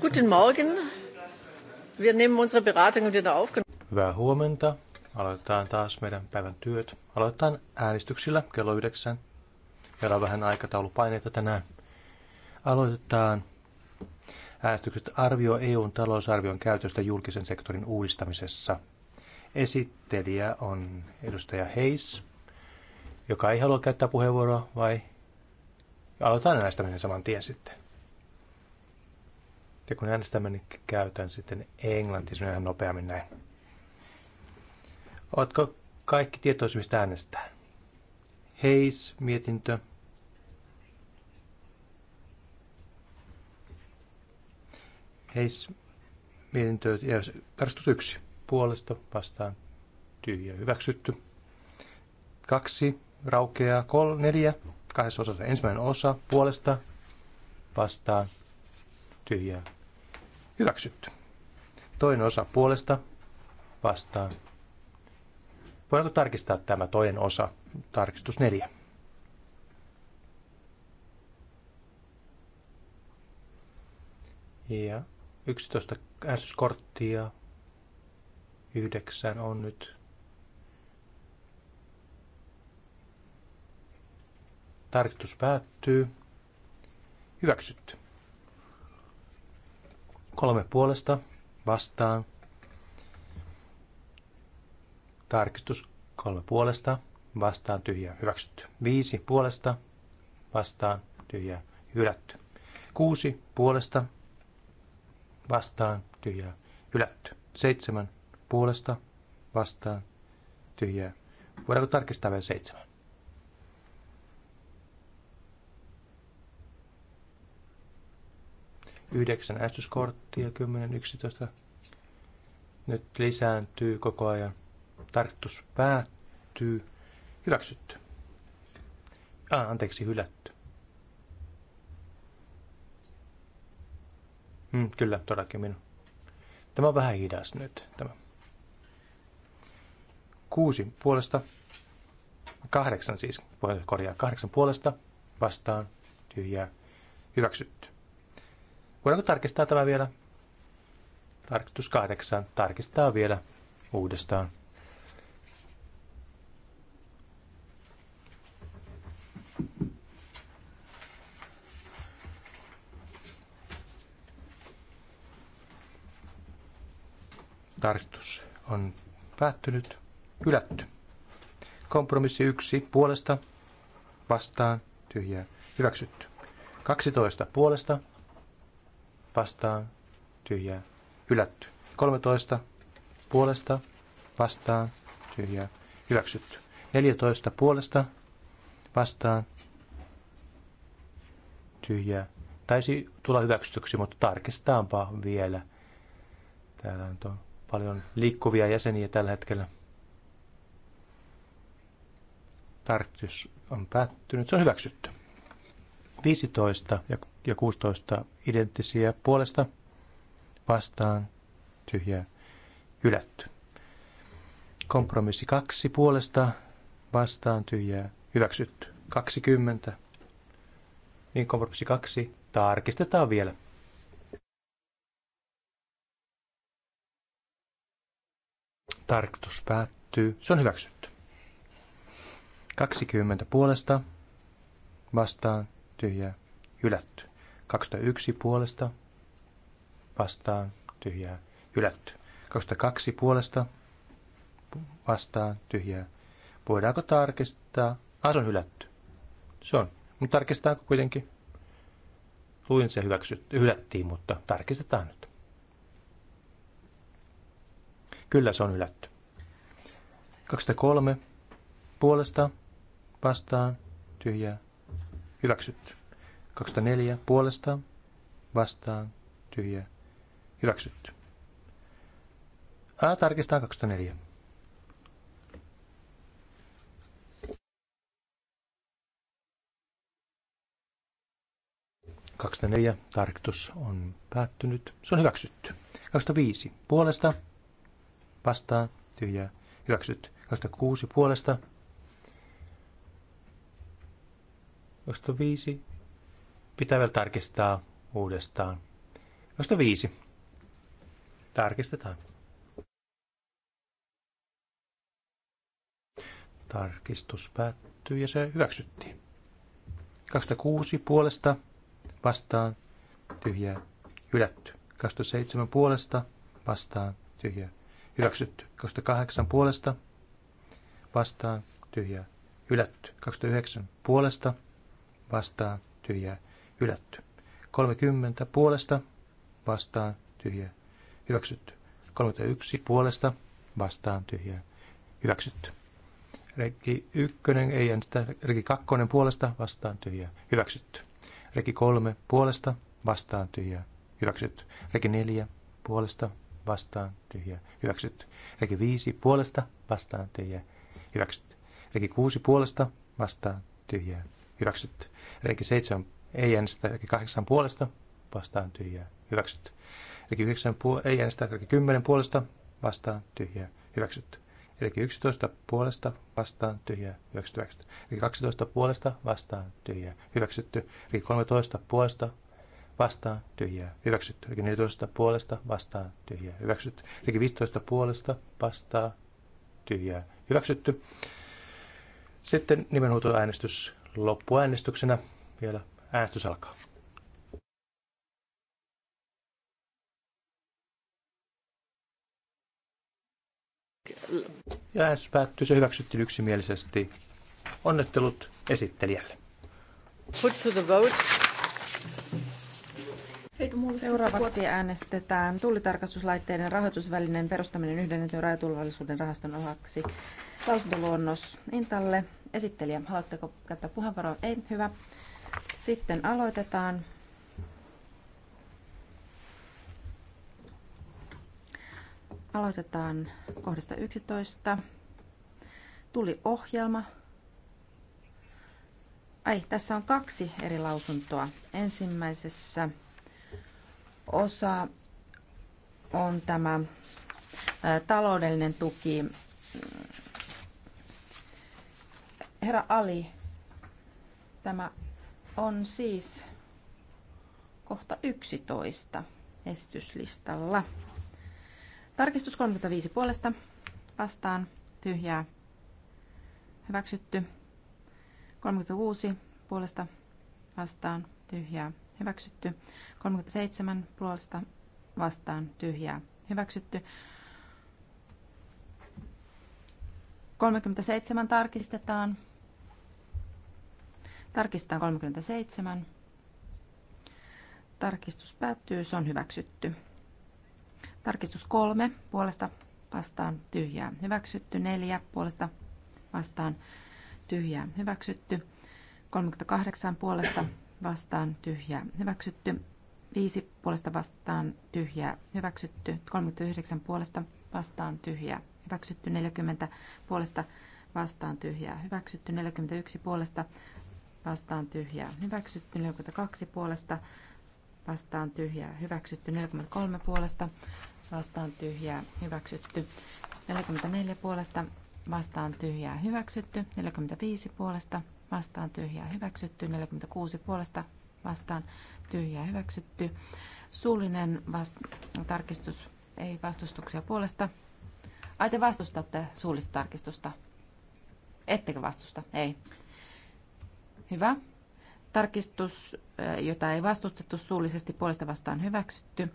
Guten Morgen. Wir nehmen unsere Beratungen wieder auf. Hyvää huomenta. Aloitetaan taas meidän päivän työt. Aloitetaan äänestyksillä kello yhdeksän. Meillä on vähän aikataulupaineita tänään. Aloitetaan äänestykset arvio EUn talousarvion käytöstä julkisen sektorin uudistamisessa. Esittelijä on edustaja Heis, joka ei halua käyttää puheenvuoroa, vai Aloitetaan äänestäminen saman tien sitten. Ja kun äänestämme, niin käytän sitten englantia ihan nopeammin näin. Oletko kaikki tietoisia, mistä äänestää? Heis, mietintö. Heis mietintö ja tarkastus yksi. Puolesta vastaan tyhjä hyväksytty. Kaksi, raukeaa, kol, neljä kahdessa osassa. Ensimmäinen osa puolesta vastaan tyhjää hyväksytty. Toinen osa puolesta vastaan. Voidaanko tarkistaa tämä toinen osa? Tarkistus neljä. Ja 11 äänestyskorttia. Yhdeksän on nyt Tarkistus päättyy. Hyväksytty. Kolme puolesta vastaan. Tarkistus kolme puolesta vastaan tyhjää hyväksytty. Viisi puolesta vastaan tyhjää hylätty. Kuusi puolesta vastaan tyhjää hylätty. Seitsemän puolesta vastaan tyhjää. Voidaanko tarkistaa vielä seitsemän? 9 äänestyskorttia, 10, 11. Nyt lisääntyy koko ajan. Tarttus päättyy. Hyväksytty. Ah, anteeksi, hylätty. Mm, kyllä, todellakin minun. Tämä on vähän hidas nyt, tämä. Kuusi puolesta. Kahdeksan siis, korjaa kahdeksan puolesta. Vastaan, tyhjää, hyväksytty. Voidaanko tarkistaa tämä vielä? Tarkistus kahdeksan. Tarkistaa vielä uudestaan. Tarkistus on päättynyt. Hylätty. Kompromissi yksi puolesta vastaan tyhjää hyväksytty. 12 puolesta vastaan, tyhjää, hylätty. 13 puolesta, vastaan, tyhjää, hyväksytty. 14 puolesta, vastaan, tyhjää. Taisi tulla hyväksytyksi, mutta tarkistetaanpa vielä. Täällä on paljon liikkuvia jäseniä tällä hetkellä. Tarkistus on päättynyt. Se on hyväksytty. 15 ja ja 16 identtisiä puolesta vastaan tyhjä hylätty. Kompromissi 2 puolesta vastaan tyhjä hyväksytty. 20. Niin kompromissi 2 tarkistetaan vielä. Tarkoitus päättyy. Se on hyväksytty. 20 puolesta vastaan tyhjä hylätty. 2001 puolesta vastaan tyhjää hylätty. 2002 puolesta vastaan tyhjää. Voidaanko tarkistaa? Ah, se on hylätty. Se on. Mutta tarkistetaanko kuitenkin? Luin se hyväksytty, hylättiin, mutta tarkistetaan nyt. Kyllä se on hylätty. 2003 puolesta vastaan tyhjää hyväksytty. 24 puolesta vastaan tyhjä hyväksytty. A tarkistaa 204. neljä tarkistus on päättynyt. Se on hyväksytty. 25 puolesta vastaan tyhjää hyväksytty. 26 puolesta 25 Pitää vielä tarkistaa uudestaan. viisi Tarkistetaan. Tarkistus päättyy ja se hyväksyttiin. 26 puolesta vastaan tyhjä hylätty. 27 puolesta vastaan tyhjä hyväksytty. 28 puolesta vastaan tyhjä hylätty. 29 puolesta vastaan hylätty hylätty. 30 puolesta vastaan tyhjä hyväksytty. 31 puolesta vastaan tyhjä hyväksytty. Rekki 1 ei äänestä. Rekki 2 puolesta vastaan tyhjä hyväksytty. Rekki 3 puolesta vastaan tyhjä hyväksytty. Rekki 4 puolesta vastaan tyhjä hyväksytty. Rekki 5 puolesta vastaan tyhjä hyväksytty. Rekki 6 puolesta vastaan tyhjä hyväksytty. Rekki 7 ei äänestä, eli kahdeksan puolesta vastaan tyhjää hyväksytty. Eli 9 puol- ei äänestä, eli kymmenen puolesta vastaan tyhjää hyväksytty. Eli 11 puolesta vastaan tyhjä hyväksytty. Eli 12 puolesta vastaan tyhjä hyväksytty. Eli 13 puolesta vastaan tyhjä hyväksytty. Eli 14 puolesta vastaan tyhjä hyväksytty. Eli 15 puolesta vastaan tyhjä hyväksytty. Sitten nimenhuutoäänestys loppuäänestyksenä vielä Äänestys alkaa. Ja äänestys päättyy, se hyväksyttiin yksimielisesti. Onnettelut esittelijälle. Put to the vote. Seuraavaksi äänestetään tullitarkastuslaitteiden rahoitusvälineen perustaminen yhdennetyn rajaturvallisuuden rahaston osaksi. Lausuntoluonnos Intalle. Esittelijä, haluatteko käyttää puheenvuoroa? Ei, hyvä. Sitten aloitetaan. Aloitetaan kohdasta 11. Tuli ohjelma. Ai, tässä on kaksi eri lausuntoa. Ensimmäisessä osa on tämä taloudellinen tuki. Herra Ali, tämä on siis kohta 11 esityslistalla. Tarkistus 35 puolesta vastaan tyhjää hyväksytty. 36 puolesta vastaan tyhjää hyväksytty. 37 puolesta vastaan tyhjää hyväksytty. 37 tarkistetaan. Tarkistetaan 37. Tarkistus päättyy, se on hyväksytty. Tarkistus 3 puolesta vastaan tyhjää hyväksytty. 4 puolesta vastaan tyhjää hyväksytty. 38 puolesta vastaan tyhjää hyväksytty. 5 puolesta vastaan tyhjää hyväksytty. 39 puolesta vastaan tyhjää hyväksytty. 40 puolesta vastaan tyhjää hyväksytty. 41 puolesta vastaan tyhjää hyväksytty 42 puolesta, vastaan tyhjää hyväksytty 43 puolesta, vastaan tyhjää hyväksytty 44 puolesta, vastaan tyhjää hyväksytty 45 puolesta, vastaan tyhjää hyväksytty 46 puolesta, vastaan tyhjää hyväksytty. Suullinen vast- tarkistus ei vastustuksia puolesta. Ai te vastustatte suullista tarkistusta? Ettekö vastusta? Ei. Hyvä. Tarkistus, eh, jota ei vastustettu suullisesti puolesta vastaan hyväksytty.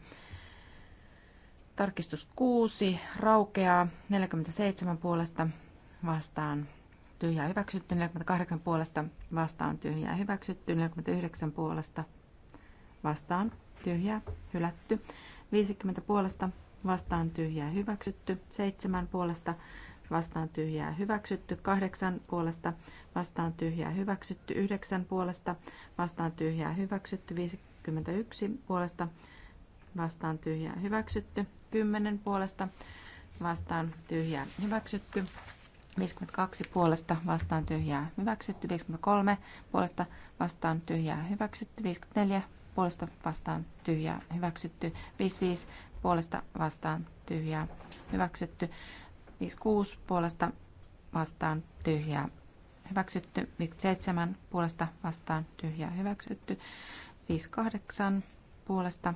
Tarkistus 6 raukeaa 47 puolesta vastaan tyhjää hyväksytty, 48 puolesta vastaan tyhjää hyväksytty, 49 puolesta vastaan tyhjää hylätty, 50 puolesta vastaan tyhjää hyväksytty, 7 puolesta vastaan tyhjää hyväksytty, kahdeksan puolesta vastaan tyhjää hyväksytty, yhdeksän puolesta vastaan tyhjää hyväksytty, 51 puolesta vastaan tyhjää hyväksytty, kymmenen puolesta vastaan tyhjää hyväksytty, 52 puolesta vastaan tyhjää hyväksytty, 53 puolesta vastaan tyhjää hyväksytty, 54 puolesta vastaan tyhjää hyväksytty, 55 puolesta vastaan tyhjää hyväksytty, 56 puolesta vastaan tyhjää hyväksytty. 57 puolesta vastaan tyhjää hyväksytty. 58 puolesta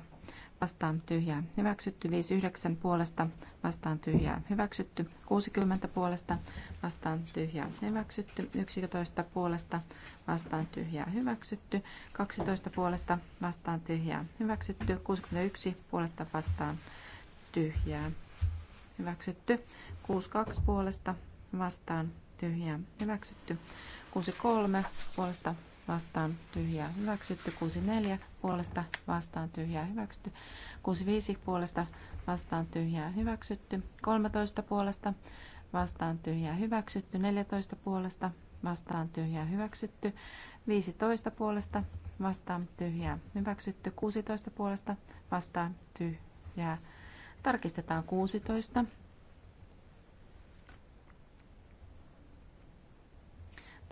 vastaan tyhjää hyväksytty. 59 puolesta vastaan tyhjää hyväksytty. 60 puolesta vastaan tyhjää hyväksytty. 11 puolesta vastaan tyhjää hyväksytty. 12 puolesta vastaan tyhjää hyväksytty. 61 puolesta vastaan tyhjää hyväksytty. 6.2 puolesta vastaan tyhjää hyväksytty. 6.3 puolesta vastaan tyhjää hyväksytty. 6.4 puolesta vastaan tyhjää hyväksytty. 6.5 puolesta vastaan tyhjää hyväksytty. 13 puolesta vastaan tyhjää hyväksytty. 14 puolesta vastaan tyhjää hyväksytty. 15 puolesta vastaan tyhjää hyväksytty. 16 puolesta vastaan tyhjää hyväksytty Tarkistetaan 16.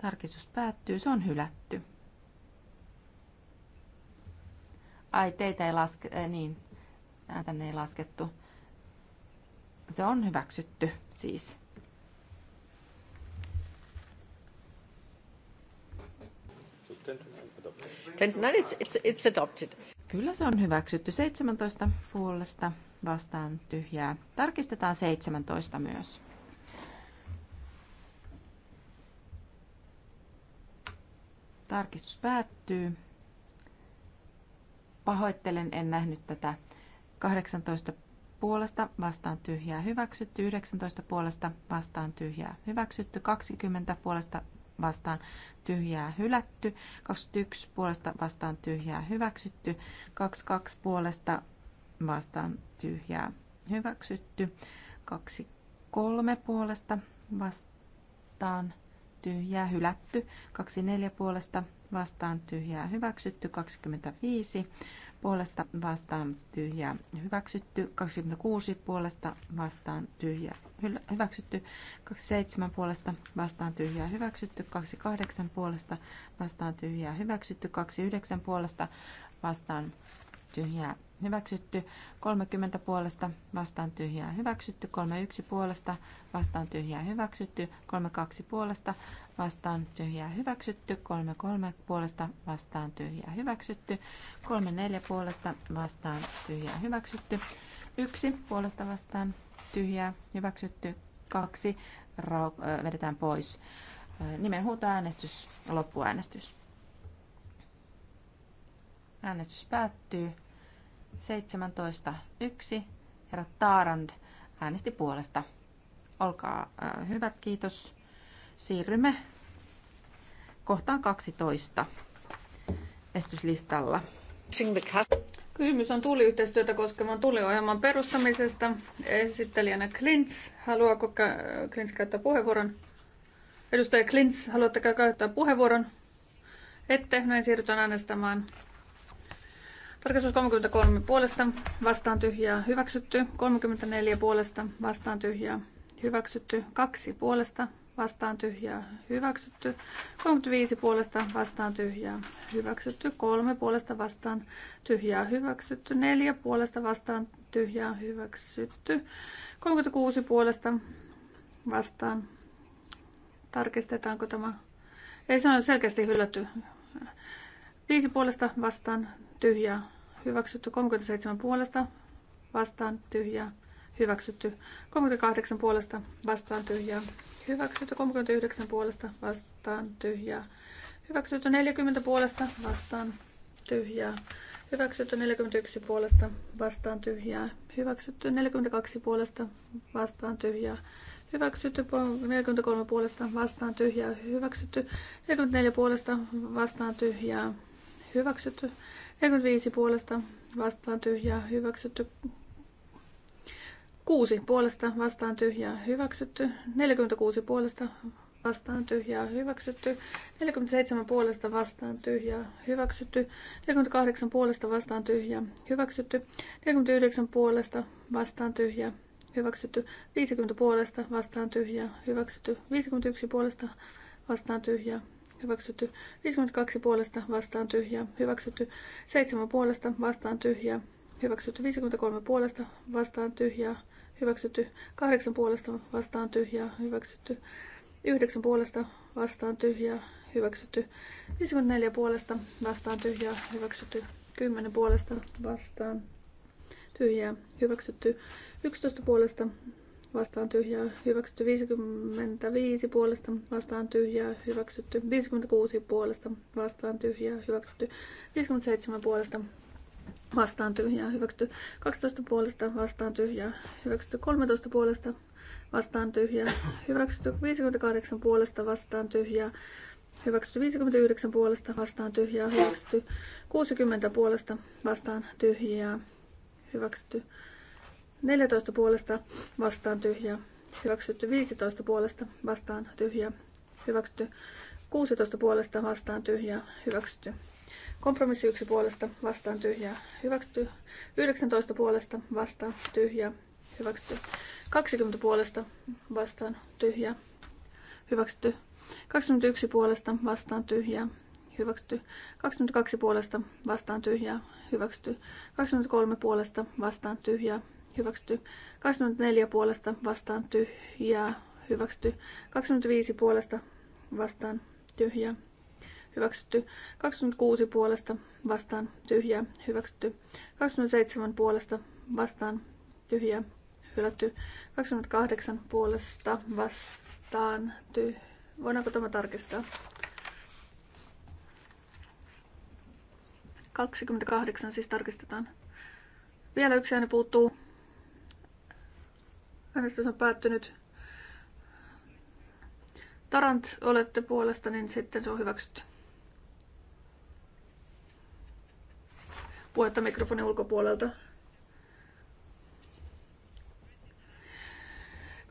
Tarkistus päättyy, se on hylätty. Ai, teitä ei laske, eh, niin, äh, niin, tänne ei laskettu. Se on hyväksytty siis. No, it's, it's, it's adopted. Kyllä se on hyväksytty 17 puolesta vastaan tyhjää. Tarkistetaan 17 myös. Tarkistus päättyy. Pahoittelen, en nähnyt tätä. 18 puolesta vastaan tyhjää hyväksytty, 19 puolesta vastaan tyhjää hyväksytty, 20 puolesta vastaan tyhjää hylätty, 21 puolesta vastaan tyhjää hyväksytty, 22 puolesta vastaan tyhjää hyväksytty. kaksi kolme puolesta vastaan tyhjää hylätty. kaksi neljä puolesta vastaan tyhjää hyväksytty. 25 puolesta vastaan tyhjää hyväksytty. 26 puolesta vastaan tyhjää hyväksytty. 27 puolesta vastaan tyhjää hyväksytty. 28 puolesta vastaan tyhjää hyväksytty. 29 puolesta vastaan tyhjää hyväksytty, 30 puolesta vastaan tyhjää hyväksytty, 31 puolesta vastaan tyhjää hyväksytty, 32 puolesta vastaan tyhjää hyväksytty, 33 puolesta vastaan tyhjää hyväksytty, 34 puolesta vastaan tyhjää hyväksytty, 1 puolesta vastaan tyhjää hyväksytty, 2 rau- vedetään pois. Nimenhuutoäänestys, loppuäänestys. Äänestys päättyy. 17.1. Herra Taarand äänesti puolesta. Olkaa äh, hyvät, kiitos. Siirrymme kohtaan 12 estyslistalla. Kysymys on tulliyhteistyötä koskevan tulliohjelman perustamisesta. Esittelijänä Klints. Haluaako kä- Klints käyttää puheenvuoron? Edustaja Klints, haluatteko käyttää puheenvuoron? Ette, näin siirrytään äänestämään. Tarkastus 33 puolesta vastaan tyhjää hyväksytty. 34 puolesta vastaan tyhjää hyväksytty. 2 puolesta vastaan tyhjää hyväksytty. 35 puolesta vastaan tyhjää hyväksytty. 3 puolesta vastaan tyhjää hyväksytty. 4 puolesta vastaan tyhjää hyväksytty. 36 puolesta vastaan. Tarkistetaanko tämä? Ei, se on selkeästi hylätty. 5 puolesta vastaan tyhjää, hyväksytty 37 puolesta, vastaan tyhjää, hyväksytty 38 puolesta, vastaan tyhjää, hyväksytty 39 puolesta, vastaan tyhjää, hyväksytty 40 puolesta, vastaan tyhjää, hyväksytty 41 puolesta, vastaan tyhjää, hyväksytty 42 puolesta, vastaan tyhjää, hyväksytty 43 puolesta, vastaan tyhjää, hyväksytty 44 puolesta, vastaan tyhjää, hyväksytty 45 puolesta vastaan tyhjää hyväksytty. 6 puolesta vastaan tyhjää hyväksytty. 46 puolesta vastaan tyhjää hyväksytty. 47 puolesta vastaan tyhjää hyväksytty. 48 puolesta vastaan tyhjää hyväksytty. 49 puolesta vastaan tyhjää hyväksytty. 50 puolesta vastaan tyhjää hyväksytty. 51 puolesta vastaan tyhjää hyväksytty. 52 puolesta vastaan tyhjää, hyväksytty. 7 puolesta vastaan tyhjää, hyväksytty. 53 puolesta vastaan tyhjää, hyväksytty. 8 puolesta vastaan tyhjää, hyväksytty. 9 puolesta vastaan tyhjää, hyväksytty. 54 puolesta vastaan tyhjää, hyväksytty. 10 puolesta vastaan tyhjää, hyväksytty. 11 puolesta vastaan tyhjää hyväksytty 55 puolesta, vastaan tyhjää hyväksytty 56 puolesta, vastaan tyhjää hyväksytty 57 puolesta, vastaan tyhjää hyväksytty 12 puolesta, vastaan tyhjää hyväksytty 13 puolesta, vastaan tyhjää hyväksytty 58 puolesta, vastaan tyhjää hyväksytty 59 puolesta, vastaan tyhjää hyväksytty 60 puolesta, vastaan tyhjää hyväksytty 14 puolesta vastaan tyhjä. Hyväksytty 15 puolesta vastaan tyhjä. Hyväksytty 16 puolesta vastaan tyhjä. Hyväksytty Kompromissi 1 puolesta vastaan tyhjä. Hyväksytty. 19 puolesta vastaan tyhjä. Hyväksytty. 20 puolesta vastaan tyhjä. Hyväksytty. 21 puolesta vastaan tyhjä. Hyväksytty. 22 puolesta vastaan tyhjä. Hyväksytty. 23 puolesta vastaan tyhjä hyväksytty 24 puolesta vastaan tyhjää, hyväksytty 25 puolesta vastaan tyhjää, hyväksytty 26 puolesta vastaan tyhjää, hyväksytty 27 puolesta vastaan tyhjää, hylätty 28 puolesta vastaan tyhjää. Voidaanko tämä tarkistaa? 28 siis tarkistetaan. Vielä yksi ääni puuttuu. Äänestys on päättynyt. Tarant, olette puolesta, niin sitten se on hyväksytty. Puhetta mikrofonin ulkopuolelta.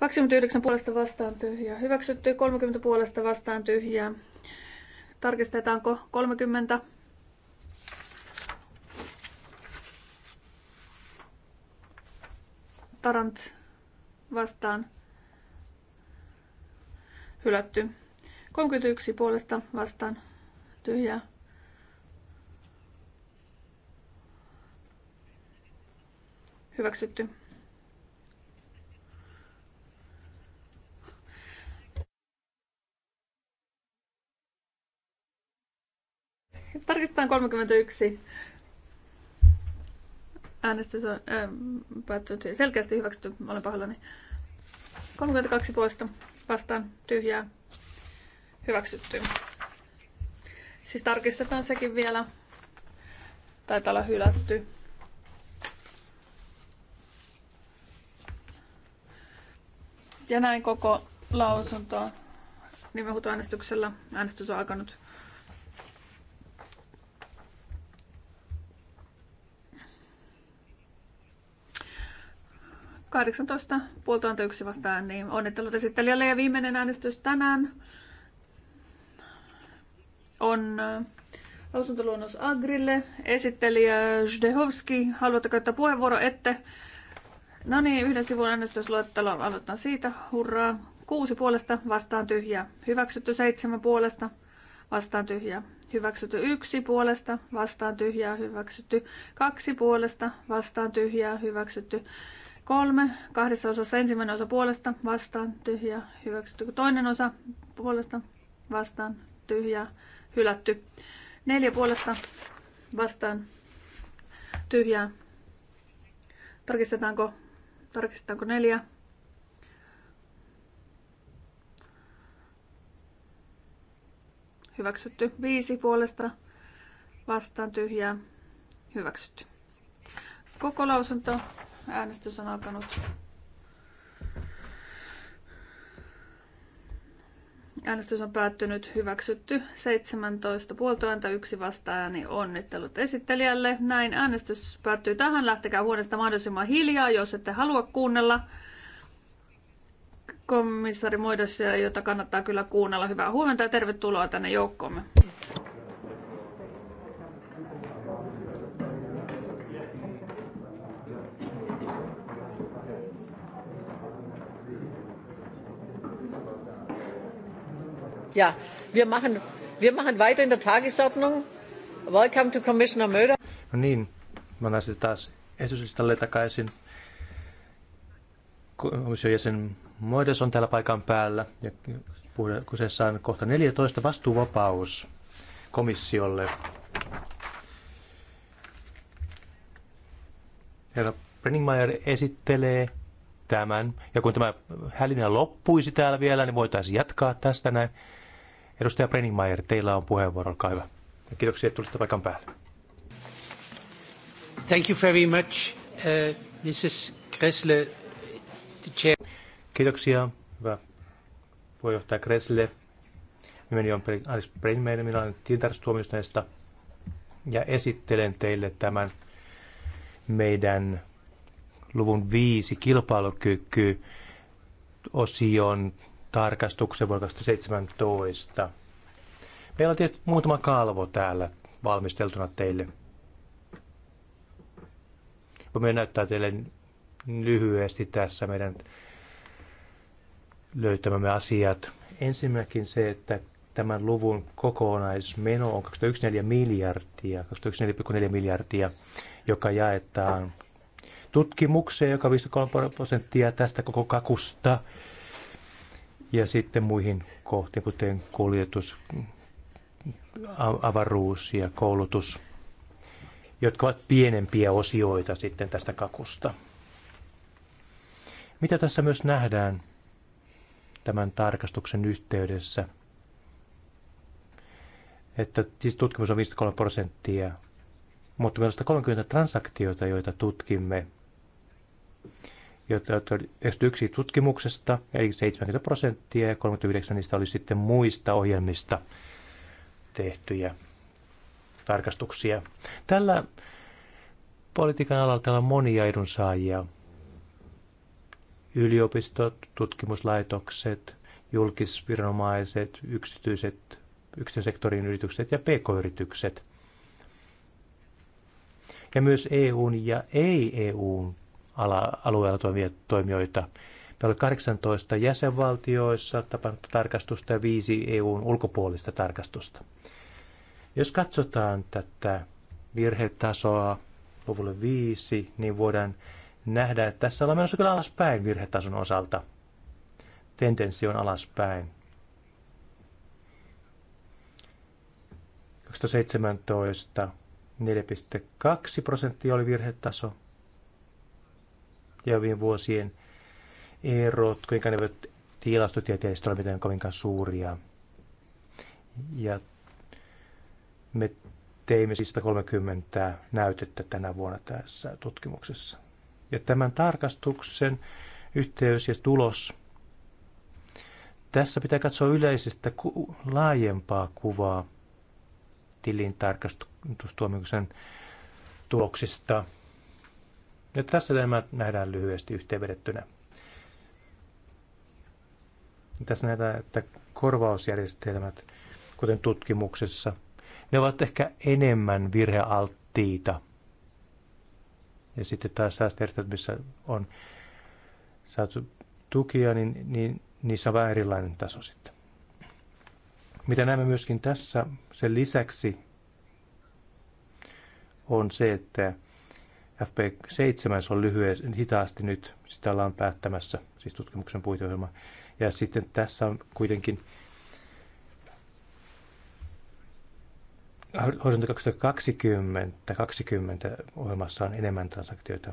29 puolesta vastaan tyhjää. Hyväksytty 30 puolesta vastaan tyhjää. Tarkistetaanko 30? Tarant vastaan hylätty. 31 puolesta vastaan tyhjää. Hyväksytty. Tarkistetaan 31. Äänestys on äh, päättynyt selkeästi hyväksytty. Olen pahoillani. 32 poista vastaan tyhjää hyväksytty. Siis tarkistetaan sekin vielä. Taitaa olla hylätty. Ja näin koko lausunto nimenhuutoäänestyksellä. Äänestys on alkanut. 18 puolta yksi vastaan, niin onnittelut esittelijälle. Ja viimeinen äänestys tänään on äh, lausuntoluonnos Agrille. Esittelijä Zdehovski, haluatte käyttää puheenvuoro? Ette. No niin, yhden sivun äänestysluettelo aloitetaan siitä. Hurraa. Kuusi puolesta vastaan tyhjä. Hyväksytty seitsemän puolesta vastaan tyhjä. Hyväksytty yksi puolesta vastaan tyhjää. Hyväksytty kaksi puolesta vastaan tyhjää. Hyväksytty Kolme, kahdessa osassa ensimmäinen osa puolesta, vastaan, tyhjä, hyväksytty. Toinen osa puolesta, vastaan, tyhjä, hylätty. Neljä puolesta, vastaan, tyhjä Tarkistetaanko, tarkistetaanko neljä? Hyväksytty. Viisi puolesta, vastaan, tyhjä hyväksytty. Koko lausunto Äänestys on alkanut. Äänestys on päättynyt, hyväksytty 17 puoltoääntä, yksi vastaääni. Onnittelut esittelijälle. Näin äänestys päättyy tähän. Lähtekää huoneesta mahdollisimman hiljaa, jos ette halua kuunnella. Komissaari Moidosia, jota kannattaa kyllä kuunnella. Hyvää huomenta ja tervetuloa tänne joukkoomme. Ja, wir machen, wir machen weiter in der Tagesordnung. Welcome to Commissioner Möder. No niin, mä näen sitten taas esityslistalle takaisin. Komission jäsen Moides on täällä paikan päällä ja kyseessä on kohta 14 vastuuvapaus komissiolle. Herra Brenningmeier esittelee tämän. Ja kun tämä hälinä loppuisi täällä vielä, niin voitaisiin jatkaa tästä näin. Edustaja Brenningmeier, teillä on puheenvuoro, olkaa hyvä. Ja kiitoksia, että tulitte paikan päälle. Thank you very much, uh, Mrs. Kressle, the chair. Kiitoksia, hyvä puheenjohtaja Kressle. Nimeni on Alice Brenningmeier, minä olen tilintarkastustuomioistuneesta ja esittelen teille tämän meidän luvun viisi kilpailukyky osion tarkastuksen vuonna 2017. Meillä on tietysti muutama kalvo täällä valmisteltuna teille. Voimme näyttää teille lyhyesti tässä meidän löytämämme asiat. Ensinnäkin se, että tämän luvun kokonaismeno on 214 miljardia, 214,4 miljardia, joka jaetaan tutkimukseen, joka 53 prosenttia tästä koko kakusta ja sitten muihin kohtiin, kuten kuljetus, avaruus ja koulutus, jotka ovat pienempiä osioita sitten tästä kakusta. Mitä tässä myös nähdään tämän tarkastuksen yhteydessä? Että siis tutkimus on 53 prosenttia, mutta meillä on 30 transaktiota, joita tutkimme joita oli 91 tutkimuksesta, eli 70 prosenttia, ja 39 niistä oli sitten muista ohjelmista tehtyjä tarkastuksia. Tällä politiikan alalla täällä on monia edunsaajia. Yliopistot, tutkimuslaitokset, julkisviranomaiset, yksityiset, yksityisen yritykset ja pk-yritykset. Ja myös EUn ja ei-EUn alueella toimia, toimijoita. Meillä oli 18 jäsenvaltioissa tapahtunutta tarkastusta ja viisi EUn ulkopuolista tarkastusta. Jos katsotaan tätä virhetasoa luvulle 5, niin voidaan nähdä, että tässä ollaan menossa kyllä alaspäin virhetason osalta. Tendenssi on alaspäin. 2017 4,2 prosenttia oli virhetaso ja hyvien vuosien erot, kuinka ne voivat tilastotieteellisesti olla mitään kovinkaan suuria. Ja me teimme siis 130 näytettä tänä vuonna tässä tutkimuksessa. Ja tämän tarkastuksen yhteys ja tulos. Tässä pitää katsoa yleisestä ku- laajempaa kuvaa tilintarkastustuomioksen tuloksista – nyt tässä tämä nähdään lyhyesti yhteenvedettynä. Tässä näitä, että korvausjärjestelmät, kuten tutkimuksessa, ne ovat ehkä enemmän virhealttiita. Ja sitten taas säästöjärjestelmät, missä on saatu tukia, niin, niin niissä on vähän erilainen taso sitten. Mitä näemme myöskin tässä, sen lisäksi on se, että FP7 on lyhyen, hitaasti nyt, sitä ollaan päättämässä, siis tutkimuksen puiteohjelma. Ja sitten tässä on kuitenkin Horisontti 2020, 2020 ohjelmassa on enemmän transaktioita,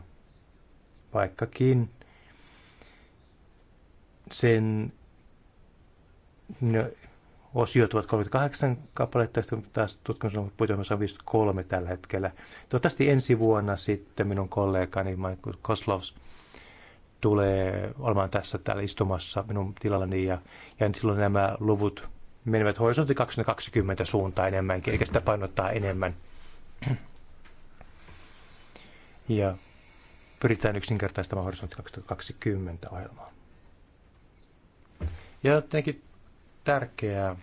vaikkakin sen no, osio 1038 kappaletta, taas tutkimus on 53 tällä hetkellä. Toivottavasti ensi vuonna sitten minun kollegani Michael Koslovs tulee olemaan tässä täällä istumassa minun tilallani ja, ja silloin nämä luvut menevät horisontti 2020 suuntaan enemmänkin, eikä sitä painottaa enemmän. Ja pyritään yksinkertaistamaan horisontti 2020 ohjelmaa. Ja tietenkin tärkeää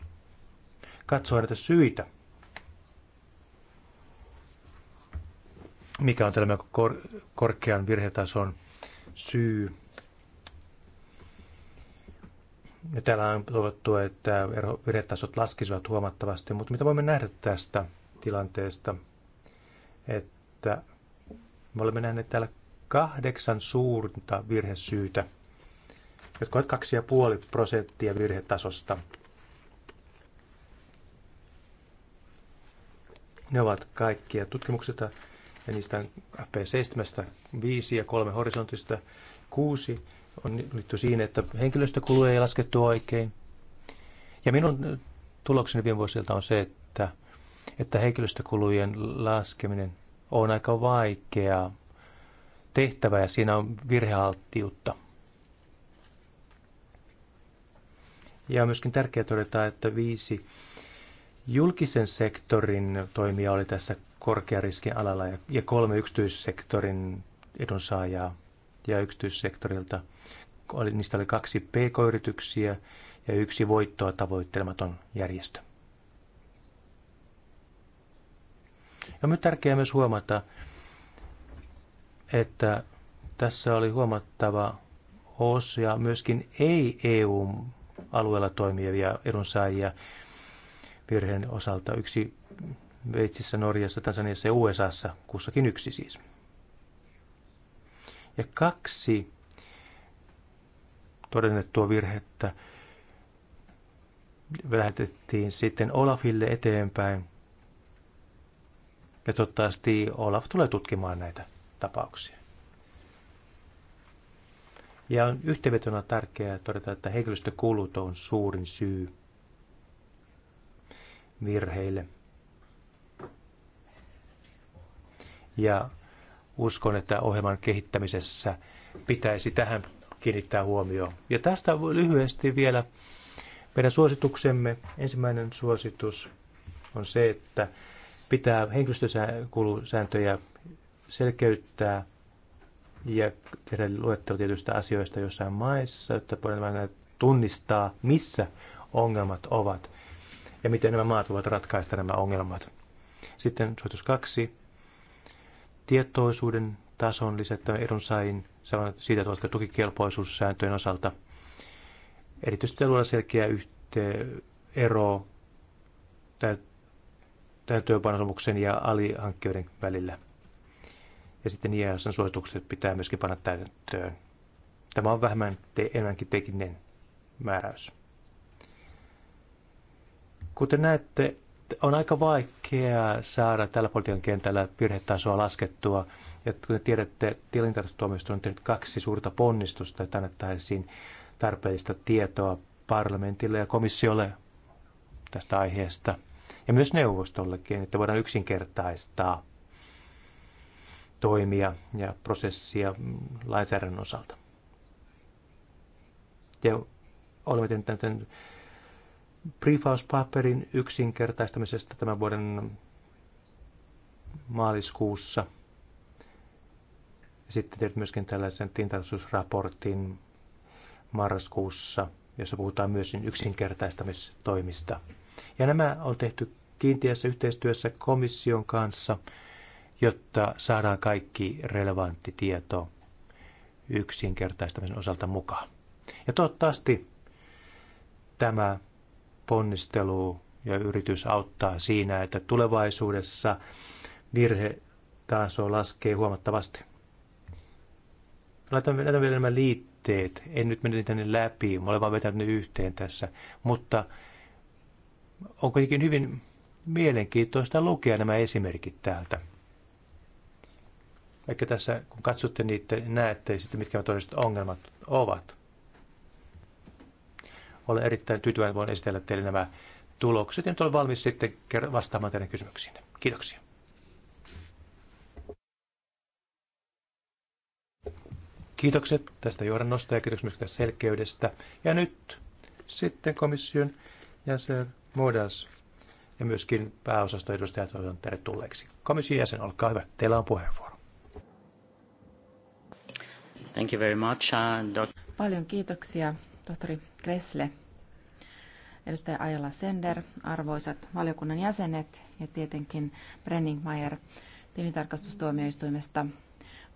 katsoa näitä syitä, mikä on tällainen kor- korkean virhetason syy. Ja täällä on toivottu, että virhetasot laskisivat huomattavasti, mutta mitä voimme nähdä tästä tilanteesta, että me olemme nähneet täällä kahdeksan suurta virhesyytä – jotka ovat 2,5 prosenttia virhetasosta. Ne ovat kaikkia tutkimuksia, ja niistä on FP7, 5 ja 3 horisontista, 6 on liittynyt siihen, että henkilöstökuluja ei laskettu oikein. Ja minun tulokseni viime vuosilta on se, että, että henkilöstökulujen laskeminen on aika vaikeaa tehtävä ja siinä on virhealttiutta. Ja on myöskin tärkeää todeta, että viisi julkisen sektorin toimija oli tässä korkean riskin alalla ja kolme yksityissektorin edunsaajaa ja yksityissektorilta. Oli, niistä oli kaksi pk-yrityksiä ja yksi voittoa tavoittelematon järjestö. Ja on tärkeää myös huomata, että tässä oli huomattava osa ja myöskin ei-EU alueella toimivia edunsaajia virheen osalta. Yksi Veitsissä, Norjassa, Tansaniassa ja USAssa, kussakin yksi siis. Ja kaksi todennettua virhettä lähetettiin sitten Olafille eteenpäin. Ja toivottavasti Olaf tulee tutkimaan näitä tapauksia. Ja on yhteenvetona tärkeää todeta, että henkilöstökulut on suurin syy virheille. Ja uskon, että ohjelman kehittämisessä pitäisi tähän kiinnittää huomioon. Ja tästä lyhyesti vielä meidän suosituksemme. Ensimmäinen suositus on se, että pitää henkilöstösääntöjä selkeyttää – ja tehdä luettelo tietyistä asioista jossain maissa, jotta voidaan tunnistaa, missä ongelmat ovat ja miten nämä maat voivat ratkaista nämä ongelmat. Sitten suositus kaksi. Tietoisuuden tason lisättävä sain siitä tuotko tukikelpoisuussääntöjen osalta. Erityisesti luoda selkeä yhte- ero täytöönpanosopimuksen ja alihankkijoiden välillä ja sitten IASn suositukset pitää myöskin panna täytäntöön. Tämä on vähemmän te, enemmänkin tekninen määräys. Kuten näette, on aika vaikea saada tällä politiikan kentällä virhetasoa laskettua. Ja kuten tiedätte, tilintarkastustuomioistuin on tehnyt kaksi suurta ponnistusta, että annettaisiin tarpeellista tietoa parlamentille ja komissiolle tästä aiheesta. Ja myös neuvostollekin, että voidaan yksinkertaistaa toimia ja prosessia lainsäädännön osalta. Ja olemme tehneet tämän briefauspaperin yksinkertaistamisesta tämän vuoden maaliskuussa. Sitten teet myöskin tällaisen tintaisuusraportin marraskuussa, jossa puhutaan myös yksinkertaistamistoimista. Ja nämä on tehty kiinteässä yhteistyössä komission kanssa – jotta saadaan kaikki relevantti tieto yksinkertaistamisen osalta mukaan. Ja toivottavasti tämä ponnistelu ja yritys auttaa siinä, että tulevaisuudessa virhe taso laskee huomattavasti. Laitan, laitan vielä nämä liitteet. En nyt mene tänne niin läpi, mä olen vaan vetänyt ne yhteen tässä. Mutta on kuitenkin hyvin mielenkiintoista lukea nämä esimerkit täältä. Ehkä tässä, kun katsotte niitä, niin näette sitten, mitkä todelliset ongelmat ovat. Olen erittäin tyytyväinen, voin esitellä teille nämä tulokset ja nyt olen valmis sitten vastaamaan teidän kysymyksiin. Kiitoksia. Kiitokset tästä johdannosta ja kiitokset myös tästä selkeydestä. Ja nyt sitten komission jäsen Modas ja myöskin pääosaston edustajat toivotan tervetulleeksi. Komission jäsen, olkaa hyvä. Teillä on puheenvuoro. Thank you very much, uh, Paljon kiitoksia, tohtori Gressle, edustaja Ajala Sender, arvoisat valiokunnan jäsenet ja tietenkin Brenningmeier tilintarkastustuomioistuimesta.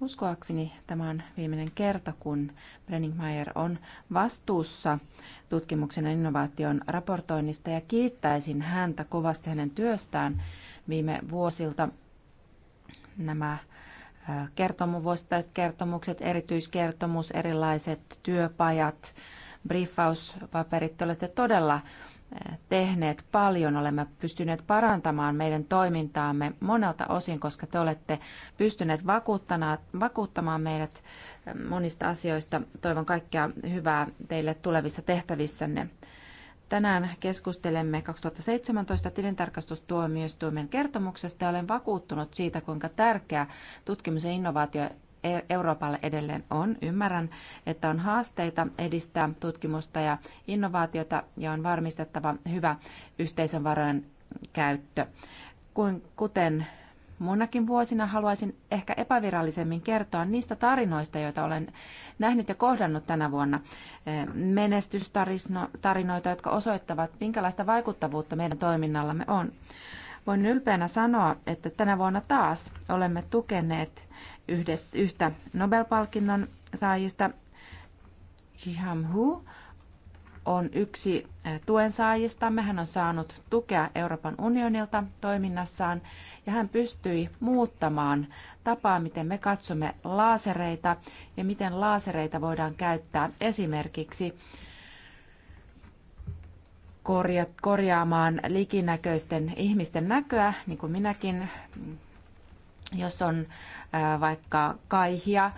Uskoakseni tämä on viimeinen kerta, kun Brenningmeier on vastuussa tutkimuksen ja innovaation raportoinnista ja kiittäisin häntä kovasti hänen työstään viime vuosilta. Nämä kertomu, vuosittaiset kertomukset, erityiskertomus, erilaiset työpajat, briefauspaperit. Te olette todella tehneet paljon, olemme pystyneet parantamaan meidän toimintaamme monelta osin, koska te olette pystyneet vakuuttamaan meidät monista asioista. Toivon kaikkea hyvää teille tulevissa tehtävissänne. Tänään keskustelemme 2017 tilintarkastustuomioistuimen kertomuksesta ja olen vakuuttunut siitä, kuinka tärkeä tutkimus ja innovaatio e- Euroopalle edelleen on. Ymmärrän, että on haasteita edistää tutkimusta ja innovaatiota ja on varmistettava hyvä yhteisön varojen käyttö. Kuten Monakin vuosina haluaisin ehkä epävirallisemmin kertoa niistä tarinoista, joita olen nähnyt ja kohdannut tänä vuonna. Eh, menestystarinoita, jotka osoittavat, minkälaista vaikuttavuutta meidän toiminnallamme on. Voin ylpeänä sanoa, että tänä vuonna taas olemme tukeneet yhdestä, yhtä Nobel-palkinnon saajista, Jiham Hu, on yksi tuensaajistamme. Hän on saanut tukea Euroopan unionilta toiminnassaan ja hän pystyi muuttamaan tapaa, miten me katsomme laasereita ja miten laasereita voidaan käyttää esimerkiksi korjaamaan likinäköisten ihmisten näköä, niin kuin minäkin, jos on vaikka kaihia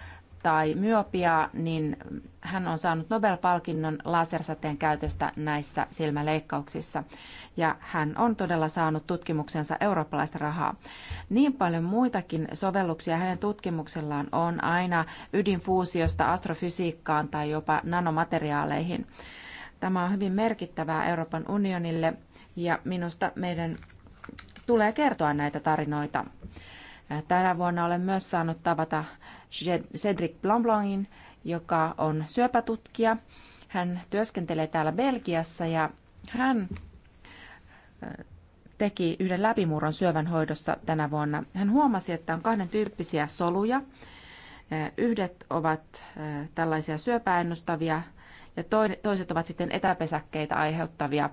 tai myopiaa, niin hän on saanut Nobel-palkinnon lasersäteen käytöstä näissä silmäleikkauksissa. Ja hän on todella saanut tutkimuksensa eurooppalaista rahaa. Niin paljon muitakin sovelluksia hänen tutkimuksellaan on aina ydinfuusiosta astrofysiikkaan tai jopa nanomateriaaleihin. Tämä on hyvin merkittävää Euroopan unionille ja minusta meidän tulee kertoa näitä tarinoita. Tänä vuonna olen myös saanut tavata Cedric Blanblangin, joka on syöpätutkija. Hän työskentelee täällä Belgiassa ja hän teki yhden läpimurron syövän hoidossa tänä vuonna. Hän huomasi, että on kahden tyyppisiä soluja. Yhdet ovat tällaisia syöpäennustavia ja toiset ovat sitten etäpesäkkeitä aiheuttavia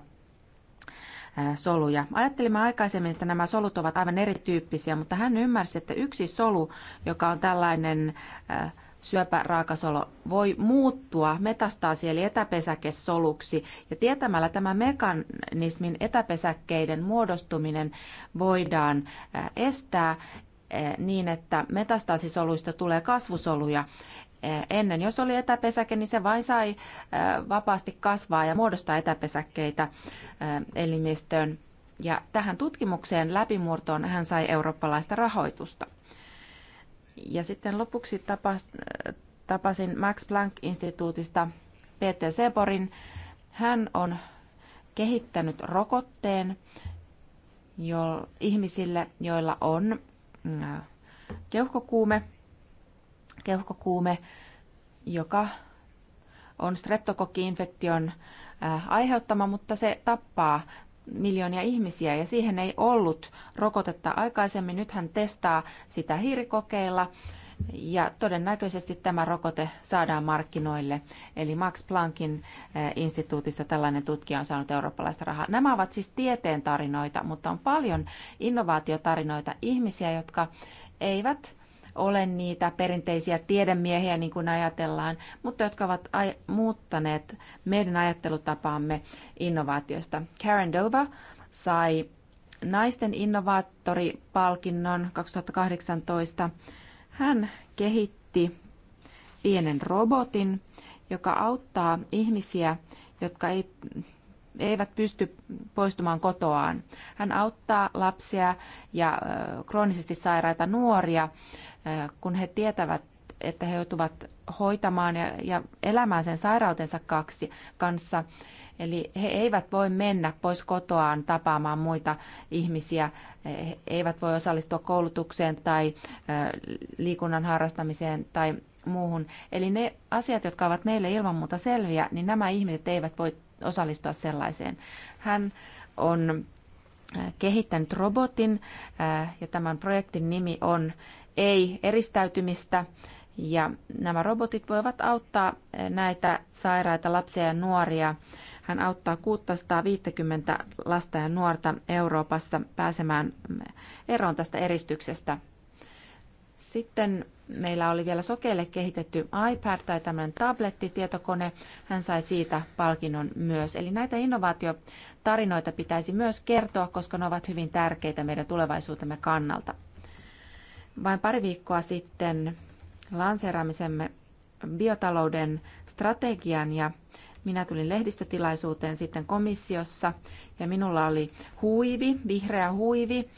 soluja. Ajattelimme aikaisemmin, että nämä solut ovat aivan erityyppisiä, mutta hän ymmärsi, että yksi solu, joka on tällainen syöpäraakasolo voi muuttua metastaasi eli etäpesäkesoluksi ja tietämällä tämän mekanismin etäpesäkkeiden muodostuminen voidaan estää niin, että metastaasisoluista tulee kasvusoluja Eh, ennen, jos oli etäpesäke, niin se vain sai eh, vapaasti kasvaa ja muodostaa etäpesäkkeitä eh, elimistöön. Ja tähän tutkimukseen läpimurtoon hän sai eurooppalaista rahoitusta. Ja sitten lopuksi tapasin Max Planck-instituutista Peter Seborin. Hän on kehittänyt rokotteen jo, ihmisille, joilla on mm, keuhkokuume keuhkokuume, joka on streptokokkiinfektion äh, aiheuttama, mutta se tappaa miljoonia ihmisiä ja siihen ei ollut rokotetta aikaisemmin. Nyt hän testaa sitä hiirikokeilla ja todennäköisesti tämä rokote saadaan markkinoille. Eli Max Planckin äh, instituutissa tällainen tutkija on saanut eurooppalaista rahaa. Nämä ovat siis tieteen tarinoita, mutta on paljon innovaatiotarinoita, ihmisiä, jotka eivät ole niitä perinteisiä tiedemiehiä, niin kuin ajatellaan, mutta jotka ovat ai- muuttaneet meidän ajattelutapaamme innovaatioista. Karen Dova sai naisten innovaattoripalkinnon 2018. Hän kehitti pienen robotin, joka auttaa ihmisiä, jotka ei, eivät pysty poistumaan kotoaan. Hän auttaa lapsia ja kroonisesti sairaita nuoria kun he tietävät, että he joutuvat hoitamaan ja, ja elämään sen sairautensa kaksi, kanssa. Eli he eivät voi mennä pois kotoaan tapaamaan muita ihmisiä, he eivät voi osallistua koulutukseen tai liikunnan harrastamiseen tai muuhun. Eli ne asiat, jotka ovat meille ilman muuta selviä, niin nämä ihmiset eivät voi osallistua sellaiseen. Hän on kehittänyt robotin ja tämän projektin nimi on ei eristäytymistä. Ja nämä robotit voivat auttaa eh, näitä sairaita lapsia ja nuoria. Hän auttaa 650 lasta ja nuorta Euroopassa pääsemään mm, eroon tästä eristyksestä. Sitten meillä oli vielä sokeille kehitetty iPad tai tämmöinen tablettitietokone. Hän sai siitä palkinnon myös. Eli näitä innovaatiotarinoita pitäisi myös kertoa, koska ne ovat hyvin tärkeitä meidän tulevaisuutemme kannalta. Vain pari viikkoa sitten lanseeraamisemme biotalouden strategian ja minä tulin lehdistötilaisuuteen sitten komissiossa ja minulla oli huivi, vihreä huivi,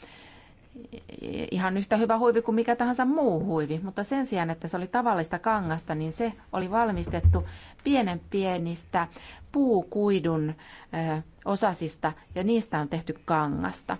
ihan yhtä hyvä huivi kuin mikä tahansa muu huivi, mutta sen sijaan, että se oli tavallista kangasta, niin se oli valmistettu pienen pienistä puukuidun osasista ja niistä on tehty kangasta.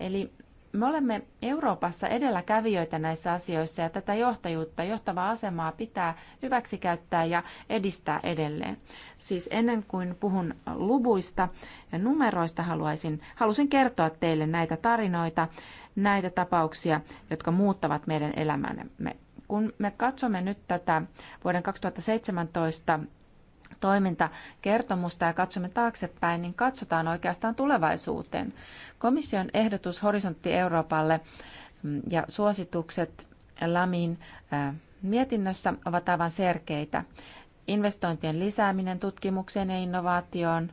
Eli me olemme Euroopassa edelläkävijöitä näissä asioissa ja tätä johtajuutta, johtavaa asemaa pitää hyväksikäyttää ja edistää edelleen. Siis ennen kuin puhun luvuista ja numeroista, haluaisin, halusin kertoa teille näitä tarinoita, näitä tapauksia, jotka muuttavat meidän elämämme. Kun me katsomme nyt tätä vuoden 2017 toimintakertomusta ja katsomme taaksepäin, niin katsotaan oikeastaan tulevaisuuteen. Komission ehdotus Horisontti Euroopalle mm, ja suositukset Lamin mietinnössä ovat aivan selkeitä. Investointien lisääminen tutkimukseen ja innovaatioon,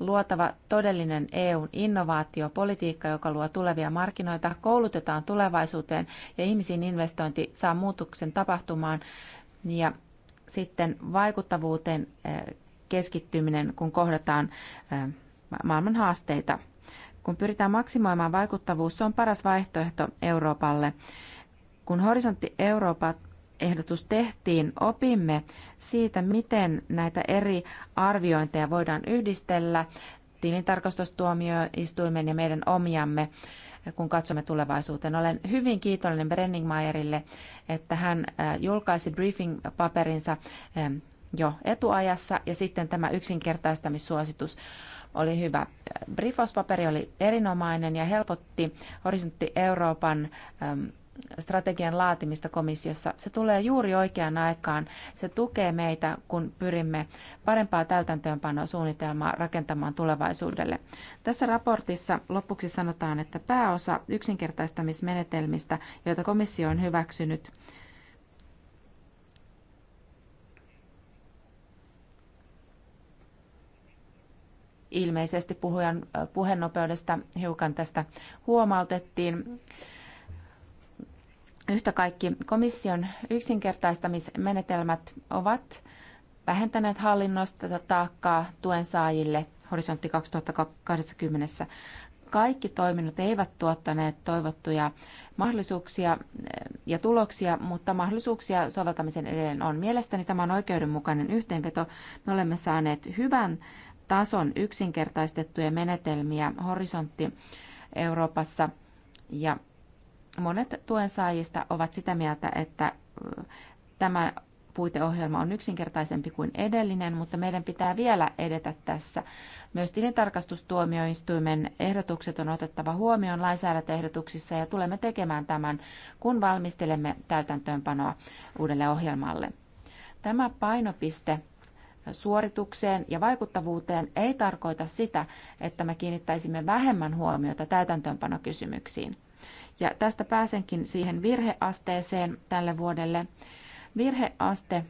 luotava todellinen EUn innovaatiopolitiikka, joka luo tulevia markkinoita, koulutetaan tulevaisuuteen ja ihmisiin investointi saa muutoksen tapahtumaan ja sitten vaikuttavuuteen keskittyminen, kun kohdataan maailman haasteita. Kun pyritään maksimoimaan vaikuttavuus, se on paras vaihtoehto Euroopalle. Kun Horisontti Eurooppa ehdotus tehtiin, opimme siitä, miten näitä eri arviointeja voidaan yhdistellä tilintarkastustuomioistuimen ja meidän omiamme kun katsomme tulevaisuuteen. Olen hyvin kiitollinen Brenningmeierille, että hän äh, julkaisi briefing-paperinsa ähm, jo etuajassa ja sitten tämä yksinkertaistamissuositus oli hyvä. Briefauspaperi oli erinomainen ja helpotti Horisontti Euroopan ähm, strategian laatimista komissiossa. Se tulee juuri oikeaan aikaan. Se tukee meitä, kun pyrimme parempaa täytäntöönpanosuunnitelmaa rakentamaan tulevaisuudelle. Tässä raportissa lopuksi sanotaan, että pääosa yksinkertaistamismenetelmistä, joita komissio on hyväksynyt, ilmeisesti puhujan äh, puhenopeudesta hiukan tästä huomautettiin. Yhtä kaikki komission yksinkertaistamismenetelmät ovat vähentäneet hallinnosta taakkaa tuen saajille horisontti 2020. Kaikki toiminnot eivät tuottaneet toivottuja mahdollisuuksia eh, ja tuloksia, mutta mahdollisuuksia soveltamisen edelleen on. Mielestäni tämä on oikeudenmukainen yhteenveto. Me olemme saaneet hyvän tason yksinkertaistettuja menetelmiä horisontti Euroopassa ja Monet tuen saajista ovat sitä mieltä, että tämä puiteohjelma on yksinkertaisempi kuin edellinen, mutta meidän pitää vielä edetä tässä. Myös tilintarkastustuomioistuimen ehdotukset on otettava huomioon lainsäädäntöehdotuksissa ja tulemme tekemään tämän, kun valmistelemme täytäntöönpanoa uudelle ohjelmalle. Tämä painopiste suoritukseen ja vaikuttavuuteen ei tarkoita sitä, että me kiinnittäisimme vähemmän huomiota täytäntöönpanokysymyksiin. Ja tästä pääsenkin siihen virheasteeseen tälle vuodelle. Virheaste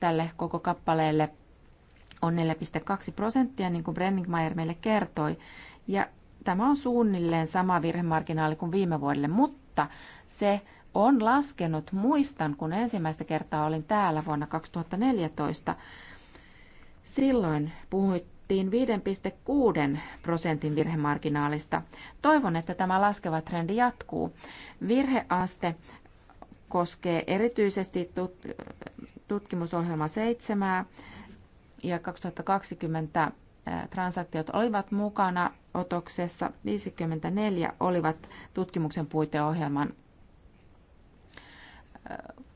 tälle koko kappaleelle on 4,2 prosenttia, niin kuin Brenningmeier meille kertoi. Ja tämä on suunnilleen sama virhemarginaali kuin viime vuodelle, mutta se on laskenut. Muistan, kun ensimmäistä kertaa olin täällä vuonna 2014. Silloin puhuit sovittiin 5,6 prosentin virhemarginaalista. Toivon, että tämä laskeva trendi jatkuu. Virheaste koskee erityisesti tutkimusohjelma 7 ja 2020 transaktiot olivat mukana otoksessa, 54 olivat tutkimuksen puiteohjelman.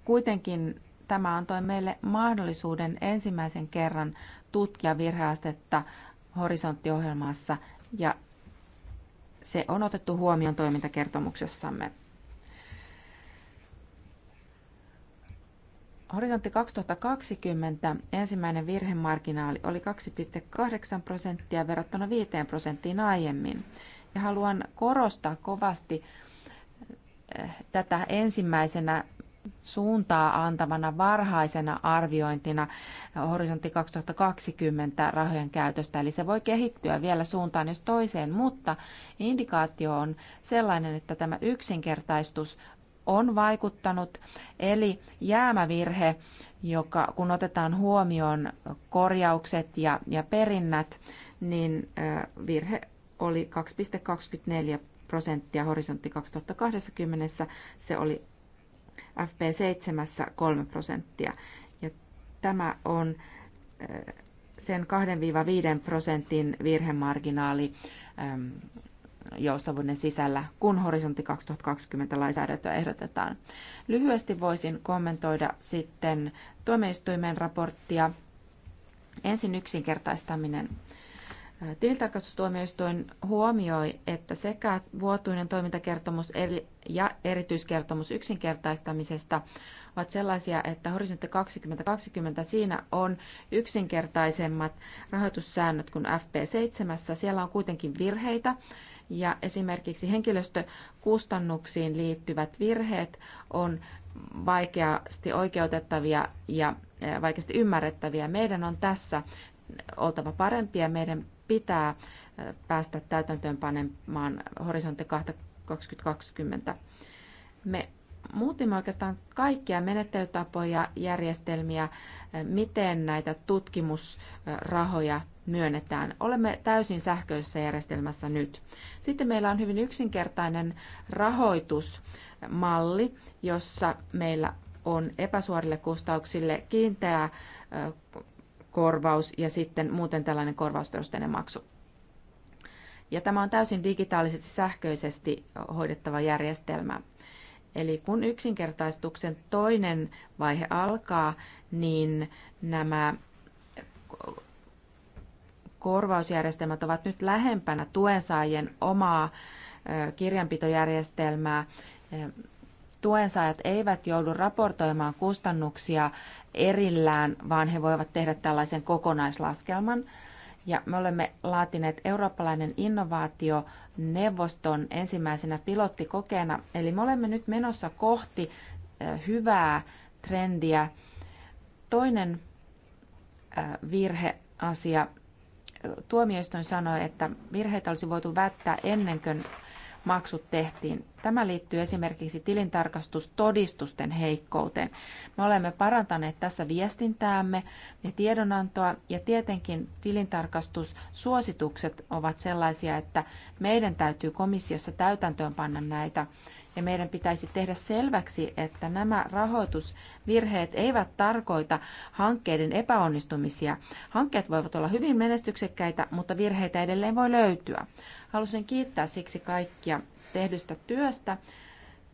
Kuitenkin tämä antoi meille mahdollisuuden ensimmäisen kerran tutkia virheastetta horisonttiohjelmassa ja se on otettu huomioon toimintakertomuksessamme. Horisontti 2020 ensimmäinen virhemarginaali oli 2,8 prosenttia verrattuna 5 prosenttiin aiemmin. Ja haluan korostaa kovasti eh, tätä ensimmäisenä suuntaa antavana varhaisena arviointina horisontti 2020 rahojen käytöstä. Eli se voi kehittyä vielä suuntaan jos toiseen, mutta indikaatio on sellainen, että tämä yksinkertaistus on vaikuttanut. Eli jäämävirhe, joka, kun otetaan huomioon korjaukset ja, ja perinnät, niin virhe oli 2,24 prosenttia horisontti 2020. Se oli FP7 3 prosenttia. Ja tämä on sen 2-5 prosentin virhemarginaali joustavuuden sisällä, kun horisontti 2020 lainsäädäntöä ehdotetaan. Lyhyesti voisin kommentoida sitten tuomioistuimen raporttia. Ensin yksinkertaistaminen. Tilintarkastustuomioistuin huomioi, että sekä vuotuinen toimintakertomus ja erityiskertomus yksinkertaistamisesta ovat sellaisia, että Horisontti 2020 siinä on yksinkertaisemmat rahoitussäännöt kuin FP7. Siellä on kuitenkin virheitä ja esimerkiksi henkilöstökustannuksiin liittyvät virheet on vaikeasti oikeutettavia ja vaikeasti ymmärrettäviä. Meidän on tässä oltava parempia, meidän pitää päästä täytäntöönpanemaan horisontti 2020. Me muutimme oikeastaan kaikkia menettelytapoja, järjestelmiä, miten näitä tutkimusrahoja myönnetään. Olemme täysin sähköisessä järjestelmässä nyt. Sitten meillä on hyvin yksinkertainen rahoitusmalli, jossa meillä on epäsuorille kustauksille kiinteä korvaus ja sitten muuten tällainen korvausperusteinen maksu. Ja tämä on täysin digitaalisesti sähköisesti hoidettava järjestelmä. Eli kun yksinkertaistuksen toinen vaihe alkaa, niin nämä korvausjärjestelmät ovat nyt lähempänä tuensaajien omaa kirjanpitojärjestelmää tuensaajat eivät joudu raportoimaan kustannuksia erillään, vaan he voivat tehdä tällaisen kokonaislaskelman. Ja me olemme laatineet eurooppalainen innovaatio neuvoston ensimmäisenä pilottikokeena. Eli me olemme nyt menossa kohti hyvää trendiä. Toinen virheasia. Tuomioistuin sanoi, että virheitä olisi voitu välttää ennen kuin maksut tehtiin. Tämä liittyy esimerkiksi tilintarkastustodistusten heikkouteen. Me olemme parantaneet tässä viestintäämme ja tiedonantoa ja tietenkin tilintarkastussuositukset ovat sellaisia, että meidän täytyy komissiossa täytäntöön panna näitä ja meidän pitäisi tehdä selväksi, että nämä rahoitusvirheet eivät tarkoita hankkeiden epäonnistumisia. Hankkeet voivat olla hyvin menestyksekkäitä, mutta virheitä edelleen voi löytyä. Halusin kiittää siksi kaikkia tehdystä työstä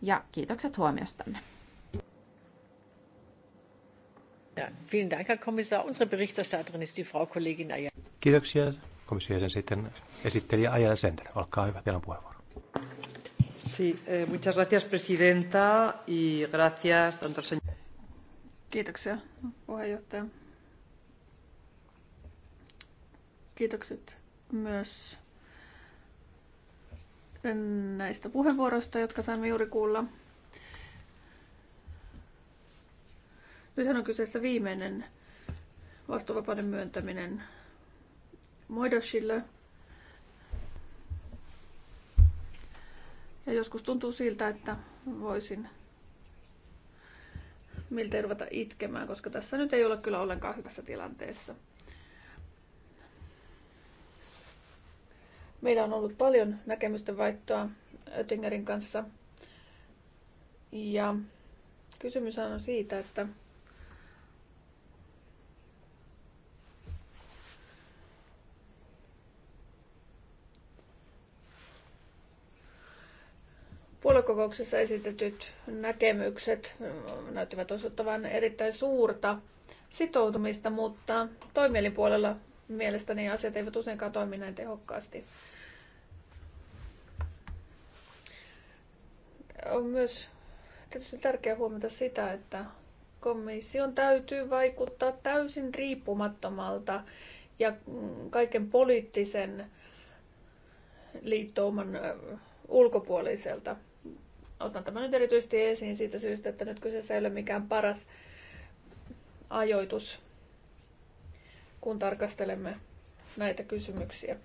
ja kiitokset huomiostanne. vielen Kiitoksia komission sitten esittelijä Aja Sender. Olkaa hyvä, teillä on puheenvuoro. Sí, eh, muchas gracias, presidenta, y gracias tanto al señor. Kiitoksia, puheenjohtaja. Kiitokset myös näistä puheenvuoroista, jotka saimme juuri kuulla. Nythän on kyseessä viimeinen vastuuvapauden myöntäminen Moidoshille, Ja joskus tuntuu siltä, että voisin miltei ruveta itkemään, koska tässä nyt ei ole kyllä ollenkaan hyvässä tilanteessa. Meillä on ollut paljon näkemysten vaihtoa Oettingerin kanssa. Ja kysymys on siitä, että puoluekokouksessa esitetyt näkemykset näyttivät osoittavan erittäin suurta sitoutumista, mutta toimielinpuolella mielestäni asiat eivät useinkaan toimi näin tehokkaasti. On myös tietysti tärkeää huomata sitä, että komission täytyy vaikuttaa täysin riippumattomalta ja kaiken poliittisen liittouman ulkopuoliselta. Otan tämän nyt erityisesti esiin siitä syystä, että nyt kyseessä ei ole mikään paras ajoitus, kun tarkastelemme näitä kysymyksiä.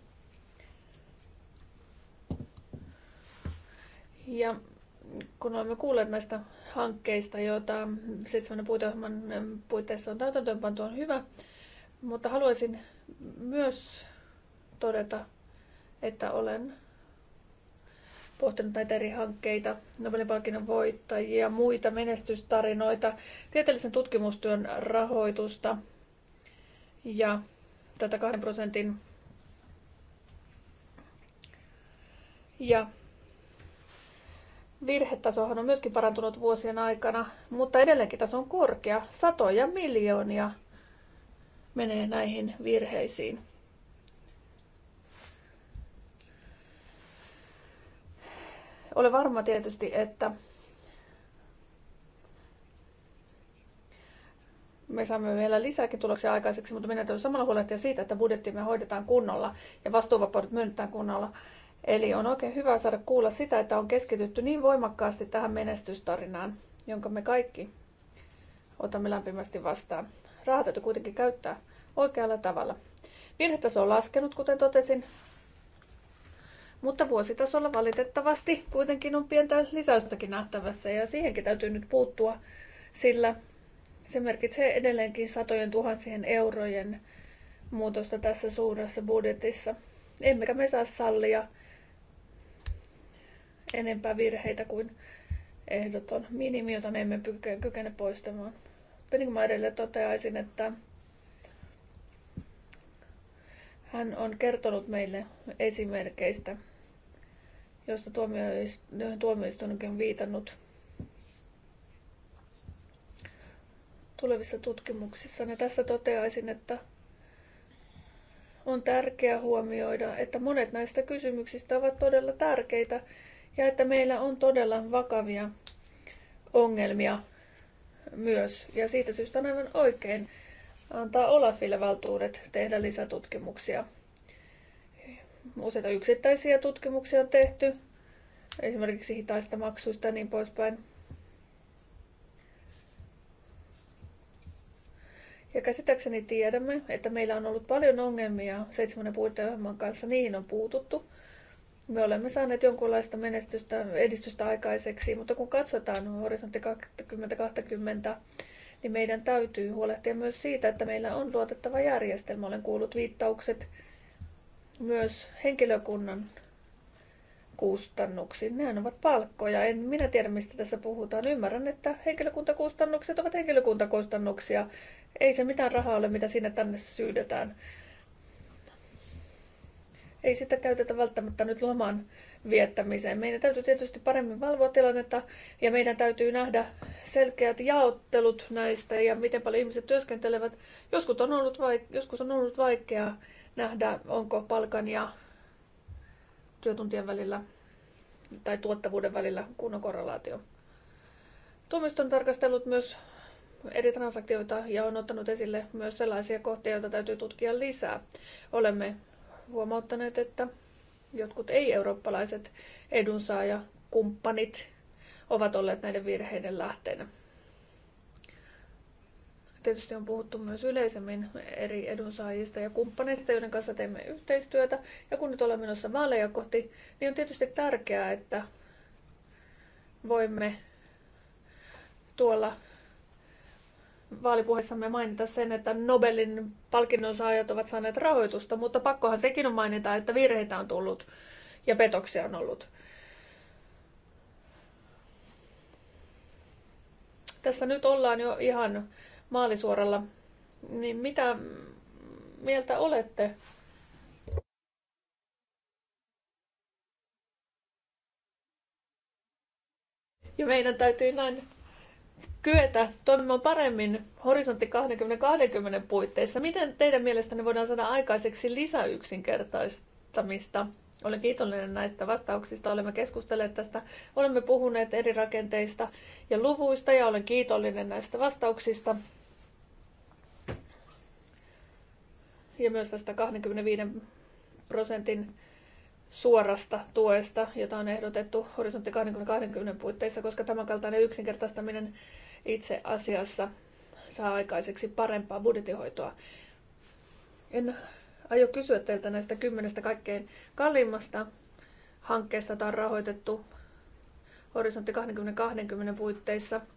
Ja kun olemme kuulleet näistä hankkeista, joita seitsemän puiteohjelman puitteissa on täytäntöönpantu, on hyvä. Mutta haluaisin myös todeta, että olen pohtinut näitä eri hankkeita, Nobelin palkinnon voittajia, muita menestystarinoita, tieteellisen tutkimustyön rahoitusta ja tätä kahden prosentin ja virhetasohan on myöskin parantunut vuosien aikana, mutta edelleenkin taso on korkea. Satoja miljoonia menee näihin virheisiin. ole varma tietysti, että me saamme vielä lisääkin tuloksia aikaiseksi, mutta meidän täytyy samalla huolehtia siitä, että budjettimme hoidetaan kunnolla ja vastuuvapaudet myönnetään kunnolla. Eli on oikein hyvä saada kuulla sitä, että on keskitytty niin voimakkaasti tähän menestystarinaan, jonka me kaikki otamme lämpimästi vastaan. Rahat täytyy kuitenkin käyttää oikealla tavalla. Virhetaso on laskenut, kuten totesin, mutta vuositasolla valitettavasti kuitenkin on pientä lisäystäkin nähtävässä ja siihenkin täytyy nyt puuttua, sillä se merkitsee edelleenkin satojen tuhansien eurojen muutosta tässä suuressa budjetissa. Emmekä me saa sallia enempää virheitä kuin ehdoton minimi, jota me emme kykene poistamaan. Peningmäärille toteaisin, että hän on kertonut meille esimerkkeistä joista tuomioistuin, tuomioistuinkin on viitannut tulevissa tutkimuksissa. Ja tässä toteaisin, että on tärkeää huomioida, että monet näistä kysymyksistä ovat todella tärkeitä ja että meillä on todella vakavia ongelmia myös. Ja siitä syystä on aivan oikein antaa Olafille valtuudet tehdä lisätutkimuksia. Useita yksittäisiä tutkimuksia on tehty, esimerkiksi hitaista maksuista ja niin poispäin. Ja käsittääkseni tiedämme, että meillä on ollut paljon ongelmia seitsemän puitteohjelman kanssa, niihin on puututtu. Me olemme saaneet jonkunlaista menestystä, edistystä aikaiseksi, mutta kun katsotaan horisontti 2020, niin meidän täytyy huolehtia myös siitä, että meillä on luotettava järjestelmä. Olen kuullut viittaukset myös henkilökunnan kustannuksiin. Nehän ovat palkkoja. En minä tiedä, mistä tässä puhutaan. Ymmärrän, että henkilökuntakustannukset ovat henkilökuntakustannuksia. Ei se mitään rahaa ole, mitä sinne tänne syydetään. Ei sitä käytetä välttämättä nyt loman viettämiseen. Meidän täytyy tietysti paremmin valvoa tilannetta ja meidän täytyy nähdä selkeät jaottelut näistä ja miten paljon ihmiset työskentelevät. Joskus on ollut, vaik- joskus on ollut vaikeaa nähdä, onko palkan ja työtuntien välillä tai tuottavuuden välillä kunnon korrelaatio. Tuomioistuin on tarkastellut myös eri transaktioita ja on ottanut esille myös sellaisia kohtia, joita täytyy tutkia lisää. Olemme huomauttaneet, että jotkut ei-eurooppalaiset edunsaajakumppanit ovat olleet näiden virheiden lähteenä. Tietysti on puhuttu myös yleisemmin eri edunsaajista ja kumppaneista, joiden kanssa teemme yhteistyötä. Ja kun nyt ollaan menossa vaaleja kohti, niin on tietysti tärkeää, että voimme tuolla vaalipuheessamme mainita sen, että Nobelin palkinnon saajat ovat saaneet rahoitusta, mutta pakkohan sekin on mainita, että virheitä on tullut ja petoksia on ollut. Tässä nyt ollaan jo ihan maalisuoralla, niin mitä mieltä olette Ja meidän täytyy näin kyetä toimimaan paremmin horisontti 2020 puitteissa. Miten teidän mielestänne voidaan saada aikaiseksi lisäyksinkertaistamista? Olen kiitollinen näistä vastauksista. Olemme keskustelleet tästä, olemme puhuneet eri rakenteista ja luvuista ja olen kiitollinen näistä vastauksista. ja myös tästä 25 prosentin suorasta tuesta, jota on ehdotettu horisontti 2020 puitteissa, koska tämänkaltainen yksinkertaistaminen itse asiassa saa aikaiseksi parempaa budjetinhoitoa. En aio kysyä teiltä näistä kymmenestä kaikkein kalliimmasta hankkeesta, jota on rahoitettu horisontti 2020 puitteissa –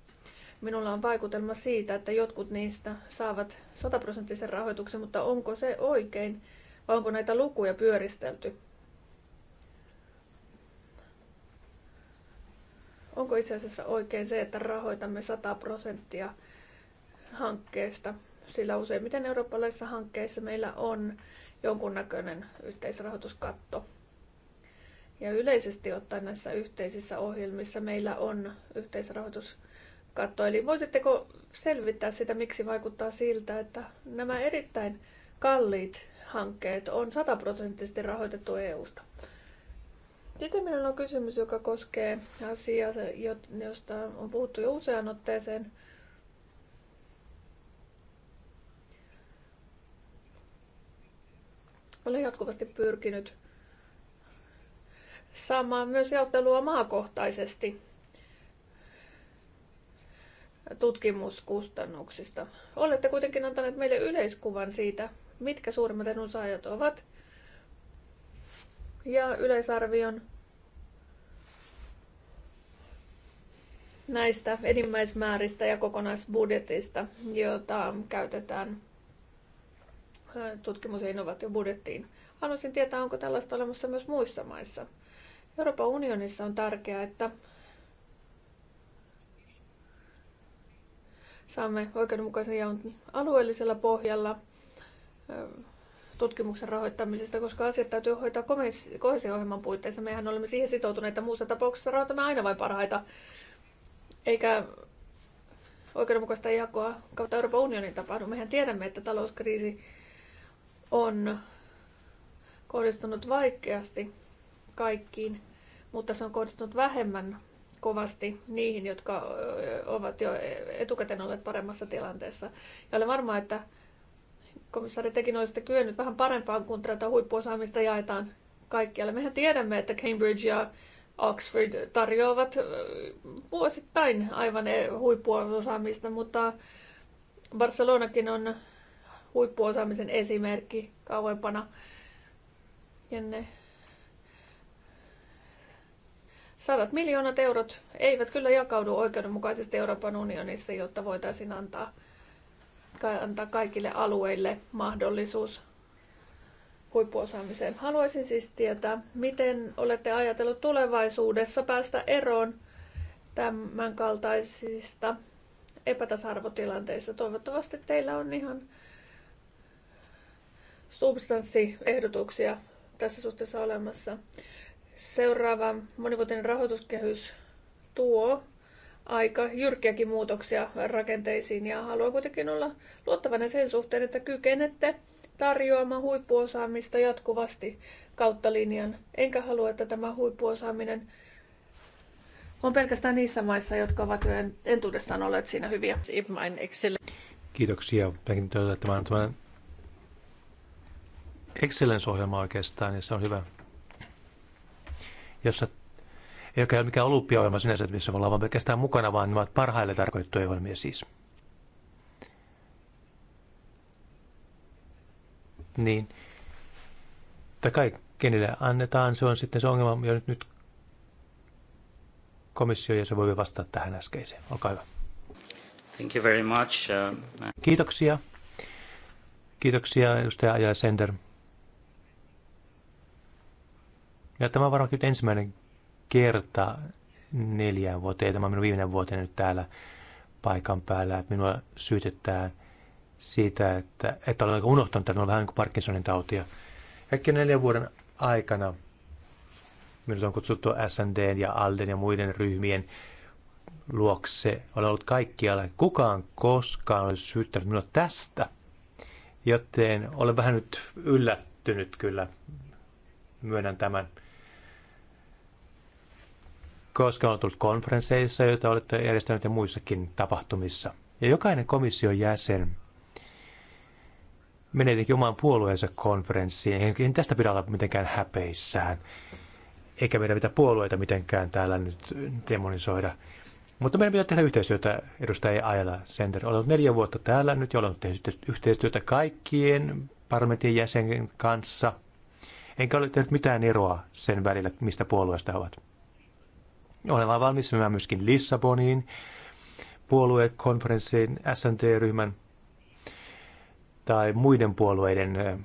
Minulla on vaikutelma siitä, että jotkut niistä saavat sataprosenttisen rahoituksen, mutta onko se oikein vai onko näitä lukuja pyöristelty? Onko itse asiassa oikein se, että rahoitamme 100 prosenttia hankkeesta? Sillä useimmiten eurooppalaisissa hankkeissa meillä on jonkunnäköinen yhteisrahoituskatto. Ja yleisesti ottaen näissä yhteisissä ohjelmissa meillä on yhteisrahoitus katto. Eli voisitteko selvittää sitä, miksi vaikuttaa siltä, että nämä erittäin kalliit hankkeet on sataprosenttisesti rahoitettu EUsta? Sitten minulla on kysymys, joka koskee asiaa, josta on puhuttu jo useaan otteeseen. Olen jatkuvasti pyrkinyt saamaan myös jaottelua maakohtaisesti tutkimuskustannuksista. Olette kuitenkin antaneet meille yleiskuvan siitä, mitkä suurimmat edunsaajat ovat, ja yleisarvion näistä enimmäismääristä ja kokonaisbudjetista, jota käytetään tutkimus- ja innovaatiobudjettiin. Haluaisin tietää, onko tällaista olemassa myös muissa maissa. Euroopan unionissa on tärkeää, että saamme oikeudenmukaisen jaon alueellisella pohjalla tutkimuksen rahoittamisesta, koska asiat täytyy hoitaa kohesio-ohjelman puitteissa. Mehän olemme siihen sitoutuneita. Muussa tapauksessa rahoitamme aina vain parhaita, eikä oikeudenmukaista jakoa kautta Euroopan unionin tapahdu. No, mehän tiedämme, että talouskriisi on kohdistunut vaikeasti kaikkiin, mutta se on kohdistunut vähemmän kovasti niihin, jotka ovat jo etukäteen olleet paremmassa tilanteessa. Ja olen varma, että komissaari tekin olisitte kyennyt vähän parempaan, kun tätä huippuosaamista jaetaan kaikkialle. Mehän tiedämme, että Cambridge ja Oxford tarjoavat vuosittain aivan eh, huippuosaamista, mutta Barcelonakin on huippuosaamisen esimerkki kauempana. Ja ne Sadat miljoonat eurot eivät kyllä jakaudu oikeudenmukaisesti Euroopan unionissa, jotta voitaisiin antaa, antaa kaikille alueille mahdollisuus huippuosaamiseen. Haluaisin siis tietää, miten olette ajatellut tulevaisuudessa päästä eroon tämän kaltaisista epätasa-arvotilanteissa. Toivottavasti teillä on ihan substanssiehdotuksia tässä suhteessa olemassa. Seuraava monivuotinen rahoituskehys tuo aika jyrkkiäkin muutoksia rakenteisiin ja haluan kuitenkin olla luottavainen sen suhteen, että kykenette tarjoamaan huippuosaamista jatkuvasti kautta linjan. Enkä halua, että tämä huippuosaaminen on pelkästään niissä maissa, jotka ovat jo entuudestaan olleet siinä hyviä. Kiitoksia. Tämä on excellence-ohjelma oikeastaan, ja niin se on hyvä jossa ei ole mikään olympiaohjelma sinänsä, missä me ollaan vaan pelkästään mukana, vaan ne ovat parhaille tarkoitettuja ohjelmia siis. Niin, tai kai kenelle annetaan, se on sitten se ongelma, jo nyt, nyt komissio, ja se voi vastata tähän äskeiseen. Olkaa hyvä. Thank you very much. Uh, Kiitoksia. Kiitoksia edustaja Aja Sender. Ja tämä on varmaan nyt ensimmäinen kerta neljään vuoteen, tämä on minun viimeinen vuoteen nyt täällä paikan päällä, että minua syytetään siitä, että, että olen aika unohtanut, että minulla on vähän niin kuin Parkinsonin tautia. Kaikki neljän vuoden aikana minut on kutsuttu SNDn ja ALDEn ja muiden ryhmien luokse. Olen ollut kaikkialla. Kukaan koskaan olisi syyttänyt minua tästä. Joten olen vähän nyt yllättynyt kyllä. Myönnän tämän koska on tullut konferensseissa, joita olette järjestäneet ja muissakin tapahtumissa. Ja jokainen komission jäsen menee tietenkin oman puolueensa konferenssiin. En tästä pidä olla mitenkään häpeissään. Eikä meidän pitää puolueita mitenkään täällä nyt demonisoida. Mutta meidän pitää tehdä yhteistyötä edustaja Aila Sender. Olen ollut neljä vuotta täällä nyt ja olen tehnyt yhteistyötä kaikkien parlamentin jäsenen kanssa. Enkä ole tehnyt mitään eroa sen välillä, mistä puolueesta he ovat. Ollaan valmis menemään myöskin Lissaboniin, puoluekonferenssiin SNT-ryhmän tai muiden puolueiden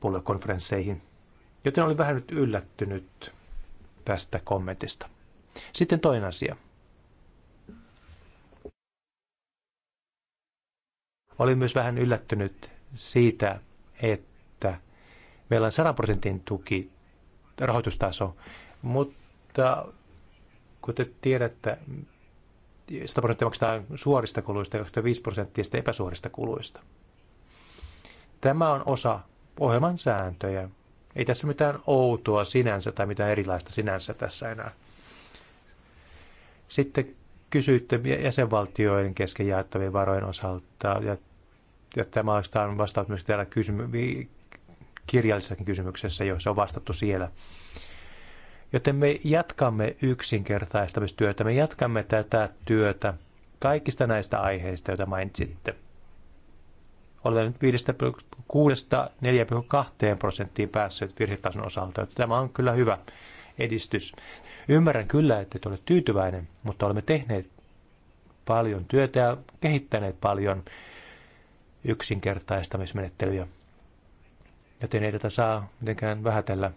puoluekonferensseihin. Joten olin vähän nyt yllättynyt tästä kommentista. Sitten toinen asia. Olin myös vähän yllättynyt siitä, että meillä on 100 prosentin tuki, rahoitustaso, mutta kun te tiedätte, 100 prosenttia maksetaan suorista kuluista ja 5 prosenttia epäsuorista kuluista. Tämä on osa ohjelman sääntöjä. Ei tässä mitään outoa sinänsä tai mitään erilaista sinänsä tässä enää. Sitten kysyitte jäsenvaltioiden kesken jaettavien varojen osalta, ja, ja tämä on vastaus myös täällä kysymy- kirjallisessakin kysymyksessä, joissa on vastattu siellä. Joten me jatkamme yksinkertaistamistyötä, me jatkamme tätä työtä kaikista näistä aiheista, joita mainitsitte. Olemme nyt 5,6-4,2 prosenttiin päässeet virhetason osalta, että tämä on kyllä hyvä edistys. Ymmärrän kyllä, että et ole tyytyväinen, mutta olemme tehneet paljon työtä ja kehittäneet paljon yksinkertaistamismenettelyjä. Joten ei tätä saa mitenkään vähätellä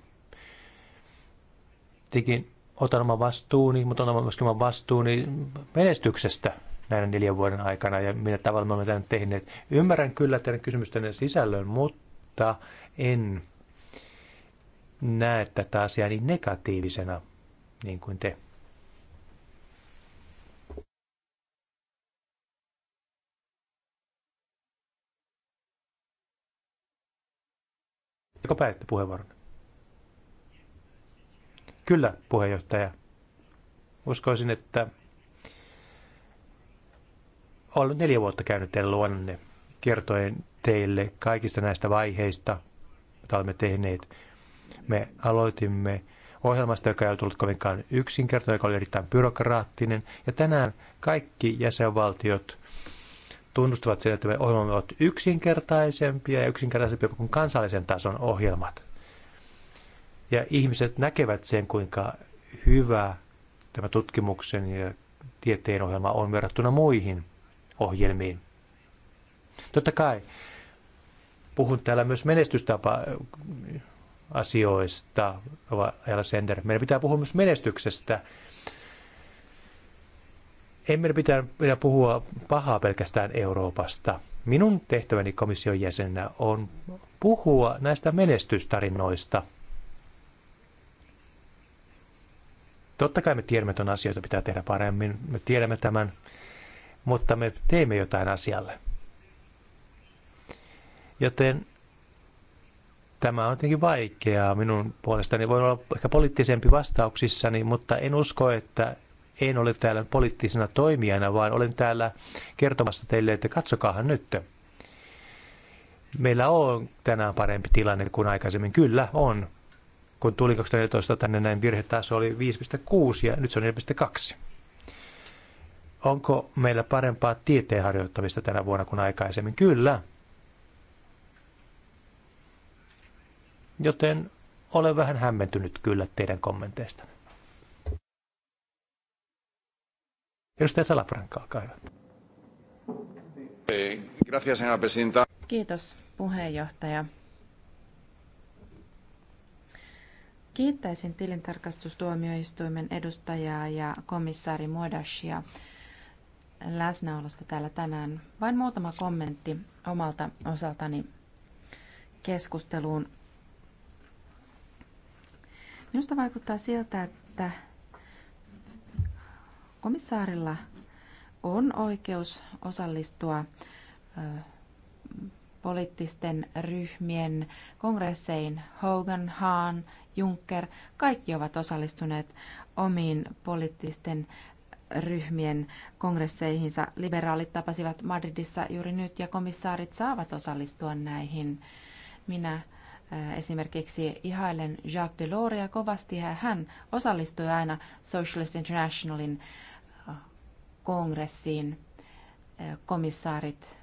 tietenkin otan oman vastuuni, mutta otan myöskin oman vastuuni menestyksestä näiden neljän vuoden aikana ja millä tavalla me olemme tämän tehneet. Ymmärrän kyllä teidän kysymysten sisällön, mutta en näe tätä asiaa niin negatiivisena niin kuin te. Joko päätitte puheenvuoron? Kyllä, puheenjohtaja. Uskoisin, että olen neljä vuotta käynyt teidän luonne kertoen teille kaikista näistä vaiheista, joita olemme tehneet. Me aloitimme ohjelmasta, joka ei ole tullut kovinkaan yksinkertainen, joka oli erittäin byrokraattinen. Ja tänään kaikki jäsenvaltiot tunnustavat sen, että me ohjelmamme ovat yksinkertaisempia ja yksinkertaisempia kuin kansallisen tason ohjelmat. Ja ihmiset näkevät sen, kuinka hyvä tämä tutkimuksen ja tieteen ohjelma on verrattuna muihin ohjelmiin. Totta kai puhun täällä myös menestystapa asioista, Ajala Sender. Meidän pitää puhua myös menestyksestä. Ei meidän pitää, pitää puhua pahaa pelkästään Euroopasta. Minun tehtäväni komission jäsenenä on puhua näistä menestystarinoista – Totta kai me tiedämme, että on asioita pitää tehdä paremmin, me tiedämme tämän, mutta me teemme jotain asialle. Joten tämä on tietenkin vaikeaa minun puolestani. Voin olla ehkä poliittisempi vastauksissani, mutta en usko, että en ole täällä poliittisena toimijana, vaan olen täällä kertomassa teille, että katsokaahan nyt. Meillä on tänään parempi tilanne kuin aikaisemmin. Kyllä on kun tuli 2014 tänne näin virhetaso oli 5,6 ja nyt se on 4,2. Onko meillä parempaa tieteen harjoittamista tänä vuonna kuin aikaisemmin? Kyllä. Joten olen vähän hämmentynyt kyllä teidän kommenteista. Edustaja Salafranka, olkaa hyvä. Eh, Kiitos puheenjohtaja. Kiittäisin tilintarkastustuomioistuimen edustajaa ja komissaari Modashia läsnäolosta täällä tänään. Vain muutama kommentti omalta osaltani keskusteluun. Minusta vaikuttaa siltä, että komissaarilla on oikeus osallistua poliittisten ryhmien kongresseihin. Hogan, Hahn, Juncker, kaikki ovat osallistuneet omiin poliittisten ryhmien kongresseihinsa. Liberaalit tapasivat Madridissa juuri nyt ja komissaarit saavat osallistua näihin. Minä äh, esimerkiksi ihailen Jacques Deloria kovasti ja hän osallistui aina Socialist Internationalin äh, kongressiin. Äh, komissaarit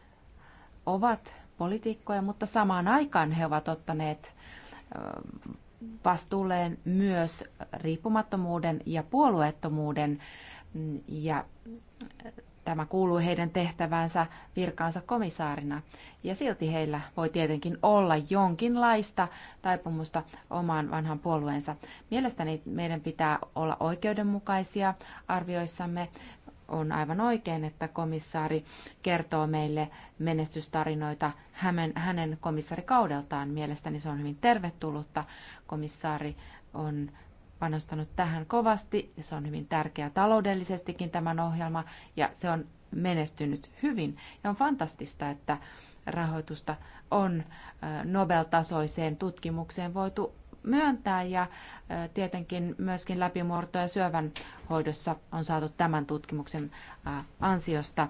ovat poliitikkoja, mutta samaan aikaan he ovat ottaneet vastuulleen myös riippumattomuuden ja puolueettomuuden ja tämä kuuluu heidän tehtävänsä virkaansa komissaarina. Ja silti heillä voi tietenkin olla jonkinlaista taipumusta omaan vanhan puolueensa. Mielestäni meidän pitää olla oikeudenmukaisia arvioissamme on aivan oikein, että komissaari kertoo meille menestystarinoita hänen, hänen komissaarikaudeltaan. Mielestäni se on hyvin tervetullutta. Komissaari on panostanut tähän kovasti ja se on hyvin tärkeä taloudellisestikin tämän ohjelma ja se on menestynyt hyvin. Ja on fantastista, että rahoitusta on Nobel-tasoiseen tutkimukseen voitu myöntää ja tietenkin myöskin läpimurtoja syövän hoidossa on saatu tämän tutkimuksen ansiosta,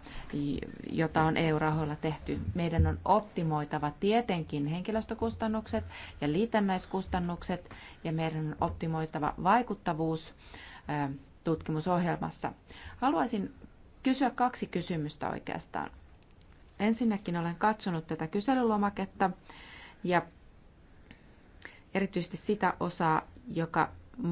jota on EU-rahoilla tehty. Meidän on optimoitava tietenkin henkilöstökustannukset ja liitännäiskustannukset ja meidän on optimoitava vaikuttavuus tutkimusohjelmassa. Haluaisin kysyä kaksi kysymystä oikeastaan. Ensinnäkin olen katsonut tätä kyselylomaketta ja erityisesti sitä osaa, joka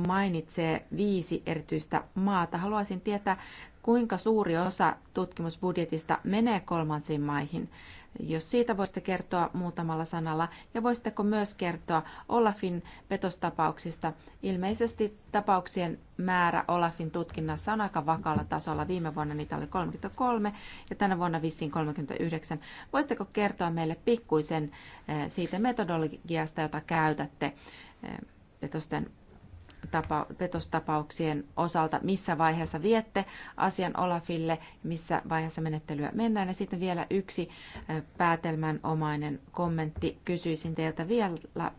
mainitsee viisi erityistä maata. Haluaisin tietää, kuinka suuri osa tutkimusbudjetista menee kolmansiin maihin. Jos siitä voisitte kertoa muutamalla sanalla ja voisitteko myös kertoa Olafin petostapauksista. Ilmeisesti tapauksien määrä Olafin tutkinnassa on aika vakalla tasolla. Viime vuonna niitä oli 33 ja tänä vuonna vissiin 39. Voisitteko kertoa meille pikkuisen eh, siitä metodologiasta, jota käytätte eh, petosten tapa, petostapauksien osalta, missä vaiheessa viette asian Olafille, missä vaiheessa menettelyä mennään. Ja sitten vielä yksi päätelmänomainen kommentti. Kysyisin teiltä vielä,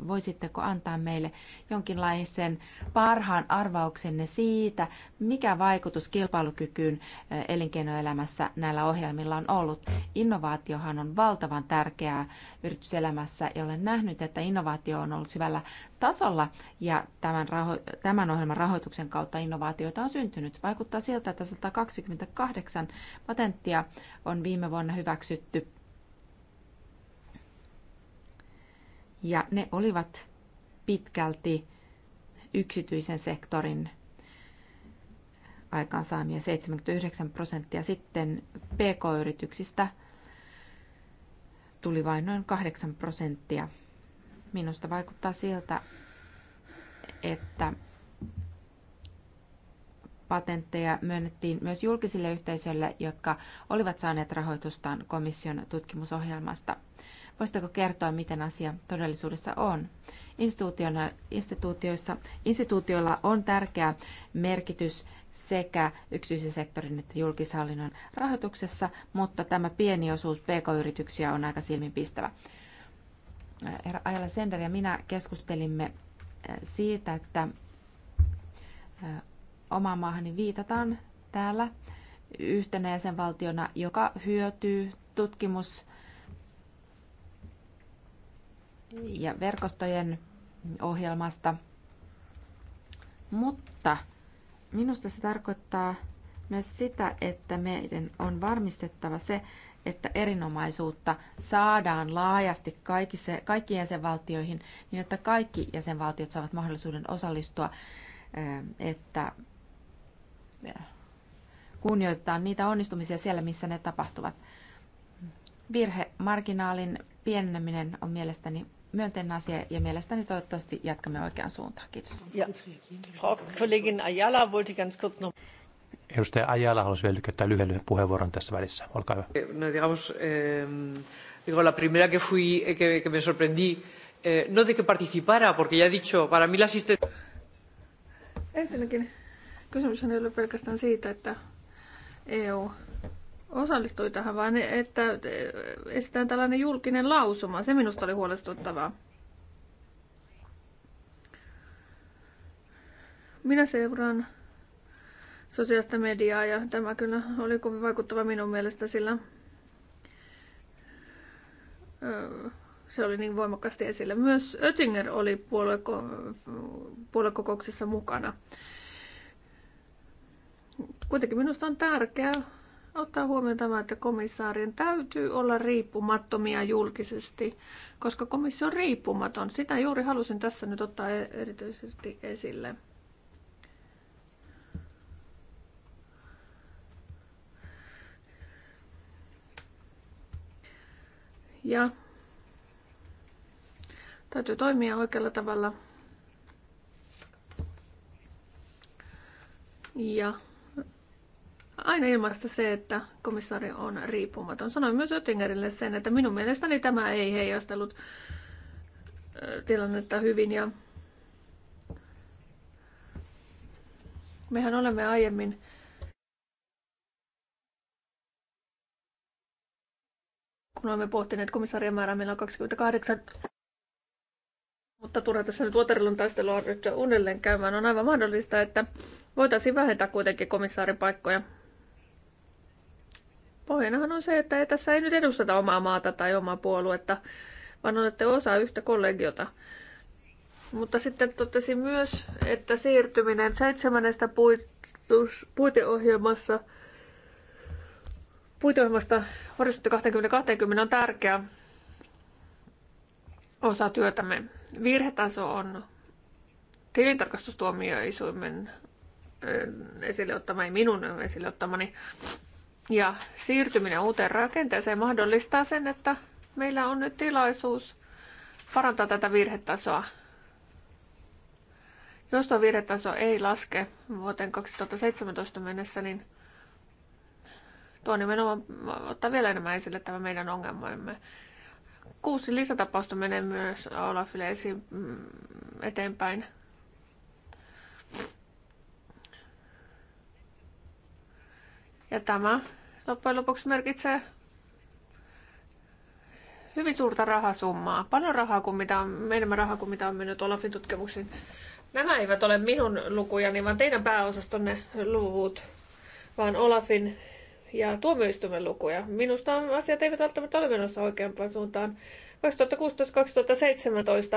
voisitteko antaa meille jonkinlaisen parhaan arvauksenne siitä, mikä vaikutus kilpailukykyyn elinkeinoelämässä näillä ohjelmilla on ollut. Innovaatiohan on valtavan tärkeää yrityselämässä ja olen nähnyt, että innovaatio on ollut hyvällä tasolla ja tämän, raho- tämän ohjelman rahoituksen kautta innovaatioita on syntynyt. Vaikuttaa siltä, että 128 patenttia on viime vuonna hyväksytty ja ne olivat pitkälti yksityisen sektorin aikaansaamia 79 prosenttia. Sitten PK-yrityksistä tuli vain noin 8 prosenttia Minusta vaikuttaa siltä, että patentteja myönnettiin myös julkisille yhteisöille, jotka olivat saaneet rahoitustaan komission tutkimusohjelmasta. Voisitteko kertoa, miten asia todellisuudessa on? Instituutioissa, instituutioilla on tärkeä merkitys sekä yksityisen sektorin että julkishallinnon rahoituksessa, mutta tämä pieni osuus pk-yrityksiä on aika silmiinpistävä herra Ajala Sender ja minä keskustelimme äh, siitä, että äh, oma maahani viitataan täällä yhtenä jäsenvaltiona, joka hyötyy tutkimus- ja verkostojen ohjelmasta. Mutta minusta se tarkoittaa myös sitä, että meidän on varmistettava se, että erinomaisuutta saadaan laajasti kaikkiin jäsenvaltioihin niin, että kaikki jäsenvaltiot saavat mahdollisuuden osallistua, ähm, että äh, kunnioitetaan niitä onnistumisia siellä, missä ne tapahtuvat. Virhemarginaalin pieneneminen on mielestäni myönteinen asia ja mielestäni toivottavasti jatkamme oikeaan suuntaan. Kiitos. Ja, Frau Kollegin Ayala wollte ganz kurz noch... Edustaja Ajala haluaisi vielä lykätä lyhyen puheenvuoron tässä välissä. Olkaa hyvä. Eh, no, digamos, eh, digo, la primera que fui, eh, que, que me sorprendí, eh, no de que participara, porque ya he dicho, para mí la asistencia... Ensinnäkin kysymys ei ole pelkästään siitä, että EU osallistui tähän, vaan että eh, esitään tällainen julkinen lausuma. Se minusta oli huolestuttavaa. Minä seuraan sosiaalista mediaa ja tämä kyllä oli kovin vaikuttava minun mielestä, sillä se oli niin voimakkaasti esillä. Myös Oettinger oli puolueko- puoluekokouksessa mukana. Kuitenkin minusta on tärkeää ottaa huomioon tämä, että komissaarien täytyy olla riippumattomia julkisesti, koska komissio on riippumaton. Sitä juuri halusin tässä nyt ottaa e- erityisesti esille. Ja täytyy toimia oikealla tavalla. Ja aina ilmaista se, että komissaari on riippumaton. Sanoin myös Oettingerille sen, että minun mielestäni tämä ei heijastellut tilannetta hyvin. Ja mehän olemme aiemmin kun olemme pohtineet komissarien määrää, meillä on 28. Mutta turha tässä nyt Waterloon taistelua nyt uudelleen käymään. On aivan mahdollista, että voitaisiin vähentää kuitenkin komissaarin paikkoja. Pohjanahan on se, että tässä ei nyt edusteta omaa maata tai omaa puoluetta, vaan olette osa yhtä kollegiota. Mutta sitten totesin myös, että siirtyminen seitsemännestä puiteohjelmassa – puitoihmasta horisontti 2020 on tärkeä osa työtämme. Virhetaso on tilintarkastustuomioisuimen esille ottama, ei minun esille ottamani. Ja siirtyminen uuteen rakenteeseen mahdollistaa sen, että meillä on nyt tilaisuus parantaa tätä virhetasoa. Jos tuo virhetaso ei laske vuoteen 2017 mennessä, niin tuo nimenomaan ottaa vielä enemmän esille tämä meidän ongelmamme. Kuusi lisätapausta menee myös Olafille esiin, mm, eteenpäin. Ja tämä loppujen lopuksi merkitsee hyvin suurta rahasummaa. Paljon rahaa kuin mitä on, enemmän rahaa kuin mitä on mennyt Olafin tutkimuksiin. Nämä eivät ole minun lukujani, vaan teidän pääosastonne luvut, vaan Olafin ja tuomioistuimen lukuja. Minusta asiat eivät välttämättä ole menossa oikeampaan suuntaan.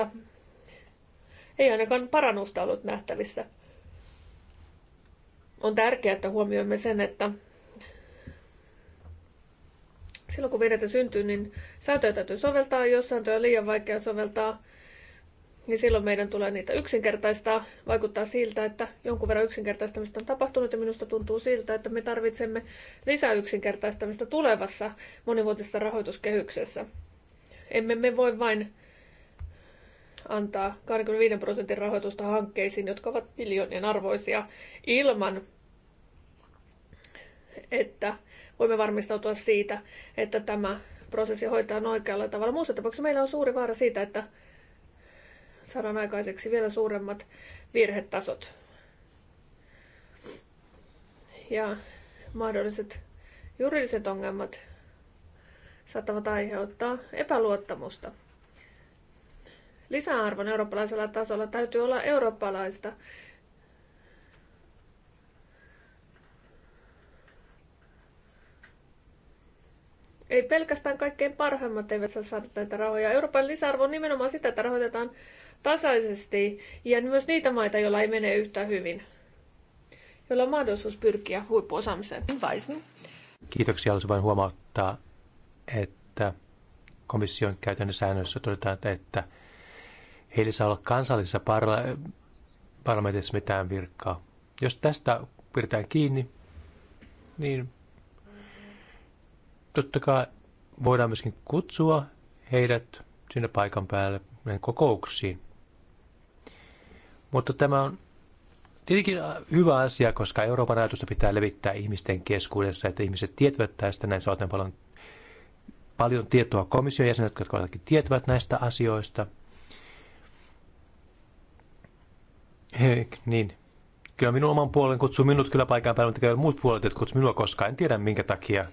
2016-2017 ei ainakaan parannusta ollut nähtävissä. On tärkeää, että huomioimme sen, että silloin kun virheitä syntyy, niin sääntöjä täytyy soveltaa, jos sääntöjä on liian vaikea soveltaa, niin silloin meidän tulee niitä yksinkertaistaa. Vaikuttaa siltä, että jonkun verran yksinkertaistamista on tapahtunut ja minusta tuntuu siltä, että me tarvitsemme lisää yksinkertaistamista tulevassa monivuotisessa rahoituskehyksessä. Emme me voi vain antaa 25 prosentin rahoitusta hankkeisiin, jotka ovat miljoonien arvoisia, ilman että voimme varmistautua siitä, että tämä prosessi hoitaa oikealla tavalla. Muussa tapauksessa meillä on suuri vaara siitä, että saadaan aikaiseksi vielä suuremmat virhetasot. Ja mahdolliset juridiset ongelmat saattavat aiheuttaa epäluottamusta. Lisäarvon eurooppalaisella tasolla täytyy olla eurooppalaista. Ei pelkästään kaikkein parhaimmat eivät saa saada näitä rahoja. Euroopan lisäarvo on nimenomaan sitä, että rahoitetaan tasaisesti ja myös niitä maita, joilla ei mene yhtä hyvin, joilla on mahdollisuus pyrkiä huippuosaamiseen. Kiitoksia. Haluaisin vain huomauttaa, että komission käytännön säännössä todetaan, että heillä saa olla kansallisessa parla- parlamentissa mitään virkaa. Jos tästä pidetään kiinni, niin totta kai voidaan myöskin kutsua heidät sinne paikan päälle kokouksiin. Mutta tämä on tietenkin hyvä asia, koska Euroopan ajatusta pitää levittää ihmisten keskuudessa, että ihmiset tietävät tästä, näin saatan paljon, paljon tietoa komission jäsenet, jotka tietävät näistä asioista. He, niin, kyllä minun oman puolen kutsuu minut kyllä paikan päälle, mutta kyllä muut puolet että kutsu minua koskaan, en tiedä minkä takia.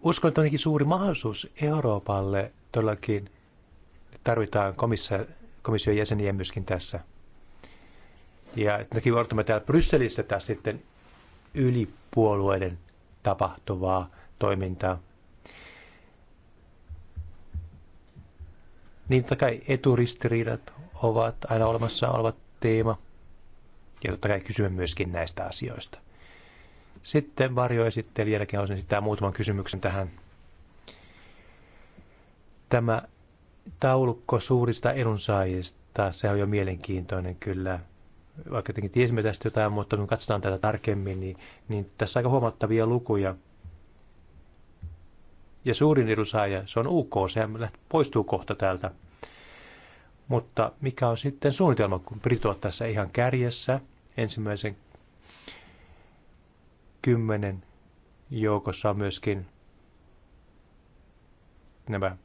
Uskon, että on suuri mahdollisuus Euroopalle todellakin tarvitaan komissa, komission jäseniä myöskin tässä. Ja näkin odotamme täällä Brysselissä taas sitten ylipuolueiden tapahtuvaa toimintaa. Niin totta kai eturistiriidat ovat aina olemassa oleva teema. Ja totta kai kysymme myöskin näistä asioista. Sitten jälkeen, haluaisin esittää muutaman kysymyksen tähän. Tämä taulukko suurista edunsaajista, se on jo mielenkiintoinen kyllä. Vaikka tietenkin tiesimme tästä jotain, mutta kun katsotaan tätä tarkemmin, niin, niin tässä on aika huomattavia lukuja. Ja suurin edunsaaja, se on UK, sehän poistuu kohta täältä. Mutta mikä on sitten suunnitelma, kun Britit ovat tässä ihan kärjessä ensimmäisen kymmenen joukossa on myöskin nämä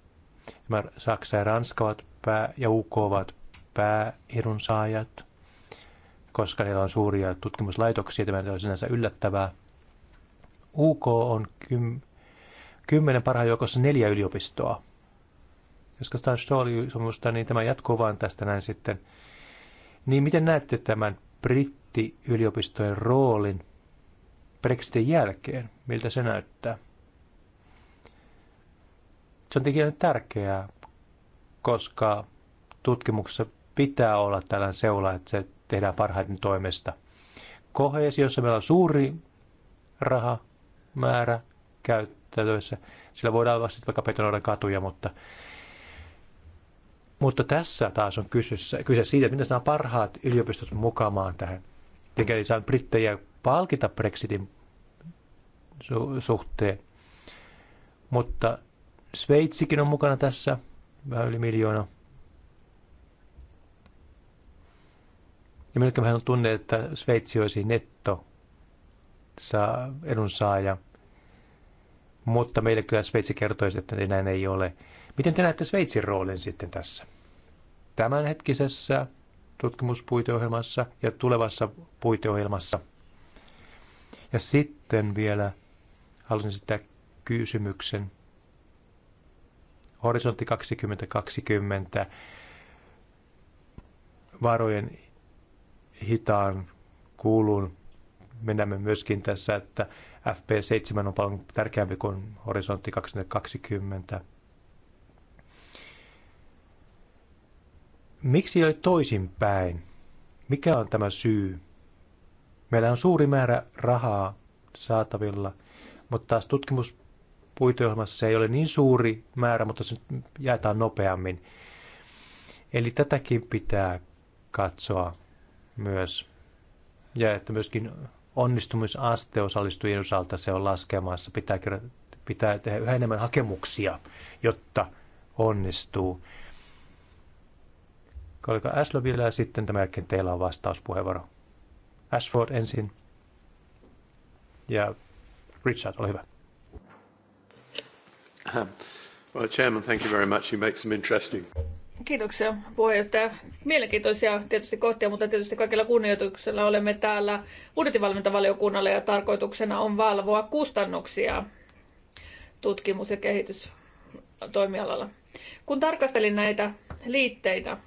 Saksa ja Ranska ovat pää, ja UK ovat pääedunsaajat, koska niillä on suuria tutkimuslaitoksia, tämä on sinänsä yllättävää. UK on kym, kymmenen parhaan joukossa neljä yliopistoa. Jos katsotaan Stoll-sopimusta, niin tämä jatkuu vaan tästä näin sitten. Niin miten näette tämän brittiyliopistojen roolin Brexitin jälkeen? Miltä se näyttää? Se on tietenkin tärkeää, koska tutkimuksessa pitää olla tällainen seula, että se tehdään parhaiten toimesta. Kohesiossa meillä on suuri rahamäärä käyttäytyessä. Sillä voidaan olla sitten vaikka betonoida katuja, mutta, mutta tässä taas on kysyssä, kyse siitä, että miten nämä parhaat yliopistot mukamaan tähän. ei saa brittejä palkita Brexitin su- suhteen, mutta Sveitsikin on mukana tässä, vähän yli miljoona. Ja melkein vähän on tunne, että Sveitsi olisi netto edunsaaja, mutta meille kyllä Sveitsi kertoisi, että näin ei ole. Miten te näette Sveitsin roolin sitten tässä? Tämänhetkisessä tutkimuspuiteohjelmassa ja tulevassa puiteohjelmassa. Ja sitten vielä haluaisin sitä kysymyksen Horisontti 2020 varojen hitaan kuuluun. Me näemme myöskin tässä, että FP7 on paljon tärkeämpi kuin Horisontti 2020. Miksi ei toisinpäin? Mikä on tämä syy? Meillä on suuri määrä rahaa saatavilla, mutta taas tutkimus puiteohjelmassa se ei ole niin suuri määrä, mutta se jaetaan nopeammin. Eli tätäkin pitää katsoa myös. Ja että myöskin onnistumisaste osallistujien osalta se on laskemassa. Pitää, pitää tehdä yhä enemmän hakemuksia, jotta onnistuu. Kollega Aslo ja sitten tämän jälkeen teillä on vastauspuheenvuoro. Ashford ensin ja Richard, ole hyvä. Well, Chairman, thank you very much. You make some interesting... Kiitoksia puheenjohtaja. Mielenkiintoisia tietysti kohtia, mutta tietysti kaikilla kunnioituksella olemme täällä budjettivalmentavaliokunnalla ja tarkoituksena on valvoa kustannuksia tutkimus- ja kehitystoimialalla. Kun tarkastelin näitä liitteitä,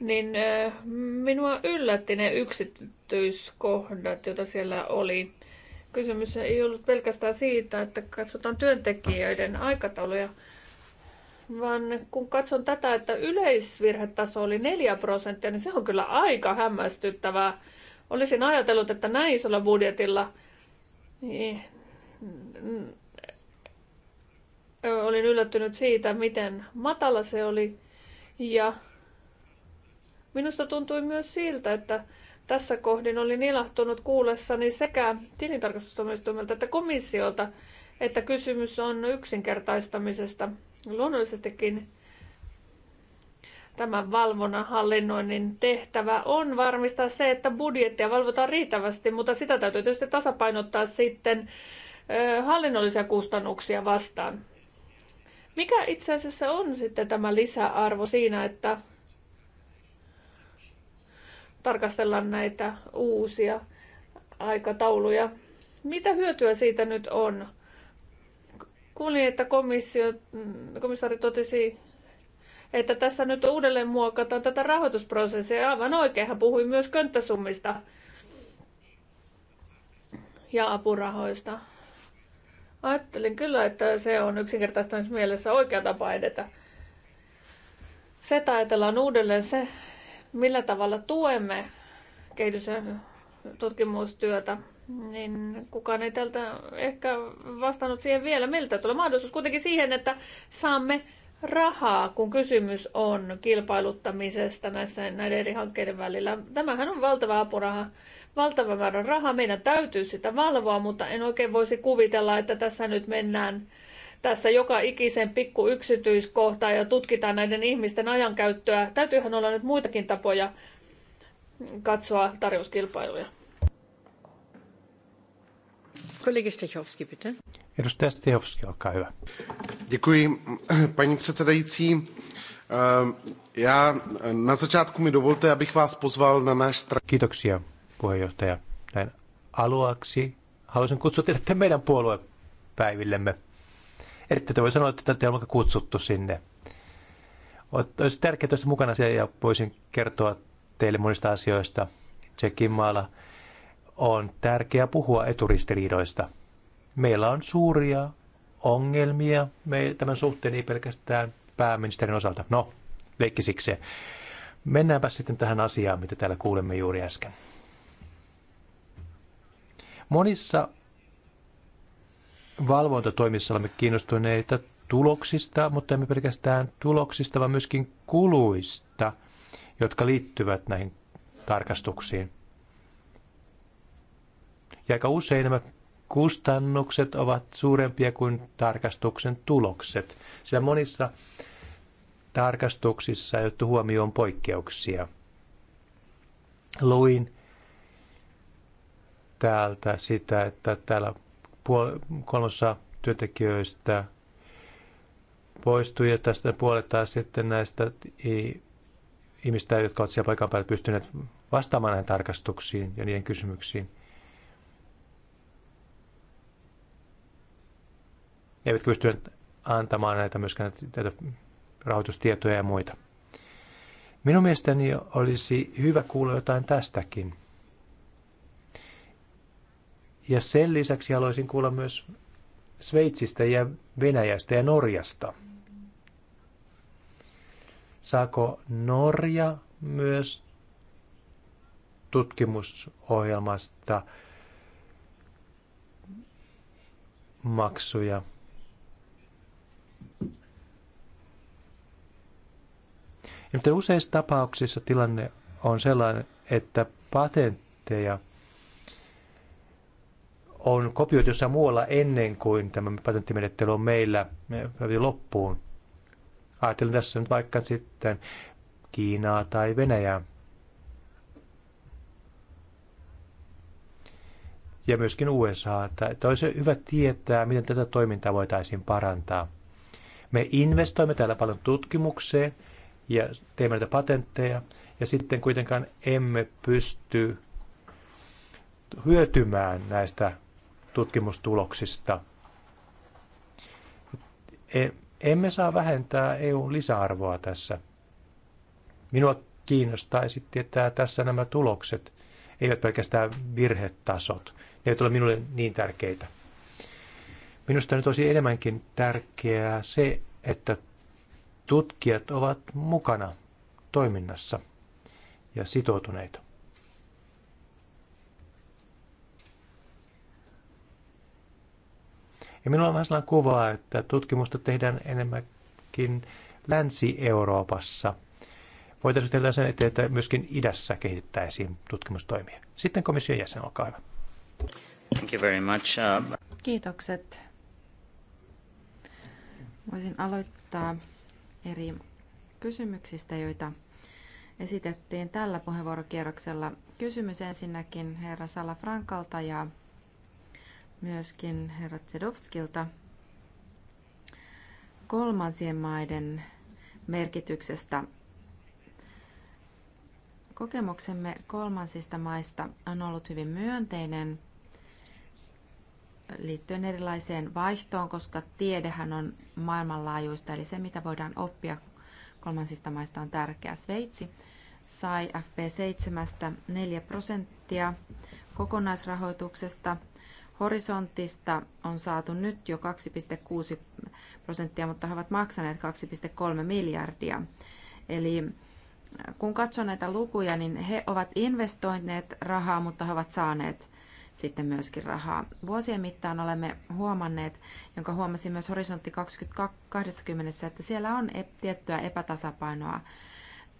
niin minua yllätti ne yksityiset yksityiskohdat, joita siellä oli. Kysymys ei ollut pelkästään siitä, että katsotaan työntekijöiden aikatauluja, vaan kun katson tätä, että yleisvirhetaso oli 4 prosenttia, niin se on kyllä aika hämmästyttävää. Olisin ajatellut, että näin isolla budjetilla niin, olin yllättynyt siitä, miten matala se oli. Ja minusta tuntui myös siltä, että tässä kohdin olin ilahtunut kuullessani sekä tilintarkastustuomioistuimelta että komissiolta, että kysymys on yksinkertaistamisesta. Luonnollisestikin tämän valvonnan hallinnoinnin tehtävä on varmistaa se, että budjettia valvotaan riittävästi, mutta sitä täytyy tietysti tasapainottaa sitten hallinnollisia kustannuksia vastaan. Mikä itse asiassa on sitten tämä lisäarvo siinä, että tarkastellaan näitä uusia aikatauluja. Mitä hyötyä siitä nyt on? Kuulin, että komissio, komissaari totesi, että tässä nyt uudelleen muokataan tätä rahoitusprosessia. Aivan oikein hän puhui myös könttäsummista ja apurahoista. Ajattelin kyllä, että se on yksinkertaisesti mielessä oikea tapa edetä. Se taitellaan uudelleen se, millä tavalla tuemme kehitys- ja tutkimustyötä, niin kukaan ei tältä ehkä vastannut siihen vielä. Meiltä tulee mahdollisuus kuitenkin siihen, että saamme rahaa, kun kysymys on kilpailuttamisesta näissä, näiden eri hankkeiden välillä. Tämähän on valtava apuraha, valtava määrä rahaa. Meidän täytyy sitä valvoa, mutta en oikein voisi kuvitella, että tässä nyt mennään tässä joka ikisen pikku yksityiskohtaan ja tutkitaan näiden ihmisten ajankäyttöä. Täytyyhän olla nyt muitakin tapoja katsoa tarjouskilpailuja. Kollegi Stechowski, bitte. Edustaja Stechowski, olkaa hyvä. Děkuji, paní předsedající. Ehm, já na začátku mi dovolte, abych vás pozval na náš stran... Kiitoksia, puheenjohtaja. Näin aluaksi haluaisin kutsua teidät meidän puoluepäivillemme. Että te voi sanoa, että te olette kutsuttu sinne. Olisi tärkeää, että mukana siellä ja voisin kertoa teille monista asioista. Tsekin maalla on tärkeää puhua eturistiriidoista. Meillä on suuria ongelmia me, tämän suhteen, ei pelkästään pääministerin osalta. No, leikki sikseen. Mennäänpä sitten tähän asiaan, mitä täällä kuulemme juuri äsken. Monissa valvontatoimissa olemme kiinnostuneita tuloksista, mutta emme pelkästään tuloksista, vaan myöskin kuluista, jotka liittyvät näihin tarkastuksiin. Ja aika usein nämä kustannukset ovat suurempia kuin tarkastuksen tulokset, sillä monissa tarkastuksissa ei otettu huomioon poikkeuksia. Luin täältä sitä, että täällä puol- kolmasosa työntekijöistä poistui ja tästä puolet taas sitten näistä ihmistä, jotka ovat siellä paikan päällä pystyneet vastaamaan näihin tarkastuksiin ja niiden kysymyksiin. Eivätkä pystyneet antamaan näitä myöskään näitä rahoitustietoja ja muita. Minun mielestäni olisi hyvä kuulla jotain tästäkin. Ja sen lisäksi haluaisin kuulla myös Sveitsistä ja Venäjästä ja Norjasta. Saako Norja myös tutkimusohjelmasta maksuja? Ja useissa tapauksissa tilanne on sellainen, että patentteja – on kopioitu jossain muualla ennen kuin tämä patenttimenettely on meillä loppuun. Ajattelen tässä nyt vaikka sitten Kiinaa tai Venäjää. Ja myöskin USA. Että olisi hyvä tietää, miten tätä toimintaa voitaisiin parantaa. Me investoimme täällä paljon tutkimukseen ja teemme näitä patentteja, ja sitten kuitenkaan emme pysty hyötymään näistä tutkimustuloksista. E, emme saa vähentää EUn lisäarvoa tässä. Minua kiinnostaisi tietää tässä nämä tulokset, eivät pelkästään virhetasot. Ne eivät ole minulle niin tärkeitä. Minusta nyt olisi enemmänkin tärkeää se, että tutkijat ovat mukana toiminnassa ja sitoutuneita. Ja minulla on vähän sellainen kuva, että tutkimusta tehdään enemmänkin Länsi-Euroopassa. Voitaisiin tehdä sen eteen, että myöskin idässä kehitettäisiin tutkimustoimia. Sitten komission jäsen, olkaa hyvä. Thank you very much. Uh... Kiitokset. Voisin aloittaa eri kysymyksistä, joita esitettiin tällä puheenvuorokierroksella. Kysymys ensinnäkin herra Salafrankalta ja myöskin herra Zedovskilta kolmansien maiden merkityksestä. Kokemuksemme kolmansista maista on ollut hyvin myönteinen liittyen erilaiseen vaihtoon, koska tiedehän on maailmanlaajuista, eli se mitä voidaan oppia kolmansista maista on tärkeää. Sveitsi sai FP7 4 prosenttia kokonaisrahoituksesta – Horisontista on saatu nyt jo 2,6 prosenttia, mutta he ovat maksaneet 2,3 miljardia. Eli äh, kun katsoo näitä lukuja, niin he ovat investoineet rahaa, mutta he ovat saaneet sitten myöskin rahaa. Vuosien mittaan olemme huomanneet, jonka huomasin myös Horisontti 2020, että siellä on e-, tiettyä epätasapainoa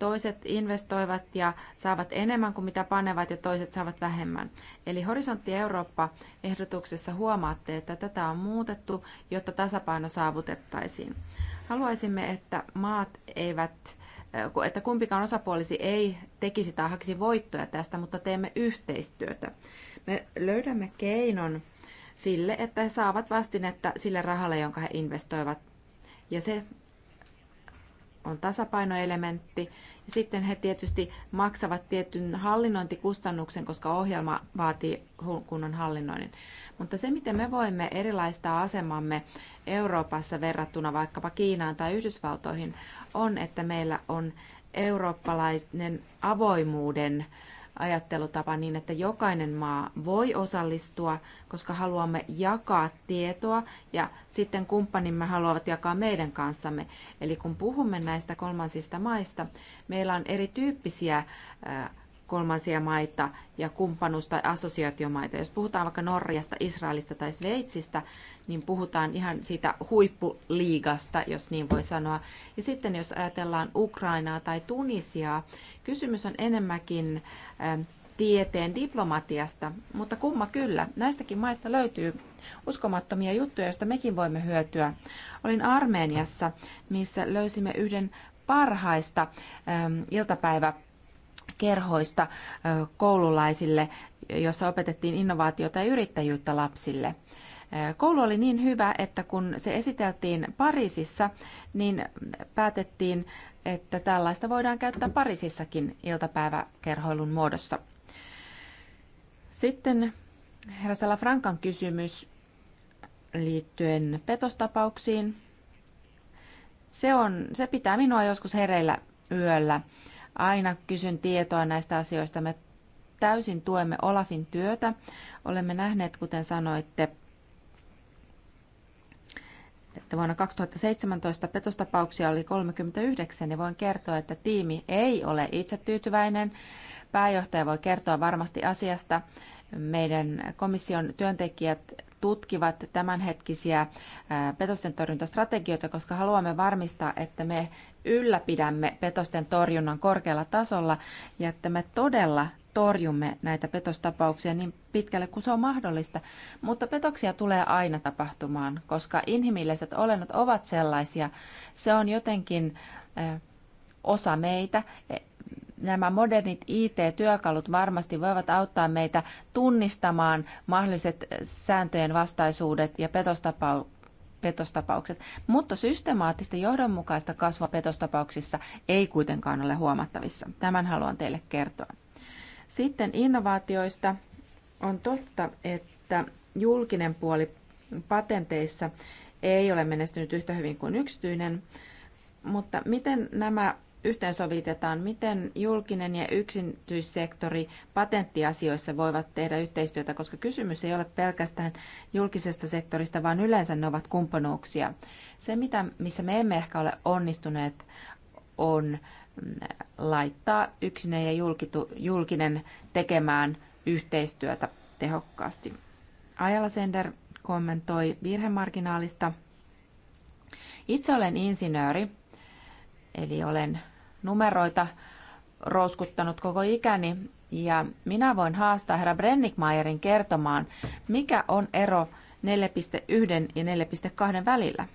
Toiset investoivat ja saavat enemmän kuin mitä panevat ja toiset saavat vähemmän. Eli Horisontti Eurooppa-ehdotuksessa huomaatte, että tätä on muutettu, jotta tasapaino saavutettaisiin. Haluaisimme, että maat eivät että kumpikaan osapuolisi ei tekisi tai hakisi voittoja tästä, mutta teemme yhteistyötä. Me löydämme keinon sille, että he saavat vastinetta sille rahalle, jonka he investoivat. Ja se on tasapainoelementti. Ja sitten he tietysti maksavat tietyn hallinnointikustannuksen, koska ohjelma vaatii kunnon hallinnoinnin. Mutta se, miten me voimme erilaista asemamme Euroopassa verrattuna vaikkapa Kiinaan tai Yhdysvaltoihin, on, että meillä on eurooppalainen avoimuuden äh, ajattelutapa niin, että jokainen maa voi osallistua, koska haluamme jakaa tietoa ja sitten kumppanimme haluavat jakaa meidän kanssamme. Eli kun puhumme näistä kolmansista maista, meillä on erityyppisiä kolmansia maita ja kumppanuus- tai assosiaatiomaita. Jos puhutaan vaikka Norjasta, Israelista tai Sveitsistä, niin puhutaan ihan siitä huippuliigasta, jos niin voi sanoa. Ja sitten jos ajatellaan Ukrainaa tai Tunisiaa, kysymys on enemmänkin ähm, tieteen diplomatiasta, mutta kumma kyllä, näistäkin maista löytyy uskomattomia juttuja, joista mekin voimme hyötyä. Olin Armeniassa, missä löysimme yhden parhaista ähm, iltapäivä kerhoista koululaisille, jossa opetettiin innovaatiota ja yrittäjyyttä lapsille. Koulu oli niin hyvä, että kun se esiteltiin Pariisissa, niin päätettiin, että tällaista voidaan käyttää Pariisissakin iltapäiväkerhoilun muodossa. Sitten herra Salla-Frankan kysymys liittyen petostapauksiin. Se, on, se pitää minua joskus hereillä yöllä aina kysyn tietoa näistä asioista. Me täysin tuemme Olafin työtä. Olemme nähneet, kuten sanoitte, että vuonna 2017 petostapauksia oli 39, niin voin kertoa, että tiimi ei ole itsetyytyväinen. Pääjohtaja voi kertoa varmasti asiasta. Meidän komission työntekijät tutkivat tämänhetkisiä petosten torjuntastrategioita, koska haluamme varmistaa, että me ylläpidämme petosten torjunnan korkealla tasolla ja että me todella torjumme näitä petostapauksia niin pitkälle kuin se on mahdollista. Mutta petoksia tulee aina tapahtumaan, koska inhimilliset olennot ovat sellaisia. Se on jotenkin osa meitä. E, nämä modernit IT-työkalut varmasti voivat auttaa meitä tunnistamaan mahdolliset sääntöjen vastaisuudet ja petostapaukset petostapaukset, mutta systemaattista johdonmukaista kasvua petostapauksissa ei kuitenkaan ole huomattavissa. Tämän haluan teille kertoa. Sitten innovaatioista. On totta, että julkinen puoli patenteissa ei ole menestynyt yhtä hyvin kuin yksityinen, mutta miten nämä yhteensovitetaan, miten julkinen ja yksityissektori patenttiasioissa voivat tehdä yhteistyötä, koska kysymys ei ole pelkästään julkisesta sektorista, vaan yleensä ne ovat kumppanuuksia. Se, mitä, missä me emme ehkä ole onnistuneet, on mm, laittaa yksinen ja julkitu, julkinen tekemään yhteistyötä tehokkaasti. Ajala Sender kommentoi virhemarginaalista. Itse olen insinööri, eli olen numeroita rouskuttanut koko ikäni. Ja minä voin haastaa herra Brennickmaierin kertomaan, mikä on ero 4.1 ja 4.2 välillä.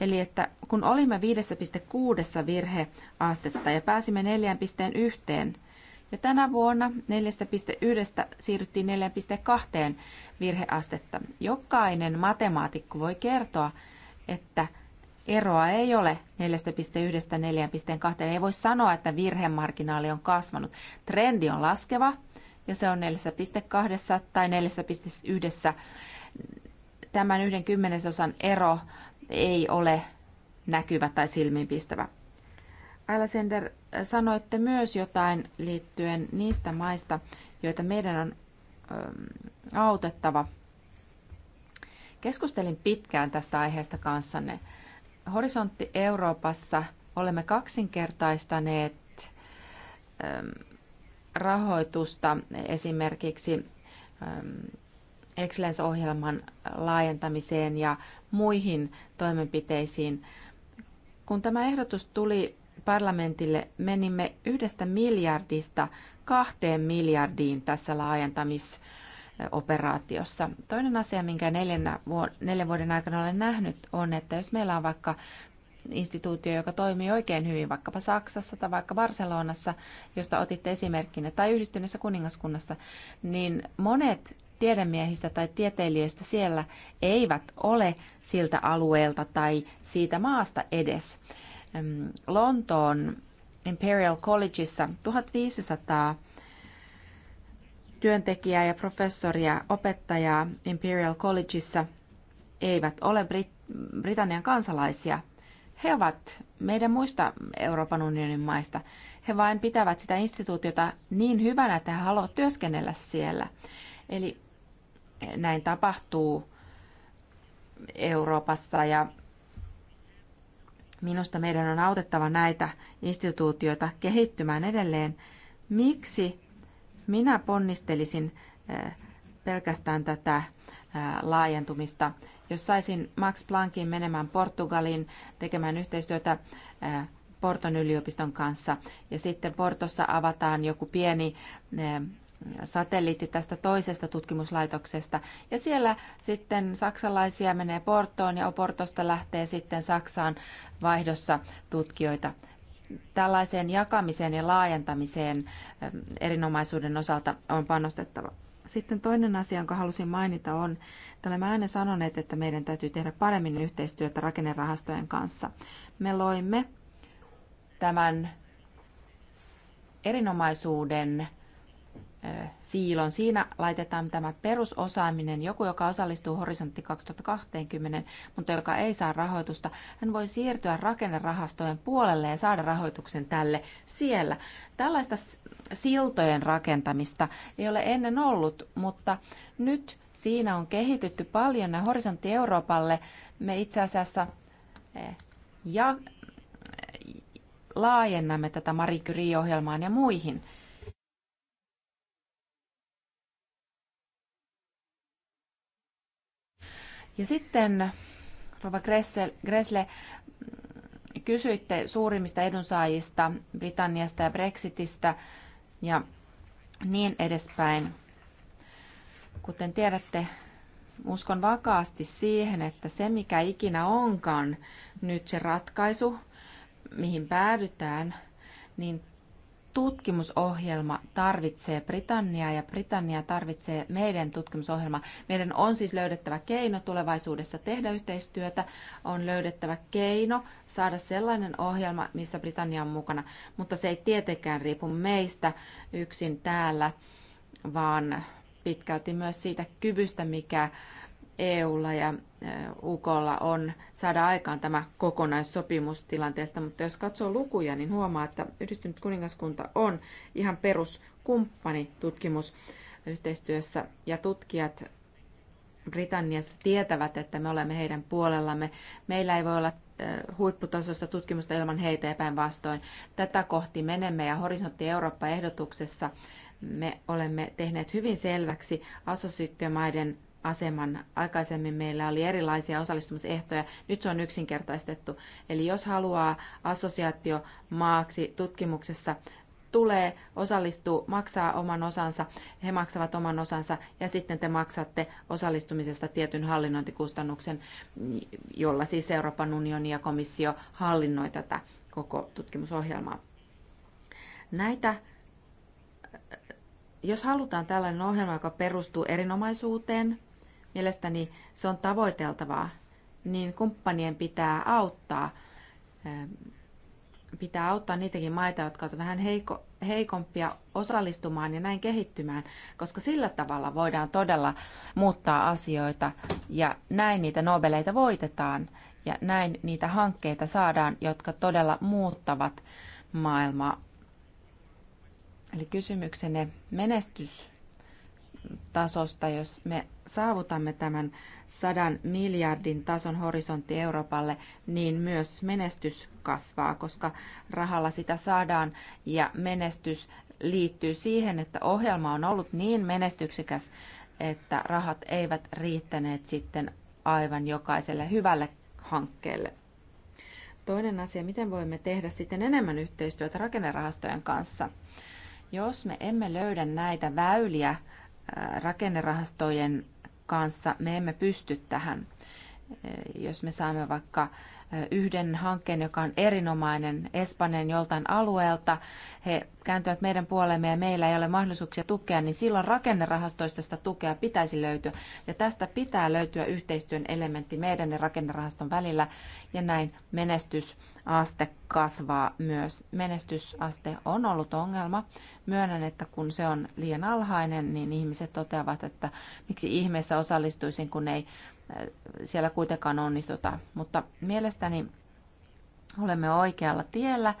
Eli että kun olimme 5.6 virheastetta ja pääsimme 4.1, ja tänä vuonna 4.1 siirryttiin 4.2 virheastetta. Jokainen matemaatikko voi kertoa, että Eroa ei ole 4.1-4.2. Ei voi sanoa, että virhemarginaali on kasvanut. Trendi on laskeva ja se on 4.2 tai 4.1. Tämän yhden kymmenesosan ero ei ole näkyvä tai silmiinpistävä. Alexander, sanoitte myös jotain liittyen niistä maista, joita meidän on autettava. Keskustelin pitkään tästä aiheesta kanssanne. Horisontti Euroopassa olemme kaksinkertaistaneet ähm, rahoitusta esimerkiksi ähm, Excellence-ohjelman laajentamiseen ja muihin toimenpiteisiin. Kun tämä ehdotus tuli parlamentille, menimme yhdestä miljardista kahteen miljardiin tässä laajentamisessa operaatiossa. Toinen asia, minkä neljän vuoden aikana olen nähnyt, on, että jos meillä on vaikka instituutio, joka toimii oikein hyvin vaikkapa Saksassa tai vaikka Barcelonassa, josta otitte esimerkkinä, tai yhdistyneessä kuningaskunnassa, niin monet tiedemiehistä tai tieteilijöistä siellä eivät ole siltä alueelta tai siitä maasta edes. Lontoon Imperial Collegeissa 1500 työntekijää ja professoria, opettajaa Imperial Collegeissa eivät ole Brit- Britannian kansalaisia. He ovat meidän muista Euroopan unionin maista. He vain pitävät sitä instituutiota niin hyvänä, että he haluavat työskennellä siellä. Eli näin tapahtuu Euroopassa ja minusta meidän on autettava näitä instituutioita kehittymään edelleen. Miksi minä ponnistelisin pelkästään tätä laajentumista. Jos saisin Max Planckin menemään Portugaliin tekemään yhteistyötä Porton yliopiston kanssa ja sitten Portossa avataan joku pieni satelliitti tästä toisesta tutkimuslaitoksesta. Ja siellä sitten saksalaisia menee Portoon ja Portosta lähtee sitten Saksaan vaihdossa tutkijoita tällaiseen jakamiseen ja laajentamiseen ähm, erinomaisuuden osalta on panostettava. Sitten toinen asia, jonka halusin mainita, on, että olemme aina sanoneet, että meidän täytyy tehdä paremmin yhteistyötä rakennerahastojen kanssa. Me loimme tämän erinomaisuuden siilon. Siinä laitetaan tämä perusosaaminen, joku, joka osallistuu horisontti 2020, mutta joka ei saa rahoitusta. Hän voi siirtyä rakennerahastojen puolelle ja saada rahoituksen tälle siellä. Tällaista siltojen rakentamista ei ole ennen ollut, mutta nyt siinä on kehitytty paljon ja horisontti Euroopalle me itse asiassa e, ja, e, laajennamme tätä Marie Curie-ohjelmaan ja muihin Ja sitten, Rova Gressle, kysyitte suurimmista edunsaajista, Britanniasta ja Brexitistä ja niin edespäin. Kuten tiedätte, uskon vakaasti siihen, että se mikä ikinä onkaan nyt se ratkaisu, mihin päädytään, niin tutkimusohjelma tarvitsee Britanniaa ja Britannia tarvitsee meidän tutkimusohjelma. Meidän on siis löydettävä keino tulevaisuudessa tehdä yhteistyötä, on löydettävä keino saada sellainen ohjelma, missä Britannia on mukana, mutta se ei tietenkään riipu meistä yksin täällä, vaan pitkälti myös siitä kyvystä, mikä EUlla ja UKlla on saada aikaan tämä kokonaissopimus tilanteesta, mutta jos katsoo lukuja, niin huomaa, että yhdistynyt kuningaskunta on ihan peruskumppani tutkimusyhteistyössä ja tutkijat Britanniassa tietävät, että me olemme heidän puolellamme. Meillä ei voi olla huipputasosta tutkimusta ilman heitä ja päinvastoin. Tätä kohti menemme ja Horisontti Eurooppa-ehdotuksessa me olemme tehneet hyvin selväksi assosiaatiomaiden aseman. Aikaisemmin meillä oli erilaisia osallistumisehtoja, nyt se on yksinkertaistettu. Eli jos haluaa assosiaatio maaksi tutkimuksessa, tulee, osallistuu, maksaa oman osansa, he maksavat oman osansa ja sitten te maksatte osallistumisesta tietyn hallinnointikustannuksen, jolla siis Euroopan unioni ja komissio hallinnoi tätä koko tutkimusohjelmaa. Näitä jos halutaan tällainen ohjelma, joka perustuu erinomaisuuteen, Mielestäni se on tavoiteltavaa, niin kumppanien pitää auttaa, ähm, pitää auttaa niitäkin maita, jotka ovat vähän heiko, heikompia osallistumaan ja näin kehittymään, koska sillä tavalla voidaan todella muuttaa asioita ja näin niitä nobeleita voitetaan ja näin niitä hankkeita saadaan, jotka todella muuttavat maailmaa. Eli kysymyksenne menestys tasosta, jos me saavutamme tämän sadan miljardin tason horisontti Euroopalle, niin myös menestys kasvaa, koska rahalla sitä saadaan ja menestys liittyy siihen, että ohjelma on ollut niin menestyksekäs, että rahat eivät riittäneet sitten aivan jokaiselle hyvälle hankkeelle. Toinen asia, miten voimme tehdä sitten enemmän yhteistyötä rakennerahastojen kanssa. Jos me emme löydä näitä väyliä rakennerahastojen kanssa me emme pysty tähän. Jos me saamme vaikka yhden hankkeen, joka on erinomainen Espanjan joltain alueelta, he kääntyvät meidän puolemme ja meillä ei ole mahdollisuuksia tukea, niin silloin rakennerahastoista sitä tukea pitäisi löytyä. Ja tästä pitää löytyä yhteistyön elementti meidän ja rakennerahaston välillä, ja näin menestys aste kasvaa myös. Menestysaste on ollut ongelma. Myönnän, että kun se on liian alhainen, niin ihmiset toteavat, että miksi ihmeessä osallistuisin, kun ei äh, siellä kuitenkaan onnistuta. Mutta mielestäni olemme oikealla tiellä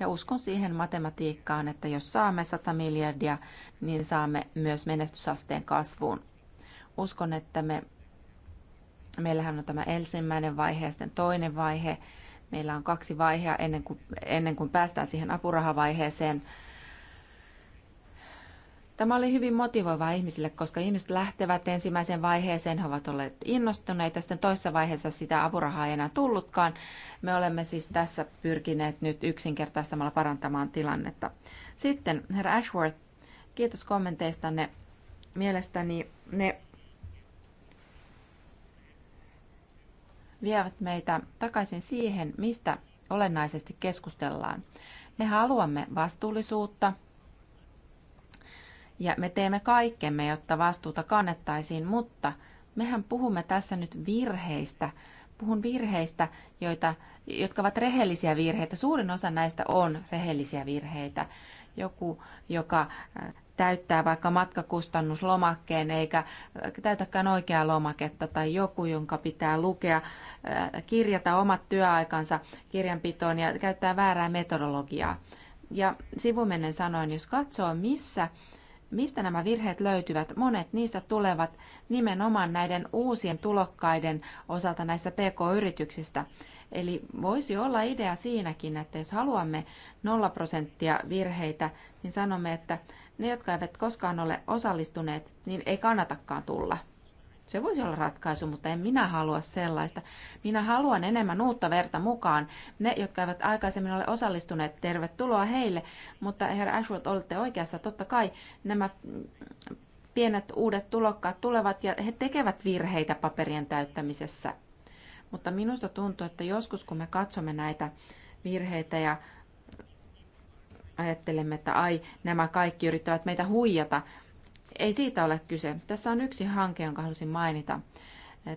ja uskon siihen matematiikkaan, että jos saamme 100 miljardia, niin saamme myös menestysasteen kasvuun. Uskon, että me, meillähän on tämä ensimmäinen vaihe ja sitten toinen vaihe Meillä on kaksi vaihea ennen kuin, ennen kuin päästään siihen apurahavaiheeseen. Tämä oli hyvin motivoivaa ihmisille, koska ihmiset lähtevät ensimmäiseen vaiheeseen, he ovat olleet innostuneita, sitten toisessa vaiheessa sitä apurahaa ei enää tullutkaan. Me olemme siis tässä pyrkineet nyt yksinkertaistamalla parantamaan tilannetta. Sitten, herra Ashworth, kiitos kommenteistanne. Mielestäni ne vievät meitä takaisin siihen, mistä olennaisesti keskustellaan. Me haluamme vastuullisuutta ja me teemme kaikkemme, jotta vastuuta kannettaisiin, mutta mehän puhumme tässä nyt virheistä. Puhun virheistä, joita, jotka ovat rehellisiä virheitä. Suurin osa näistä on rehellisiä virheitä. Joku, joka täyttää vaikka matkakustannuslomakkeen eikä äh, täytäkään oikeaa lomaketta tai joku, jonka pitää lukea, äh, kirjata omat työaikansa kirjanpitoon ja käyttää väärää metodologiaa. Ja sivumennen sanoin, jos katsoo missä mistä nämä virheet löytyvät, monet niistä tulevat nimenomaan näiden uusien tulokkaiden osalta näissä PK-yrityksistä. Eli voisi olla idea siinäkin, että jos haluamme 0 prosenttia virheitä, niin sanomme, että ne, jotka eivät koskaan ole osallistuneet, niin ei kannatakaan tulla. Se voisi olla ratkaisu, mutta en minä halua sellaista. Minä haluan enemmän uutta verta mukaan. Ne, jotka eivät aikaisemmin ole osallistuneet, tervetuloa heille. Mutta herra Ashworth, olette oikeassa. Totta kai nämä pienet uudet tulokkaat tulevat ja he tekevät virheitä paperien täyttämisessä. Mutta minusta tuntuu, että joskus kun me katsomme näitä virheitä ja ajattelemme, että ai, nämä kaikki yrittävät meitä huijata. Ei siitä ole kyse. Tässä on yksi hanke, jonka halusin mainita.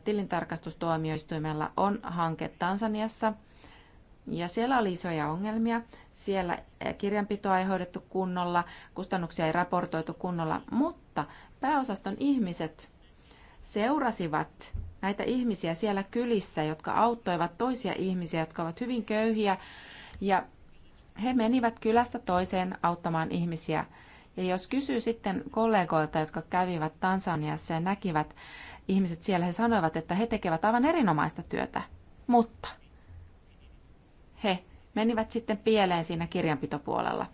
Tilintarkastustuomioistuimella on hanke Tansaniassa, ja siellä oli isoja ongelmia. Siellä eh, kirjanpitoa ei hoidettu kunnolla, kustannuksia ei raportoitu kunnolla, mutta pääosaston ihmiset seurasivat näitä ihmisiä siellä kylissä, jotka auttoivat toisia ihmisiä, jotka ovat hyvin köyhiä ja he menivät kylästä toiseen auttamaan ihmisiä. Ja jos kysyy sitten kollegoilta, jotka kävivät Tansaniassa ja näkivät ihmiset siellä, he sanoivat, että he tekevät aivan erinomaista työtä. Mutta he menivät sitten pieleen siinä kirjanpitopuolella.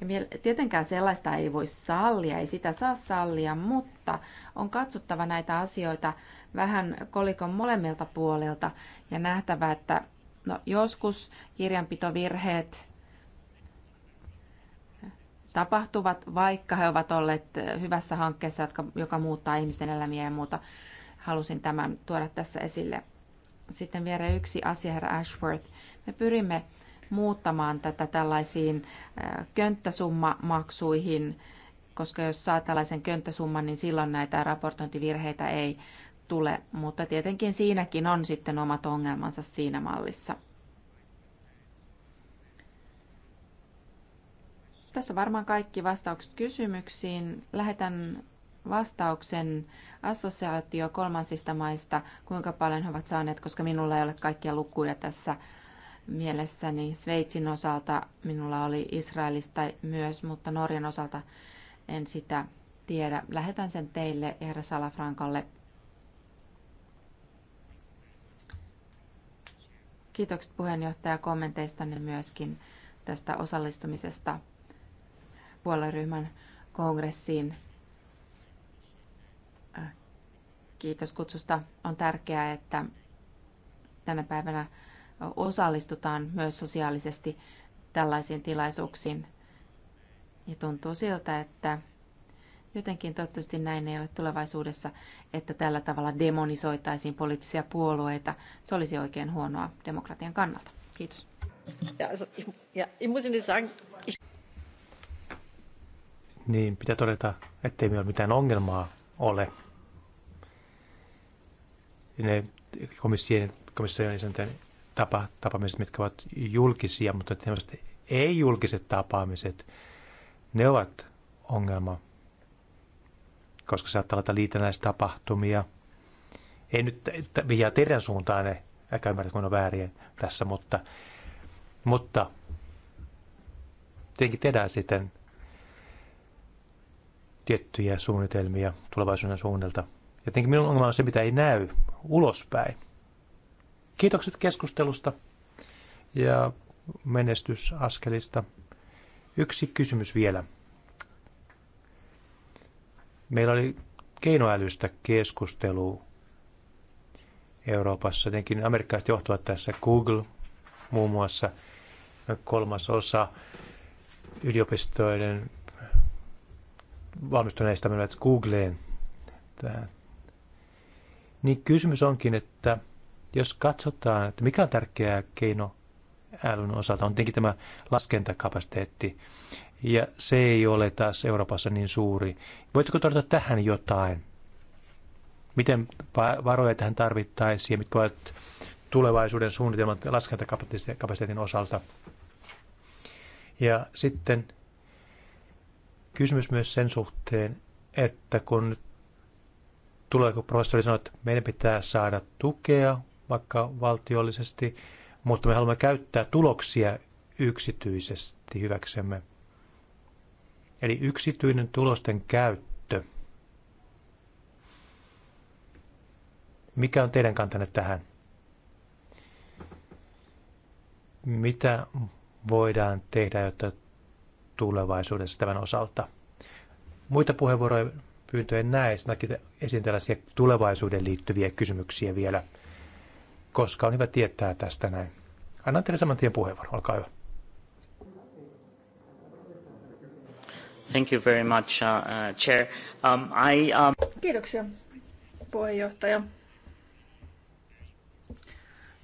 Ja tietenkään sellaista ei voi sallia, ei sitä saa sallia, mutta on katsottava näitä asioita vähän kolikon molemmilta puolilta ja nähtävä, että No, joskus kirjanpitovirheet tapahtuvat, vaikka he ovat olleet hyvässä hankkeessa, jotka, joka muuttaa ihmisten elämiä ja muuta. Halusin tämän tuoda tässä esille. Sitten vielä yksi asia, herra Ashworth. Me pyrimme muuttamaan tätä tällaisiin könttäsummamaksuihin, koska jos saa tällaisen könttäsumman, niin silloin näitä raportointivirheitä ei tule, mutta tietenkin siinäkin on sitten omat ongelmansa siinä mallissa. Tässä varmaan kaikki vastaukset kysymyksiin. Lähetän vastauksen assosiaatio kolmansista maista, kuinka paljon he ovat saaneet, koska minulla ei ole kaikkia lukuja tässä mielessäni. Sveitsin osalta minulla oli Israelista myös, mutta Norjan osalta en sitä tiedä. Lähetän sen teille, Herra Salafrankalle, Kiitokset puheenjohtaja kommenteistanne myöskin tästä osallistumisesta puolueryhmän kongressiin. Äh, kiitos kutsusta. On tärkeää, että tänä päivänä osallistutaan myös sosiaalisesti tällaisiin tilaisuuksiin. Ja tuntuu siltä, että Jotenkin toivottavasti näin ei ole tulevaisuudessa, että tällä tavalla demonisoitaisiin poliittisia puolueita. Se olisi oikein huonoa demokratian kannalta. Kiitos. Ja, also, ja, ich muss Ihnen sagen, ich... Niin, pitää todeta, ettei meillä mitään ongelmaa ole. Ne komission, komission jäsenten tapa, tapaamiset, mitkä ovat julkisia, mutta ei-julkiset tapaamiset, ne ovat ongelma koska saattaa olla liitännäistapahtumia. Ei nyt vihjaa teidän suuntaan ne, ymmärrä, kun on väärin tässä, mutta, mutta tietenkin tehdään sitten tiettyjä suunnitelmia tulevaisuuden suunnilta. Ja tietenkin minun ongelma on se, mitä ei näy ulospäin. Kiitokset keskustelusta ja menestysaskelista. Yksi kysymys vielä. Meillä oli keinoälystä keskustelu Euroopassa. jotenkin amerikkalaiset johtuvat tässä Google muun muassa kolmas osa yliopistoiden valmistuneista menevät Googleen. Tähän. Niin kysymys onkin, että jos katsotaan, että mikä on tärkeää keino älyn osalta on tietenkin tämä laskentakapasiteetti, ja se ei ole taas Euroopassa niin suuri. Voitko todeta tähän jotain? Miten varoja tähän tarvittaisiin ja mitkä ovat tulevaisuuden suunnitelmat laskentakapasiteetin osalta? Ja sitten kysymys myös sen suhteen, että kun nyt tulee, kun professori sanoi, että meidän pitää saada tukea vaikka valtiollisesti, mutta me haluamme käyttää tuloksia yksityisesti hyväksemme. Eli yksityinen tulosten käyttö. Mikä on teidän kantanne tähän? Mitä voidaan tehdä, jotta tulevaisuudessa tämän osalta? Muita puheenvuoroja pyyntöjä näe, esiin tällaisia tulevaisuuden liittyviä kysymyksiä vielä – koska on hyvä tietää tästä näin. Annan teille saman tien puheenvuoron, olkaa hyvä. Thank you very much, uh, uh, Chair. Um, I, um... Kiitoksia, puheenjohtaja.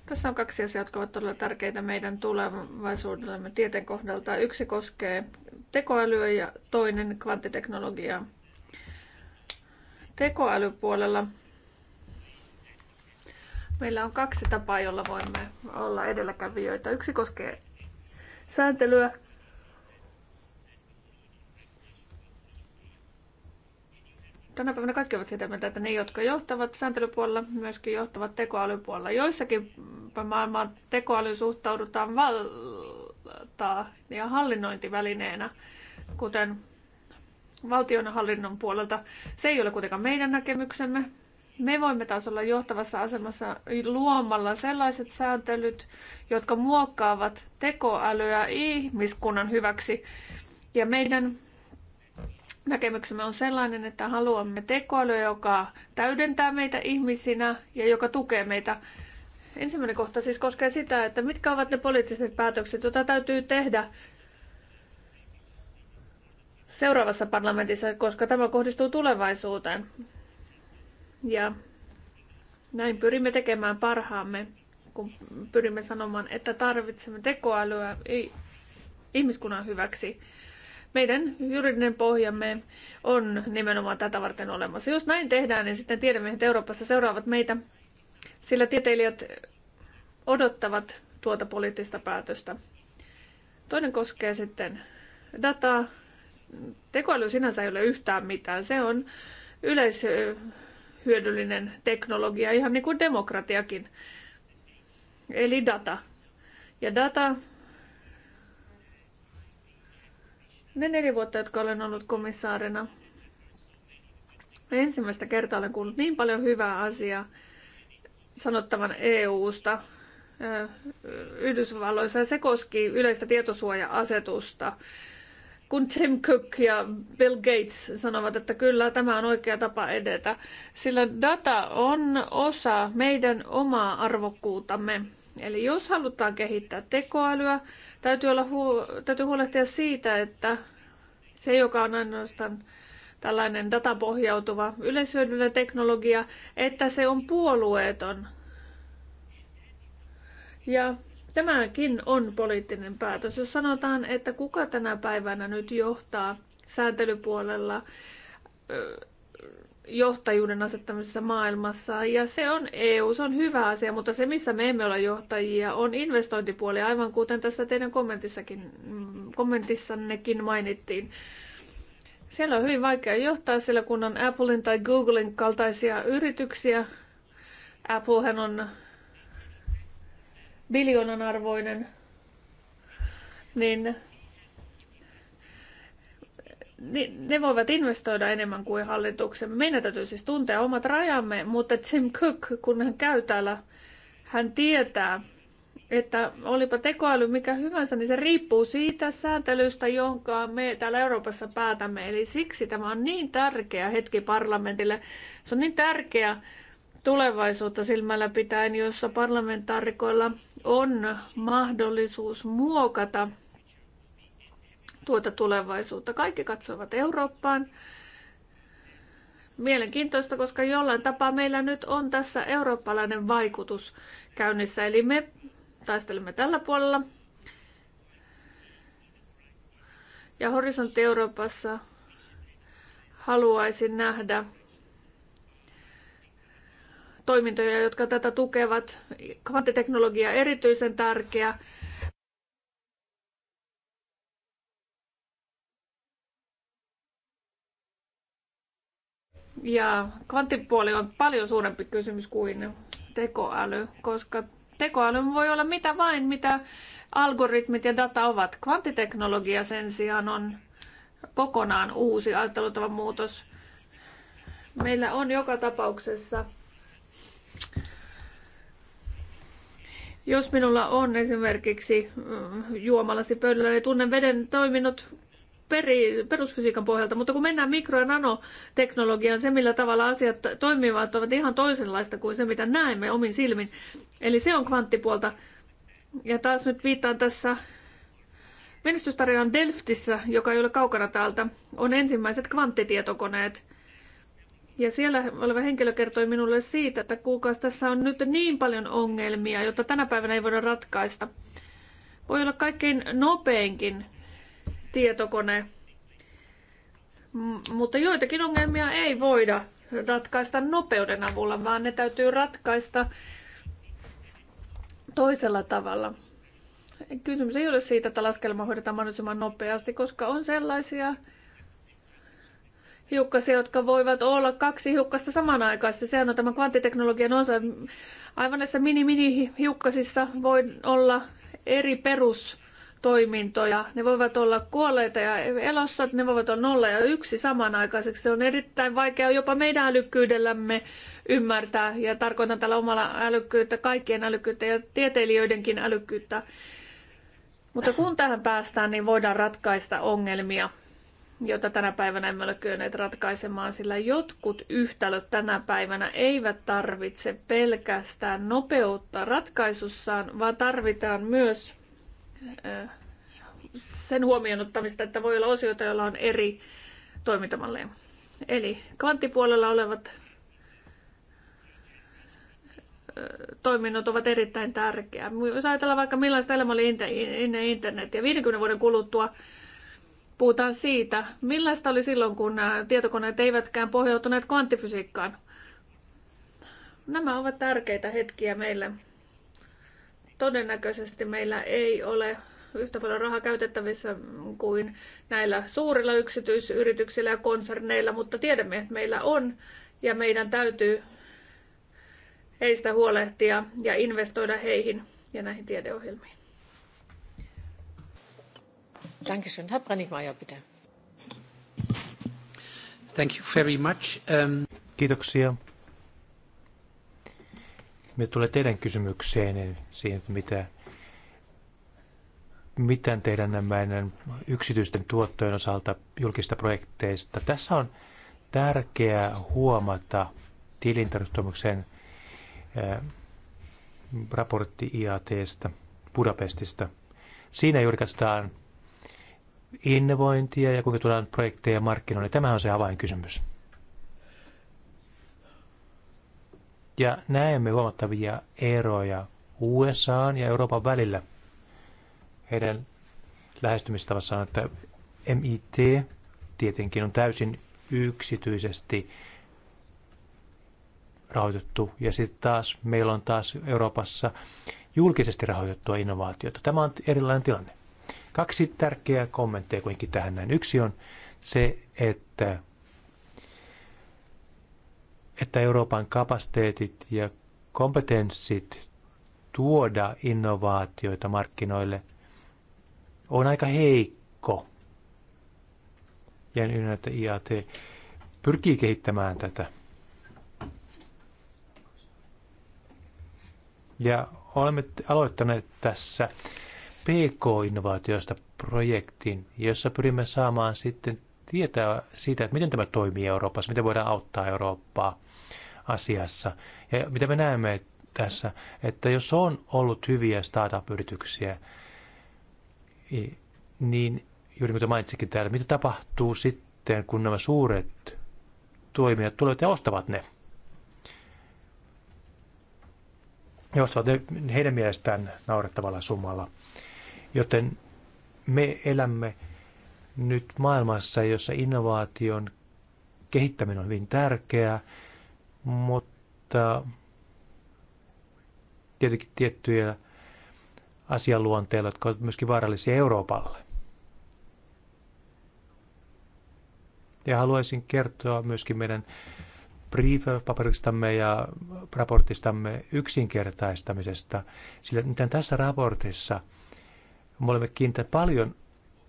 Tässä on kaksi asiaa, jotka ovat todella tärkeitä meidän tulevaisuudellemme tieteen kohdalta. Yksi koskee tekoälyä ja toinen kvanttiteknologiaa. Tekoälypuolella Meillä on kaksi tapaa, jolla voimme olla edelläkävijöitä. Yksi koskee sääntelyä. Tänä päivänä kaikki ovat sitä mieltä, että ne, jotka johtavat sääntelypuolella, myöskin johtavat tekoälypuolella. Joissakin maailman tekoäly suhtaudutaan valtaa ja hallinnointivälineenä, kuten valtionhallinnon puolelta. Se ei ole kuitenkaan meidän näkemyksemme me voimme taas olla johtavassa asemassa luomalla sellaiset sääntelyt, jotka muokkaavat tekoälyä ihmiskunnan hyväksi. Ja meidän näkemyksemme on sellainen, että haluamme tekoälyä, joka täydentää meitä ihmisinä ja joka tukee meitä. Ensimmäinen kohta siis koskee sitä, että mitkä ovat ne poliittiset päätökset, joita täytyy tehdä seuraavassa parlamentissa, koska tämä kohdistuu tulevaisuuteen. Ja näin pyrimme tekemään parhaamme, kun pyrimme sanomaan, että tarvitsemme tekoälyä ihmiskunnan hyväksi. Meidän juridinen pohjamme on nimenomaan tätä varten olemassa. Jos näin tehdään, niin sitten että Euroopassa seuraavat meitä, sillä tieteilijät odottavat tuota poliittista päätöstä. Toinen koskee sitten dataa. Tekoäly sinänsä ei ole yhtään mitään. Se on yleis hyödyllinen teknologia, ihan niin kuin demokratiakin, eli data. Ja data, ne neljä vuotta, jotka olen ollut komissaarina, ensimmäistä kertaa olen kuullut niin paljon hyvää asiaa sanottavan EU-sta Yhdysvalloissa, ja se koski yleistä tietosuoja-asetusta kun Tim Cook ja Bill Gates sanovat, että kyllä tämä on oikea tapa edetä, sillä data on osa meidän omaa arvokkuutamme. Eli jos halutaan kehittää tekoälyä, täytyy, olla huo- täytyy huolehtia siitä, että se, joka on ainoastaan tällainen datapohjautuva yleishyödyllinen teknologia, että se on puolueeton. Ja Tämäkin on poliittinen päätös. Jos sanotaan, että kuka tänä päivänä nyt johtaa sääntelypuolella johtajuuden asettamisessa maailmassa, ja se on EU, se on hyvä asia, mutta se, missä me emme ole johtajia, on investointipuoli, aivan kuten tässä teidän kommentissakin, mm, kommentissannekin mainittiin. Siellä on hyvin vaikea johtaa, sillä kun on Applein tai Googlein kaltaisia yrityksiä, Applehan on biljoonan arvoinen, niin ne voivat investoida enemmän kuin hallituksen Meidän täytyy siis tuntea omat rajamme, mutta Tim Cook, kun hän käy täällä, hän tietää, että olipa tekoäly mikä hyvänsä, niin se riippuu siitä sääntelystä, jonka me täällä Euroopassa päätämme. Eli siksi tämä on niin tärkeä hetki parlamentille. Se on niin tärkeä tulevaisuutta silmällä pitäen, jossa parlamentaarikoilla on mahdollisuus muokata tuota tulevaisuutta. Kaikki katsovat Eurooppaan. Mielenkiintoista, koska jollain tapaa meillä nyt on tässä eurooppalainen vaikutus käynnissä. Eli me taistelemme tällä puolella. Ja Horisontti Euroopassa haluaisin nähdä toimintoja, jotka tätä tukevat. Kvanttiteknologia on erityisen tärkeä. Ja kvanttipuoli on paljon suurempi kysymys kuin tekoäly, koska tekoäly voi olla mitä vain, mitä algoritmit ja data ovat. Kvanttiteknologia sen sijaan on kokonaan uusi ajattelutavan muutos. Meillä on joka tapauksessa Jos minulla on esimerkiksi mm, juomalasi pöydällä, niin tunnen veden toiminnot peri, perusfysiikan pohjalta, mutta kun mennään mikro- ja nanoteknologiaan, se millä tavalla asiat toimivat ovat ihan toisenlaista kuin se, mitä näemme omin silmin. Eli se on kvanttipuolta. Ja taas nyt viittaan tässä menestystarinaan Delftissä, joka ei ole kaukana täältä, on ensimmäiset kvanttitietokoneet – ja siellä oleva henkilö kertoi minulle siitä, että kuukaus tässä on nyt niin paljon ongelmia, jotta tänä päivänä ei voida ratkaista. Voi olla kaikkein nopeinkin tietokone, mutta joitakin ongelmia ei voida ratkaista nopeuden avulla, vaan ne täytyy ratkaista toisella tavalla. Kysymys ei ole siitä, että laskelma hoidetaan mahdollisimman nopeasti, koska on sellaisia hiukkasia, jotka voivat olla kaksi hiukkasta samanaikaisesti. Sehän on tämä kvanttiteknologian osa. Aivan näissä mini-mini-hiukkasissa voi olla eri perustoimintoja. Ne voivat olla kuolleita ja elossa, ne voivat olla nolla ja yksi samanaikaiseksi. Se on erittäin vaikea jopa meidän älykkyydellämme ymmärtää, ja tarkoitan tällä omalla älykkyyttä, kaikkien älykkyyttä ja tieteilijöidenkin älykkyyttä. Mutta kun tähän päästään, niin voidaan ratkaista ongelmia – jota tänä päivänä emme ole kyenneet ratkaisemaan, sillä jotkut yhtälöt tänä päivänä eivät tarvitse pelkästään nopeutta ratkaisussaan, vaan tarvitaan myös eh, sen huomioon ottamista, että voi olla osioita, joilla on eri toimintamalleja. Eli kvanttipuolella olevat eh, toiminnot ovat erittäin tärkeää. Jos ajatellaan vaikka millaista elämä oli ennen internetiä, 50 vuoden kuluttua puhutaan siitä, millaista oli silloin, kun nämä äh, tietokoneet eivätkään pohjautuneet kvanttifysiikkaan. Nämä ovat tärkeitä hetkiä meille. Todennäköisesti meillä ei ole yhtä paljon rahaa käytettävissä kuin näillä suurilla yksityisyrityksillä ja konserneilla, mutta tiedämme, että meillä on ja meidän täytyy heistä huolehtia ja investoida heihin ja näihin tiedeohjelmiin. Dankeschön. Herr bitte. Thank you very much. Um... Kiitoksia. Me tulee teidän kysymykseen niin siihen, että mitä, miten teidän nämä yksityisten tuottojen osalta julkista projekteista. Tässä on tärkeää huomata tilintarkastuksen eh, raportti IATstä Budapestista. Siinä julkaistaan innovointia ja kuinka tuodaan projekteja markkinoille. Tämä on se avainkysymys. Ja näemme huomattavia eroja USA ja Euroopan välillä. Heidän on, että MIT tietenkin on täysin yksityisesti rahoitettu. Ja sitten taas meillä on taas Euroopassa julkisesti rahoitettua innovaatiota. Tämä on erilainen tilanne. Kaksi tärkeää kommenttia kuitenkin tähän näin. Yksi on se, että, että Euroopan kapasiteetit ja kompetenssit tuoda innovaatioita markkinoille on aika heikko. Ja nyt niin, että IAT pyrkii kehittämään tätä. Ja olemme aloittaneet tässä PK-innovaatioista projektin, jossa pyrimme saamaan sitten tietää siitä, että miten tämä toimii Euroopassa, miten voidaan auttaa Eurooppaa asiassa. Ja mitä me näemme tässä, että jos on ollut hyviä startup-yrityksiä, niin juuri mitä mainitsikin täällä, mitä tapahtuu sitten, kun nämä suuret toimijat tulevat ja ostavat ne? Ne ostavat ne heidän mielestään naurettavalla summalla – Joten me elämme nyt maailmassa, jossa innovaation kehittäminen on hyvin tärkeää, mutta tietenkin tiettyjä asianluonteilla, jotka ovat myöskin vaarallisia Euroopalle. Ja haluaisin kertoa myöskin meidän brief-paperistamme ja raportistamme yksinkertaistamisesta, sillä miten tässä raportissa – me olemme kiinnittäneet paljon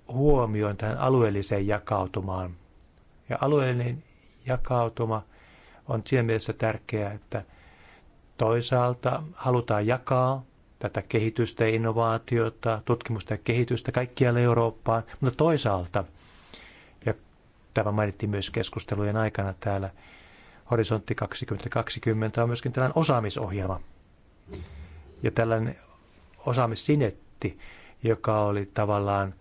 huomioon tähän alueelliseen jakautumaan. Ja alueellinen jakautuma on siinä mielessä tärkeää, että toisaalta halutaan jakaa tätä kehitystä, innovaatiota, tutkimusta ja kehitystä kaikkialle Eurooppaan, mutta toisaalta, ja tämä mainittiin myös keskustelujen aikana täällä, Horisontti 2020 on myöskin tällainen osaamisohjelma. Ja tällainen osaamissinetti joka oli tavallaan,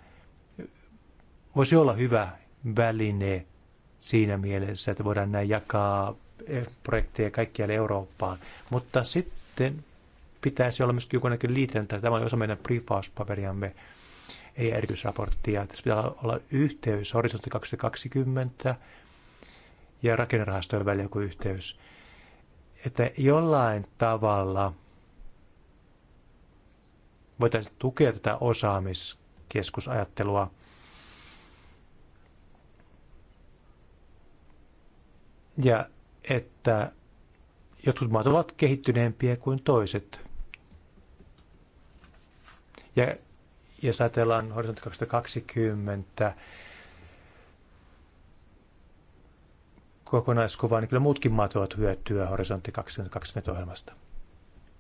voisi olla hyvä väline siinä mielessä, että voidaan näin jakaa projekteja kaikkialle Eurooppaan. Mutta sitten pitäisi olla myöskin jokin liitäntä, tämä on osa meidän prefaus-paperiamme, ei erityisraporttia. Tässä pitää olla yhteys horisontti 2020 ja rakennerahastojen välillä joku yhteys. Että jollain tavalla voitaisiin tukea tätä osaamiskeskusajattelua. Ja että jotkut maat ovat kehittyneempiä kuin toiset. Ja jos ajatellaan horisontti 2020 kokonaiskuvaa, niin kyllä muutkin maat ovat hyötyä horisontti 2020 ohjelmasta.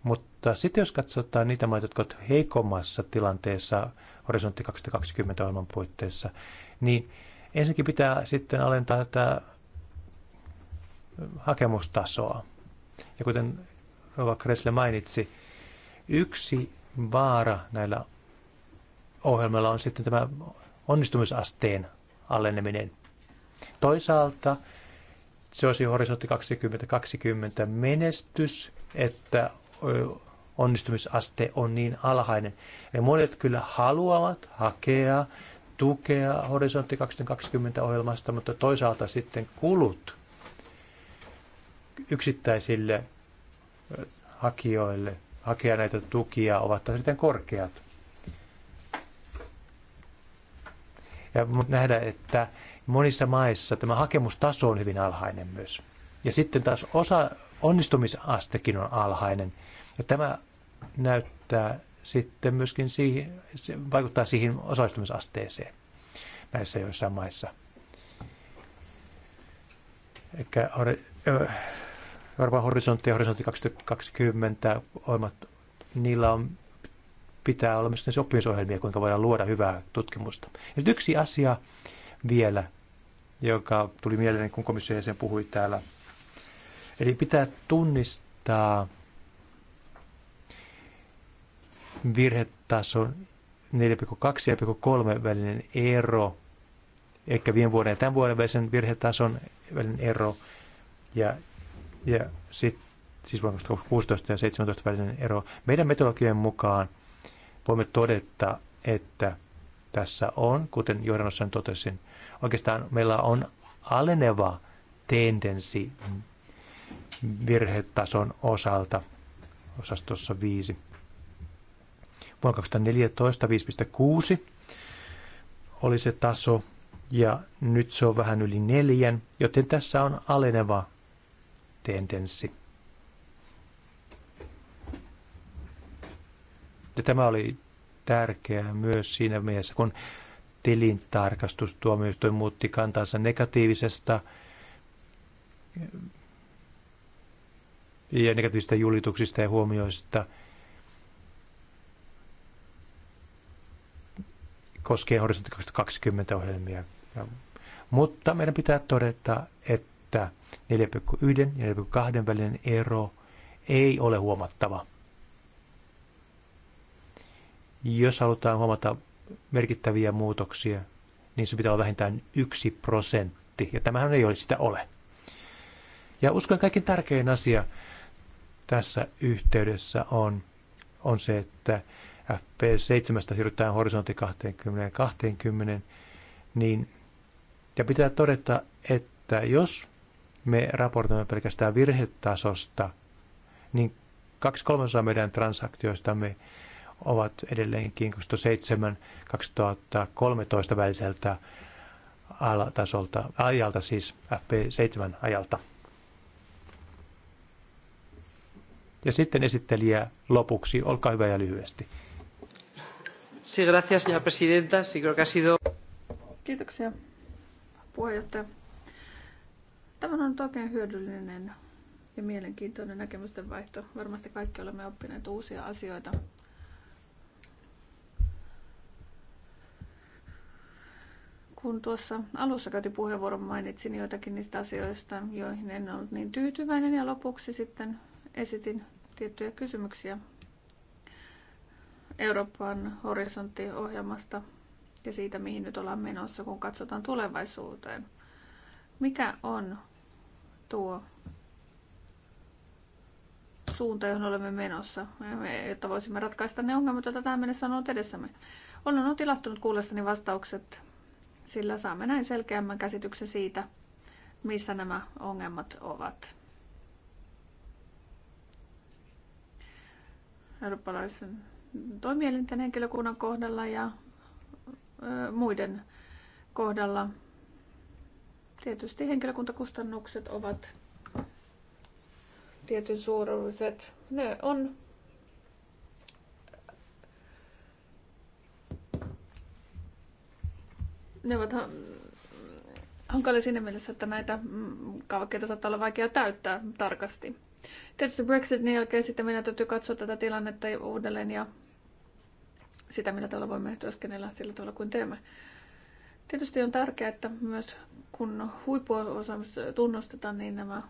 Mutta sitten jos katsotaan niitä maita, jotka ovat heikommassa tilanteessa horisontti 2020 ohjelman puitteissa, niin ensinnäkin pitää sitten alentaa tätä hakemustasoa. Ja kuten Rova Kresle mainitsi, yksi vaara näillä ohjelmilla on sitten tämä onnistumisasteen aleneminen. Toisaalta se olisi horisontti 2020 menestys, että onnistumisaste on niin alhainen. Eli monet kyllä haluavat hakea tukea Horisontti 2020 ohjelmasta, mutta toisaalta sitten kulut yksittäisille hakijoille hakea näitä tukia ovat sitten korkeat. Ja nähdä, että monissa maissa tämä hakemustaso on hyvin alhainen myös. Ja sitten taas osa onnistumisastekin on alhainen – ja tämä näyttää sitten myöskin siihen, se vaikuttaa siihen osallistumisasteeseen näissä joissain maissa. Eikä Euroopan horisontti ja horisontti 2020 ohjelmat, niillä on, pitää olla myös oppimisohjelmia, kuinka voidaan luoda hyvää tutkimusta. Ja yksi asia vielä, joka tuli mieleen, kun komission jäsen puhui täällä. Eli pitää tunnistaa virhetaso 4,2 ja 4,3 välinen ero, eli viime vuoden ja tämän vuoden välisen virhetason välinen ero, ja, ja sitten siis vuonna 2016 ja 17 välinen ero. Meidän metodologian mukaan voimme todeta, että tässä on, kuten johdannossa totesin, oikeastaan meillä on aleneva tendenssi virhetason osalta osastossa 5 vuonna 2014 5,6 oli se taso, ja nyt se on vähän yli neljän, joten tässä on aleneva tendenssi. Ja tämä oli tärkeää myös siinä mielessä, kun tilintarkastus tuomioistuin muutti kantansa negatiivisesta ja negatiivisista julituksista ja huomioista – koskee horisontti 2020 ohjelmia. Mutta meidän pitää todeta, että 4,1 ja 4,2 välinen ero ei ole huomattava. Jos halutaan huomata merkittäviä muutoksia, niin se pitää olla vähintään yksi prosentti, ja tämähän ei ole sitä ole. Ja uskon kaikkein tärkein asia tässä yhteydessä on, on se, että FP7 siirrytään horisontti 2020, niin ja pitää todeta, että jos me raportoimme pelkästään virhetasosta, niin kaksi kolmasosaa meidän transaktioistamme ovat edelleenkin 2007-2013 väliseltä tasolta, ajalta, siis FP7 ajalta. Ja sitten esittelijä lopuksi, olkaa hyvä ja lyhyesti. Sí, gracias, señora presidenta. Sí, creo que ha sido... Kiitoksia, puheenjohtaja. Tämä on oikein hyödyllinen ja mielenkiintoinen näkemysten vaihto. Varmasti kaikki olemme oppineet uusia asioita. Kun tuossa alussa käytin puheenvuoron, mainitsin joitakin niistä asioista, joihin en ollut niin tyytyväinen ja lopuksi sitten esitin tiettyjä kysymyksiä Euroopan horisonttiohjelmasta ja siitä, mihin nyt ollaan menossa, kun katsotaan tulevaisuuteen. Mikä on tuo suunta, johon olemme menossa, jotta voisimme ratkaista ne ongelmat, joita tähän mennessä on ollut edessämme? Olen ollut ilahtunut kuullessani vastaukset, sillä saamme näin selkeämmän käsityksen siitä, missä nämä ongelmat ovat. Eurooppalaisen toimielinten henkilökunnan kohdalla ja muiden kohdalla. Tietysti henkilökuntakustannukset ovat tietyn suuruiset. Ne on ne ovat hankalia siinä mielessä, että näitä mm, kaavakkeita saattaa olla vaikea täyttää tarkasti. Tietysti Brexitin niin jälkeen sitten meidän täytyy katsoa tätä tilannetta uudelleen ja sitä, millä tavalla voimme työskennellä sillä tavalla kuin teemme. Tietysti on tärkeää, että myös kun huippuosaamista tunnustetaan, niin nämä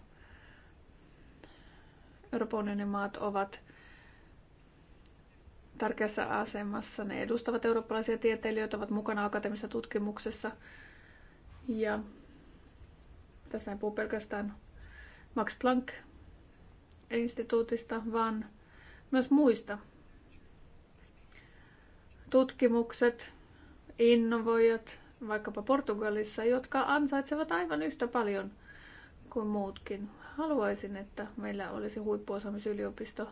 Euroopan unionin maat ovat tärkeässä asemassa. Ne edustavat eurooppalaisia tieteilijöitä, ovat mukana akateemisessa tutkimuksessa. Ja tässä ei puhu pelkästään Max Planck-instituutista, vaan myös muista tutkimukset, innovoijat, vaikkapa Portugalissa, jotka ansaitsevat aivan yhtä paljon kuin muutkin. Haluaisin, että meillä olisi huippuosaamisyliopisto.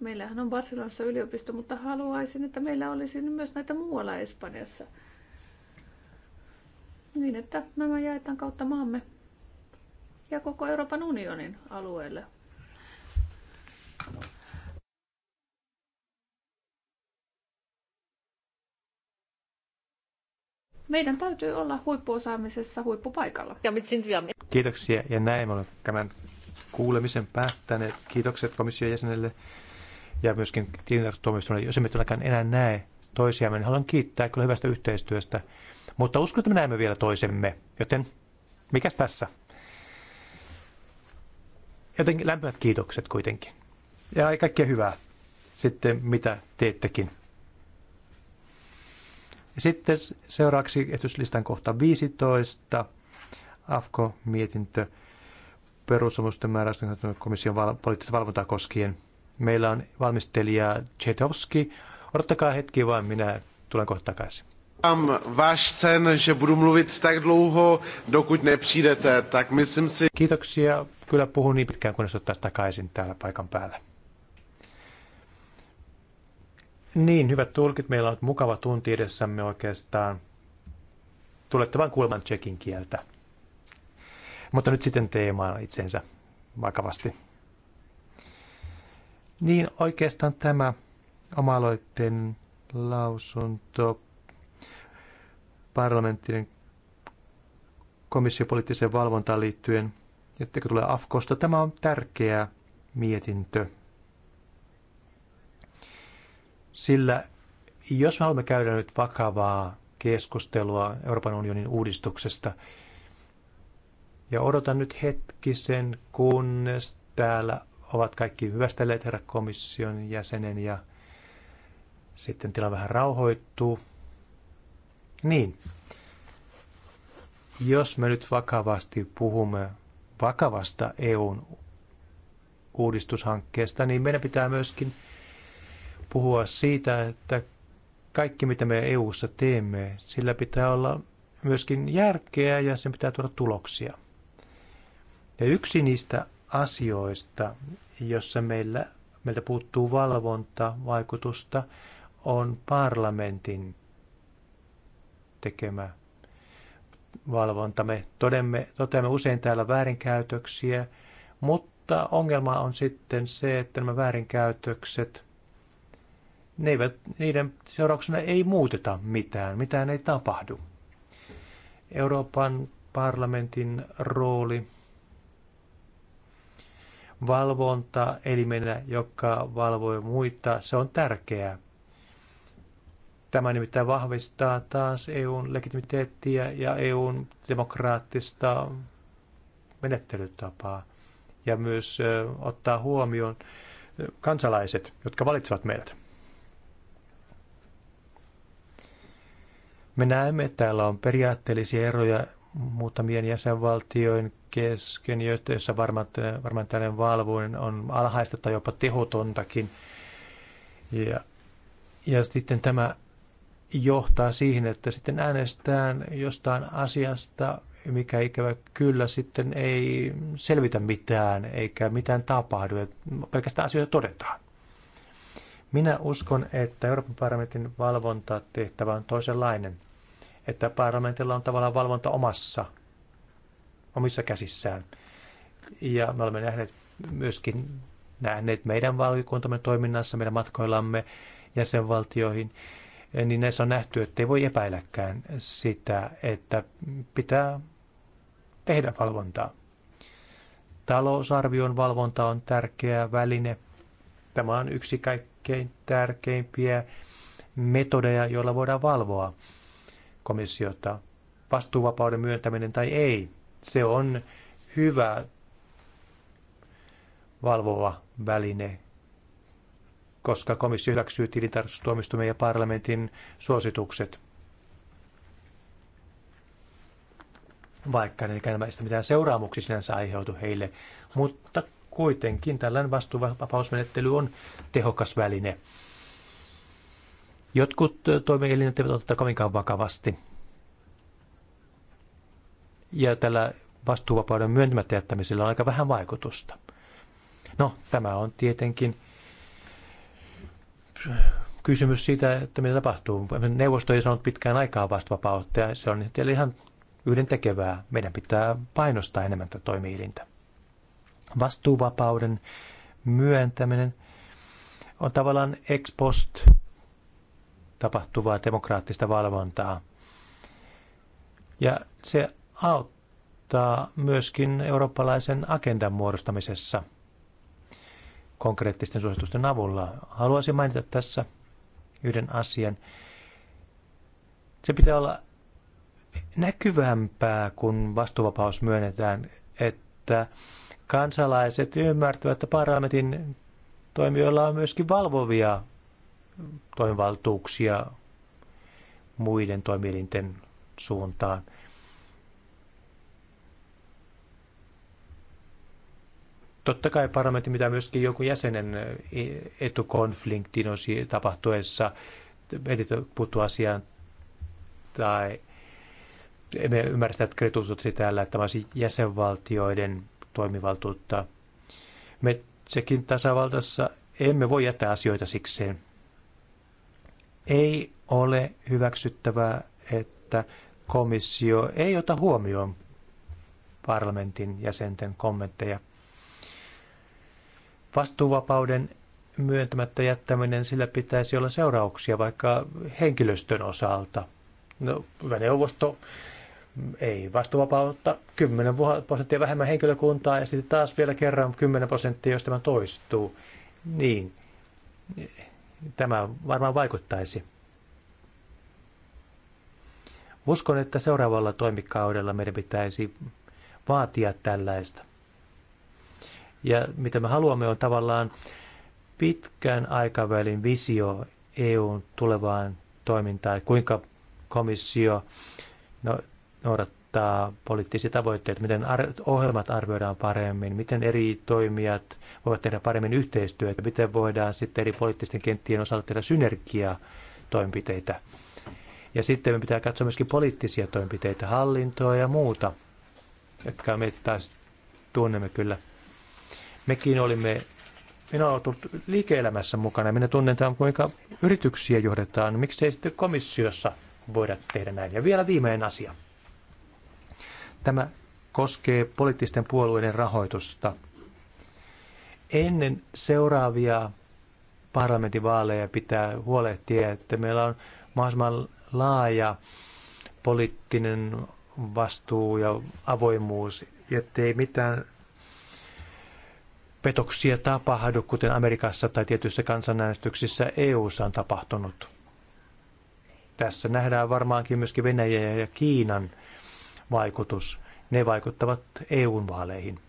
Meillähän on Barcelonassa yliopisto, mutta haluaisin, että meillä olisi myös näitä muualla Espanjassa. Niin, että nämä jaetaan kautta maamme ja koko Euroopan unionin alueelle. Meidän täytyy olla huippuosaamisessa huippupaikalla. Kiitoksia ja näin me olemme tämän kuulemisen päättäneet. Kiitokset komission jäsenelle ja myöskin tilintarkastustuomioistuimelle. Jos emme todellakaan enää näe toisiamme, niin haluan kiittää kyllä hyvästä yhteistyöstä. Mutta uskon, että me näemme vielä toisemme, joten mikäs tässä? Joten lämpimät kiitokset kuitenkin. Ja kaikkea hyvää sitten, mitä teettekin. Sitten seuraavaksi esityslistan kohta 15, AFKO-mietintö perussuomusten määräisten komission val- poliittista valvontaa koskien. Meillä on valmistelija Chetovski. Odottakaa hetki vaan, minä tulen kohta takaisin. Mám váš sen, že budu mluvit tak dlouho, dokud nepřijdete, tak myslím si... Kiitoksia. Kyllä puhun niin pitkään, kunnes ottaisiin takaisin täällä paikan päällä. Niin, hyvät tulkit, meillä on mukava tunti edessämme oikeastaan. Tulette vain kuulemaan tsekin kieltä. Mutta nyt sitten teemaan itsensä vakavasti. Niin, oikeastaan tämä oma lausunto parlamenttinen komissiopoliittiseen valvontaan liittyen, että tulee AFKosta. Tämä on tärkeä mietintö sillä jos me haluamme käydä nyt vakavaa keskustelua Euroopan unionin uudistuksesta, ja odotan nyt hetkisen, kunnes täällä ovat kaikki hyvästelleet herra komission jäsenen ja sitten tila vähän rauhoittuu. Niin, jos me nyt vakavasti puhumme vakavasta EUn uudistushankkeesta, niin meidän pitää myöskin – puhua siitä, että kaikki mitä me EU:ssa teemme, sillä pitää olla myöskin järkeä ja sen pitää tuoda tuloksia. Ja yksi niistä asioista, jossa meillä, meiltä puuttuu valvonta, vaikutusta, on parlamentin tekemä valvonta. Me todemme, toteamme usein täällä väärinkäytöksiä, mutta ongelma on sitten se, että nämä väärinkäytökset ne eivät, niiden seurauksena ei muuteta mitään, mitään ei tapahdu. Euroopan parlamentin rooli valvonta elimenä, joka valvoi muita, se on tärkeää. Tämä nimittäin vahvistaa taas EUn legitimiteettiä ja EUn demokraattista menettelytapaa ja myös ottaa huomioon kansalaiset, jotka valitsevat meidät. Me näemme, että täällä on periaatteellisia eroja muutamien jäsenvaltioiden kesken, joissa varmaan, tällainen valvoinen on alhaista tai jopa tehotontakin. Ja, ja sitten tämä johtaa siihen, että sitten äänestään jostain asiasta, mikä ikävä kyllä sitten ei selvitä mitään, eikä mitään tapahdu. Pelkästään asioita todetaan. Minä uskon, että Euroopan parlamentin valvontatehtävä on toisenlainen, että parlamentilla on tavallaan valvonta omassa, omissa käsissään. Ja me olemme nähneet myöskin nähneet meidän valiokuntamme toiminnassa, meidän matkoillamme jäsenvaltioihin, niin näissä on nähty, että ei voi epäilläkään sitä, että pitää tehdä valvontaa. Talousarvion valvonta on tärkeä väline. Tämä on yksi kaikki kaikkein tärkeimpiä metodeja, joilla voidaan valvoa komissiota. Vastuuvapauden myöntäminen tai ei, se on hyvä valvova väline, koska komissio hyväksyy tilintarkastustuomistumme ja parlamentin suositukset. Vaikka ne eivät mitään seuraamuksia sinänsä aiheutu heille, mutta kuitenkin tällainen vastuuvapausmenettely on tehokas väline. Jotkut toimielinet eivät ottaa kovinkaan vakavasti. Ja tällä vastuuvapauden myöntämättä jättämisellä on aika vähän vaikutusta. No, tämä on tietenkin kysymys siitä, että mitä tapahtuu. Neuvosto ei sanonut pitkään aikaa vastuuvapautta ja se on ihan yhden tekevää. Meidän pitää painostaa enemmän tätä toimielintä vastuuvapauden myöntäminen on tavallaan ex post tapahtuvaa demokraattista valvontaa. Ja se auttaa myöskin eurooppalaisen agendan muodostamisessa konkreettisten suositusten avulla. Haluaisin mainita tässä yhden asian. Se pitää olla näkyvämpää, kun vastuuvapaus myönnetään, että kansalaiset ymmärtävät, että parlamentin toimijoilla on myöskin valvovia toimivaltuuksia muiden toimielinten suuntaan. Totta kai parlamentti, mitä myöskin joku jäsenen etukonfliktin on tapahtuessa, heti puuttua asiaan tai emme ymmärrä sitä, että täällä, että tämä olisi jäsenvaltioiden toimivaltuutta. Me Tsekin tasavaltassa emme voi jättää asioita sikseen. Ei ole hyväksyttävää, että komissio ei ota huomioon parlamentin jäsenten kommentteja. Vastuuvapauden myöntämättä jättäminen, sillä pitäisi olla seurauksia vaikka henkilöstön osalta. No, hyvä neuvosto ei vastuuvapautta, 10 prosenttia vähemmän henkilökuntaa ja sitten taas vielä kerran 10 prosenttia, jos tämä toistuu, niin tämä varmaan vaikuttaisi. Uskon, että seuraavalla toimikaudella meidän pitäisi vaatia tällaista. Ja mitä me haluamme on tavallaan pitkän aikavälin visio EUn tulevaan toimintaan, kuinka komissio no, noudattaa poliittisia tavoitteita, miten ohjelmat arvioidaan paremmin, miten eri toimijat voivat tehdä paremmin yhteistyötä, miten voidaan sitten eri poliittisten kenttien osalta tehdä synergiatoimenpiteitä. Ja sitten me pitää katsoa myöskin poliittisia toimenpiteitä, hallintoa ja muuta, jotka me taas tunnemme kyllä. Mekin olimme, minä olen ollut liike-elämässä mukana, minä tunnen tämän, kuinka yrityksiä johdetaan, miksei sitten komissiossa voida tehdä näin. Ja vielä viimeinen asia. Tämä koskee poliittisten puolueiden rahoitusta. Ennen seuraavia parlamentivaaleja pitää huolehtia, että meillä on mahdollisimman laaja poliittinen vastuu ja avoimuus, ettei mitään petoksia tapahdu, kuten Amerikassa tai tietyissä kansanäänestyksissä EU:ssa on tapahtunut. Tässä nähdään varmaankin myöskin Venäjän ja Kiinan vaikutus. Ne vaikuttavat EU-vaaleihin.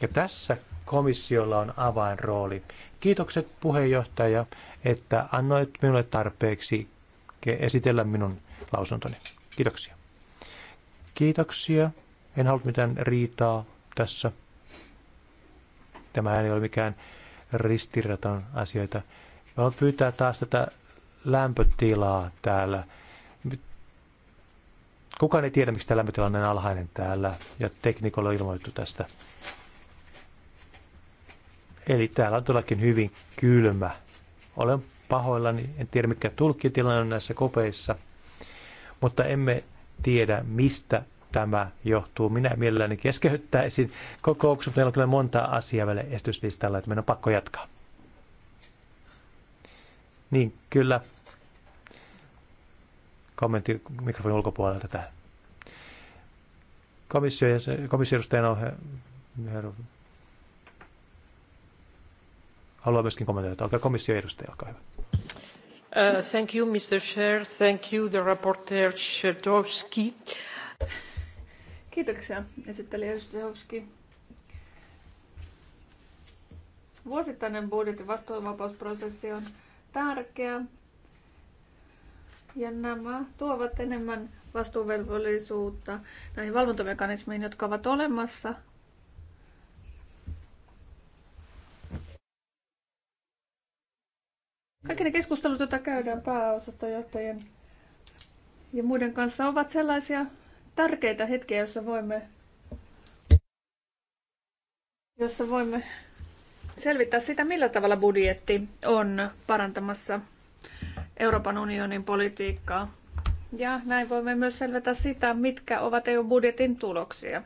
Ja tässä komissiolla on avainrooli. Kiitokset puheenjohtaja, että annoit minulle tarpeeksi esitellä minun lausuntoni. Kiitoksia. Kiitoksia. En halua mitään riitaa tässä. Tämä ei ole mikään ristiraton asioita. Mä haluan pyytää taas tätä lämpötilaa täällä Kukaan ei tiedä, miksi tämä lämpötilanne on alhainen täällä, ja teknikolla on ilmoitettu tästä. Eli täällä on todellakin hyvin kylmä. Olen pahoillani, en tiedä mikä tulkkitilanne on näissä kopeissa, mutta emme tiedä, mistä tämä johtuu. Minä mielelläni keskeyttäisin kokouksen. Meillä on kyllä monta asiaa vielä estyslistalla, että meidän on pakko jatkaa. Niin, kyllä kommentti mikrofonin ulkopuolelta tähän. Komissio ja komissio komissiodustajana on herra, haluaa myöskin kommentoida. Olkaa komissio edustaja, olkaa hyvä. Uh, thank you, Mr. Chair. Thank you, the rapporteur Shedowski. Kiitoksia, esittelijä Shedowski. Vuosittainen budjetin vastuunvapausprosessi on tärkeä ja nämä tuovat enemmän vastuuvelvollisuutta näihin valvontamekanismeihin, jotka ovat olemassa. Kaikki ne keskustelut, joita käydään pääosastojohtajien ja muiden kanssa, ovat sellaisia tärkeitä hetkiä, joissa voimme, joissa voimme selvittää sitä, millä tavalla budjetti on parantamassa Euroopan unionin politiikkaa. Ja näin voimme myös selvätä sitä, mitkä ovat EU-budjetin tuloksia.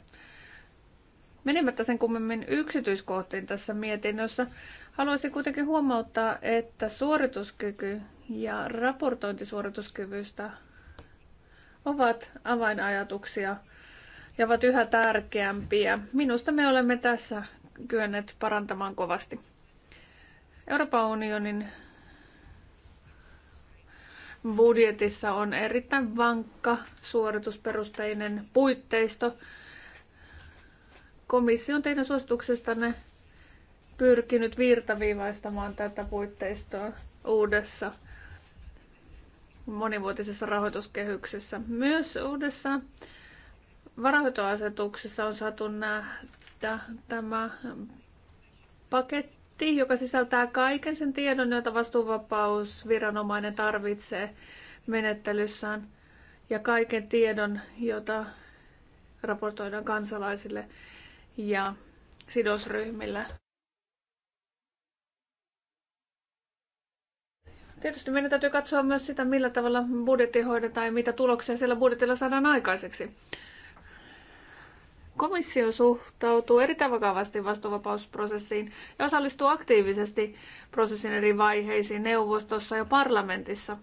Menemättä sen kummemmin yksityiskohtiin tässä mietinnössä, haluaisin kuitenkin huomauttaa, että suorituskyky ja raportointisuorituskyvystä ovat avainajatuksia ja ovat yhä tärkeämpiä. Minusta me olemme tässä kyenneet parantamaan kovasti. Euroopan unionin budjetissa on erittäin vankka suoritusperusteinen puitteisto. Komissio on teidän suosituksestanne pyrkinyt virtaviivaistamaan tätä puitteistoa uudessa monivuotisessa rahoituskehyksessä. Myös uudessa varahoitoasetuksessa on saatu nähdä tämä paketti paketti, joka sisältää kaiken sen tiedon, jota vastuuvapausviranomainen tarvitsee menettelyssään ja kaiken tiedon, jota raportoidaan kansalaisille ja sidosryhmille. Tietysti meidän täytyy katsoa myös sitä, millä tavalla budjetti hoidetaan ja mitä tuloksia siellä budjetilla saadaan aikaiseksi. Komissio suhtautuu erittäin vakavasti vastuuvapausprosessiin ja osallistuu aktiivisesti prosessin eri vaiheisiin neuvostossa ja parlamentissa.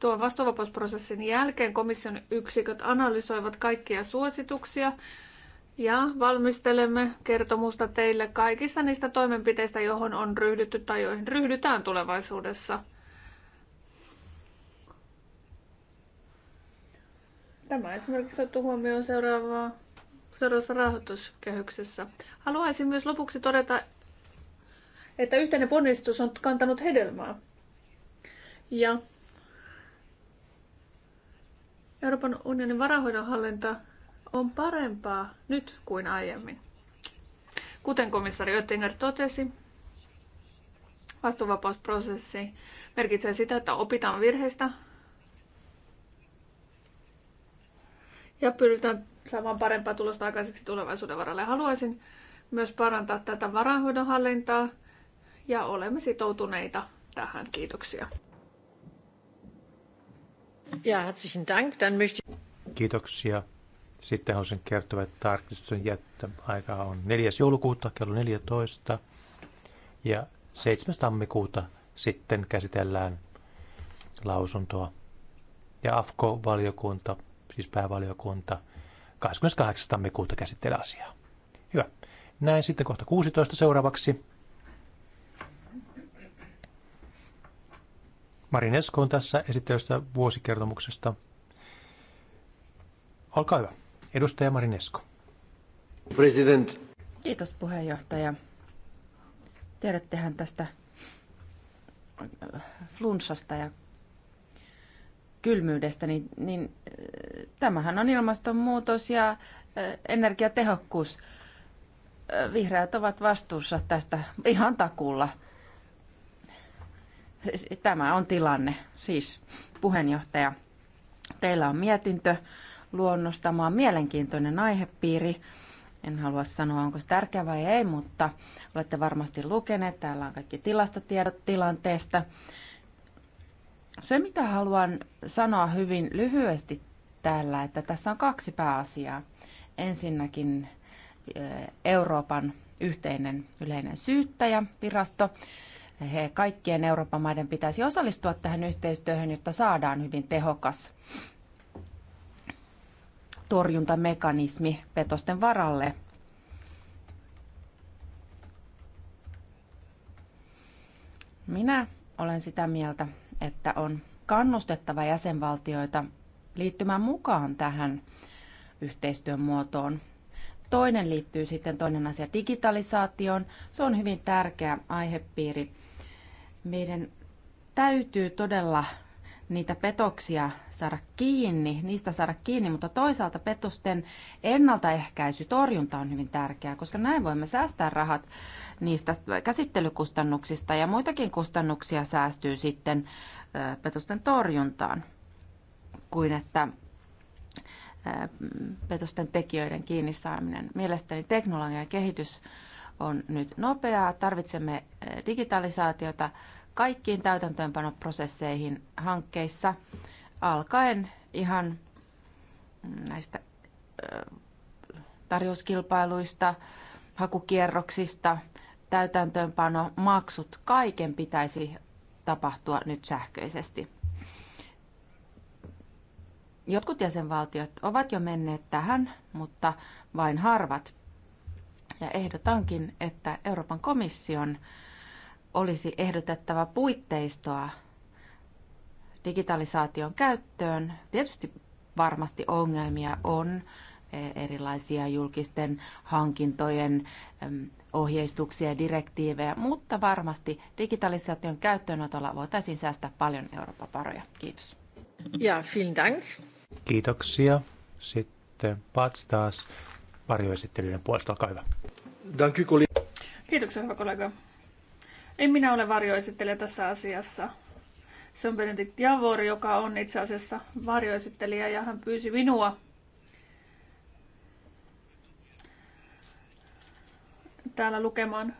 Tuon vastuuvapausprosessin jälkeen komission yksiköt analysoivat kaikkia suosituksia ja valmistelemme kertomusta teille kaikista niistä toimenpiteistä, johon on ryhdytty tai joihin ryhdytään tulevaisuudessa. Tämä esimerkiksi otettu huomioon seuraavaa seuraavassa rahoituskehyksessä. Haluaisin myös lopuksi todeta, että yhteinen ponnistus on kantanut hedelmää. Ja Euroopan unionin varahoidon hallinta on parempaa nyt kuin aiemmin. Kuten komissaari Oettinger totesi, vastuuvapausprosessi merkitsee sitä, että opitaan virheistä, ja pyritään saamaan parempaa tulosta aikaiseksi tulevaisuuden varalle. Haluaisin myös parantaa tätä varainhoidon hallintaa ja olemme sitoutuneita tähän. Kiitoksia. Ja, herzlichen Dank. Dann möchte... Kiitoksia. Sitten haluaisin kertoa, että tarkistuksen aika on 4. joulukuuta kello 14 ja 7. tammikuuta sitten käsitellään lausuntoa. Ja AFKO-valiokunta siis päävaliokunta, 28. tammikuuta käsittelee asiaa. Hyvä. Näin sitten kohta 16 seuraavaksi. Marin Esko on tässä esittelystä vuosikertomuksesta. Olkaa hyvä. Edustaja Marin Esko. President. Kiitos puheenjohtaja. Tiedättehän tästä flunssasta ja kylmyydestä, niin, niin Tämähän on ilmastonmuutos ja energiatehokkuus. Vihreät ovat vastuussa tästä ihan takulla. Tämä on tilanne. Siis puheenjohtaja, teillä on mietintö luonnosta, Tämä mielenkiintoinen aihepiiri. En halua sanoa, onko se tärkeä vai ei, mutta olette varmasti lukeneet. Täällä on kaikki tilastotiedot tilanteesta. Se, mitä haluan sanoa hyvin lyhyesti täällä, että tässä on kaksi pääasiaa. Ensinnäkin eh, Euroopan yhteinen yleinen syyttäjävirasto. He, kaikkien Euroopan maiden pitäisi osallistua tähän yhteistyöhön, jotta saadaan hyvin tehokas torjuntamekanismi petosten varalle. Minä olen sitä mieltä, että on kannustettava jäsenvaltioita liittymään mukaan tähän yhteistyön muotoon. Toinen liittyy sitten toinen asia digitalisaatioon. Se on hyvin tärkeä aihepiiri. Meidän täytyy todella niitä petoksia saada kiinni, niistä saada kiinni, mutta toisaalta petosten ennaltaehkäisy, torjunta on hyvin tärkeää, koska näin voimme säästää rahat niistä käsittelykustannuksista ja muitakin kustannuksia säästyy sitten petosten torjuntaan kuin että petosten tekijöiden kiinni saaminen. Mielestäni teknologian kehitys on nyt nopeaa. Tarvitsemme digitalisaatiota kaikkiin täytäntöönpanoprosesseihin hankkeissa, alkaen ihan mm, näistä tarjouskilpailuista, hakukierroksista, täytäntöönpano, maksut, kaiken pitäisi tapahtua nyt sähköisesti. Jotkut jäsenvaltiot ovat jo menneet tähän, mutta vain harvat. Ja ehdotankin, että Euroopan komission olisi ehdotettava puitteistoa digitalisaation käyttöön. Tietysti varmasti ongelmia on, e, erilaisia julkisten hankintojen ohjeistuksia ja direktiivejä, mutta varmasti digitalisaation käyttöönotolla voitaisiin säästää paljon Euroopan varoja. Kiitos. Ja, vielen Dank. Kiitoksia. Sitten Pats taas varjoesittelyiden puolesta. Olkaa hyvä. Kiitoksia, hyvä kollega. En minä ole varjoesittelijä tässä asiassa. Se on Benedikt Javor, joka on itse asiassa varjoesittelijä ja hän pyysi minua täällä lukemaan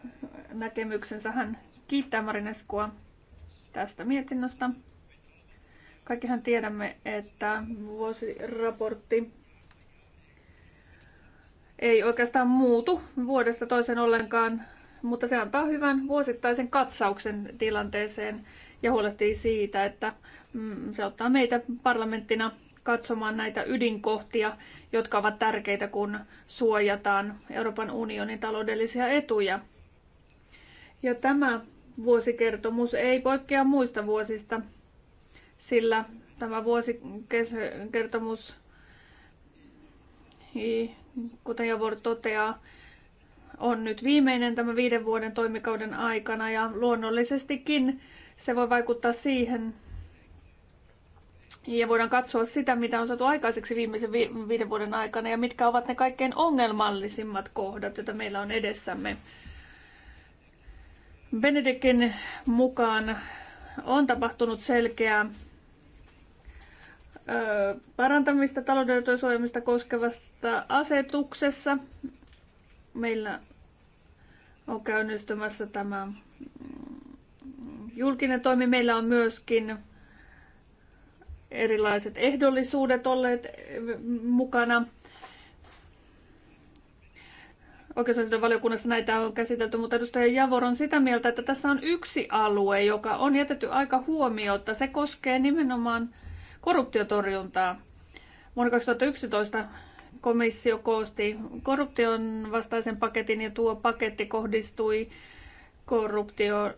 näkemyksensä. Hän kiittää Marineskua tästä mietinnöstä. Kaikkihan tiedämme, että vuosiraportti ei oikeastaan muutu vuodesta toisen ollenkaan, mutta se antaa hyvän vuosittaisen katsauksen tilanteeseen ja huolehtii siitä, että mm, se ottaa meitä parlamenttina katsomaan näitä ydinkohtia, jotka ovat tärkeitä, kun suojataan Euroopan unionin taloudellisia etuja. Ja tämä vuosikertomus ei poikkea muista vuosista, sillä tämä vuosikertomus, kuten Javor toteaa, on nyt viimeinen tämän viiden vuoden toimikauden aikana ja luonnollisestikin se voi vaikuttaa siihen, ja voidaan katsoa sitä, mitä on saatu aikaiseksi viimeisen vi- viiden vuoden aikana ja mitkä ovat ne kaikkein ongelmallisimmat kohdat, joita meillä on edessämme. Benediktin mukaan on tapahtunut selkeää parantamista talouden suojelmista koskevassa asetuksessa. Meillä on käynnistymässä tämä mm, julkinen toimi. Meillä on myöskin erilaiset ehdollisuudet olleet mukana. Oikeusasioiden valiokunnassa näitä on käsitelty, mutta edustaja Javor on sitä mieltä, että tässä on yksi alue, joka on jätetty aika huomiota. Se koskee nimenomaan korruptiotorjuntaa. Vuonna 2011 komissio koosti korruption vastaisen paketin ja tuo paketti kohdistui korruption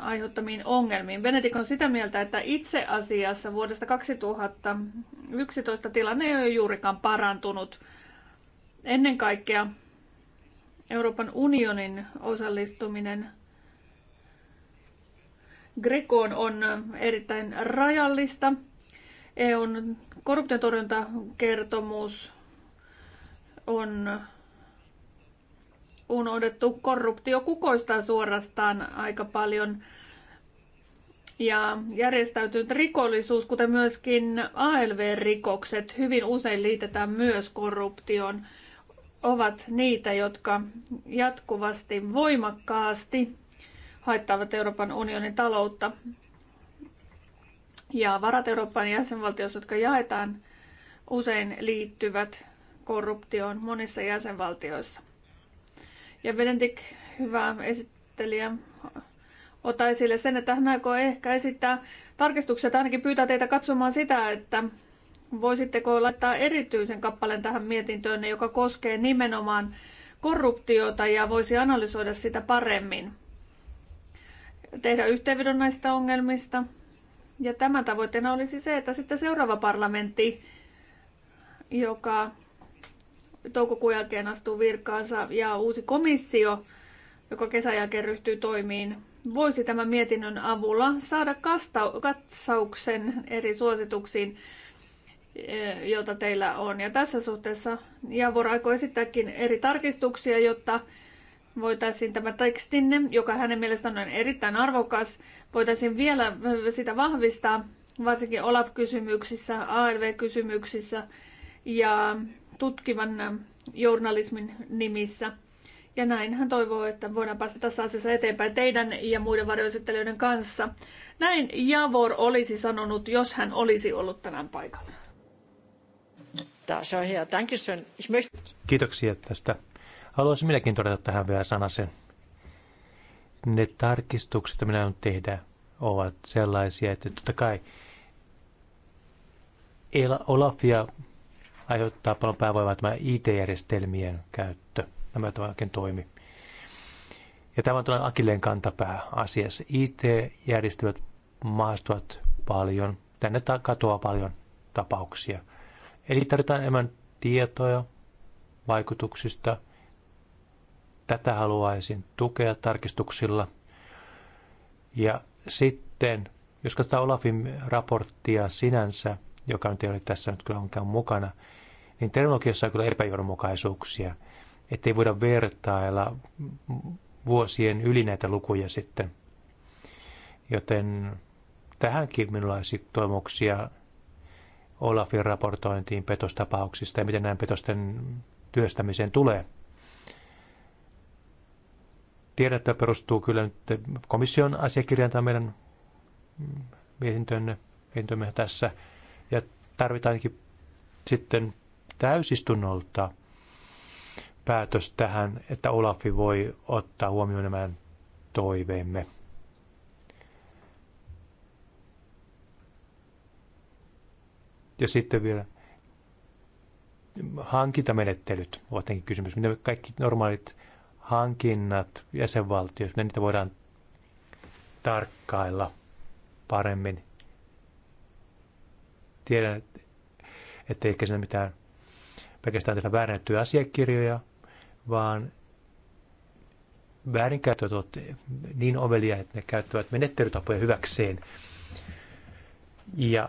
aiheuttamiin ongelmiin. Benedik on sitä mieltä, että itse asiassa vuodesta 2011 tilanne ei ole juurikaan parantunut. Ennen kaikkea Euroopan unionin osallistuminen Grekoon on erittäin rajallista – EUn korruptiotorjuntakertomus on unohdettu. Korruptio kukoistaa suorastaan aika paljon. Ja järjestäytynyt rikollisuus, kuten myöskin ALV-rikokset, hyvin usein liitetään myös korruptioon, ovat niitä, jotka jatkuvasti voimakkaasti haittaavat Euroopan unionin taloutta. Ja varat Euroopan jäsenvaltioissa, jotka jaetaan, usein liittyvät korruptioon monissa jäsenvaltioissa. Ja Benedikt, hyvä esittelijä, ota esille sen, että hän aikoo ehkä esittää tarkistuksia tai ainakin pyytää teitä katsomaan sitä, että voisitteko laittaa erityisen kappaleen tähän mietintöön, joka koskee nimenomaan korruptiota ja voisi analysoida sitä paremmin. Tehdä yhteenvedon näistä ongelmista ja tämän tavoitteena olisi se, että sitten seuraava parlamentti, joka toukokuun jälkeen astuu virkaansa ja uusi komissio, joka kesän jälkeen ryhtyy toimiin, voisi tämän mietinnön avulla saada katsauksen eri suosituksiin, eh, joita teillä on. Ja tässä suhteessa Javor aikoo esittääkin eri tarkistuksia, jotta voitaisiin tämä tekstinne, joka hänen mielestään on erittäin arvokas, voitaisiin vielä sitä vahvistaa, varsinkin Olaf-kysymyksissä, arv kysymyksissä ja tutkivan journalismin nimissä. Ja näin hän toivoo, että voidaan päästä tässä asiassa eteenpäin teidän ja muiden varjoesittelijöiden kanssa. Näin Javor olisi sanonut, jos hän olisi ollut tänään paikalla. Kiitoksia tästä Haluaisin minäkin todeta tähän vielä sanasen. Ne tarkistukset, joita minä nyt tehdään, ovat sellaisia, että totta kai Olafia aiheuttaa paljon päävoimaa tämä IT-järjestelmien käyttö. Nämä eivät oikein toimi. Ja tämä on tällainen Akilleen kantapää asiassa. IT-järjestelmät maastuvat paljon, tänne katoaa paljon tapauksia. Eli tarvitaan enemmän tietoja vaikutuksista – Tätä haluaisin tukea tarkistuksilla. Ja sitten, jos katsotaan Olafin raporttia sinänsä, joka nyt ei ole tässä nyt kyllä onkaan mukana, niin terminologiassa on kyllä epäjohdonmukaisuuksia, ettei voida vertailla vuosien yli näitä lukuja sitten. Joten tähänkin minulla olisi toivomuksia Olafin raportointiin petostapauksista ja miten näin petosten työstämiseen tulee. Tiedän, että perustuu kyllä nyt komission asiakirjaan tai meidän mietintömme, mietintömme tässä. Ja tarvitaankin sitten täysistunnolta päätös tähän, että Olafi voi ottaa huomioon nämä toiveemme. Ja sitten vielä hankintamenettelyt ovat kysymys, Miten kaikki normaalit hankinnat jäsenvaltioissa, niin niitä voidaan tarkkailla paremmin. Tiedän, ettei ehkä siinä mitään pelkästään tehdä väärennettyjä asiakirjoja, vaan väärinkäytöt ovat niin ovelia, että ne käyttävät menettelytapoja hyväkseen. Ja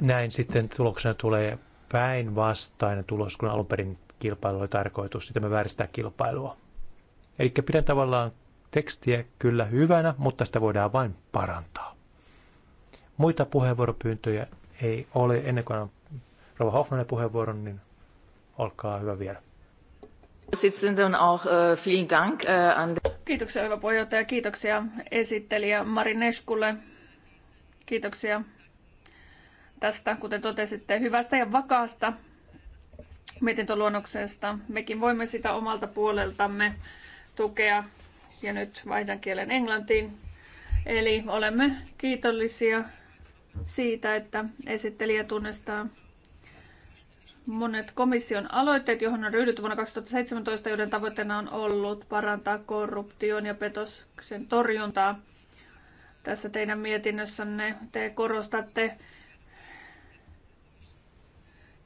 näin sitten tuloksena tulee päinvastainen tulos, kun alun perin kilpailu oli tarkoitus, sitä me vääristää kilpailua. Eli pidän tavallaan tekstiä kyllä hyvänä, mutta sitä voidaan vain parantaa. Muita puheenvuoropyyntöjä ei ole. Ennen kuin on Rova Hoffmanen puheenvuoron, niin olkaa hyvä vielä. Äh, äh, kiitoksia hyvä puheenjohtaja, kiitoksia esittelijä Neskulle. Kiitoksia tästä, kuten totesitte, hyvästä ja vakaasta mietintöluonnoksesta. Mekin voimme sitä omalta puoleltamme tukea. Ja nyt vaihdan kielen englantiin. Eli olemme kiitollisia siitä, että esittelijä tunnistaa monet komission aloitteet, johon on ryhdytty vuonna 2017, joiden tavoitteena on ollut parantaa korruption ja petoksen torjuntaa. Tässä teidän mietinnössänne te korostatte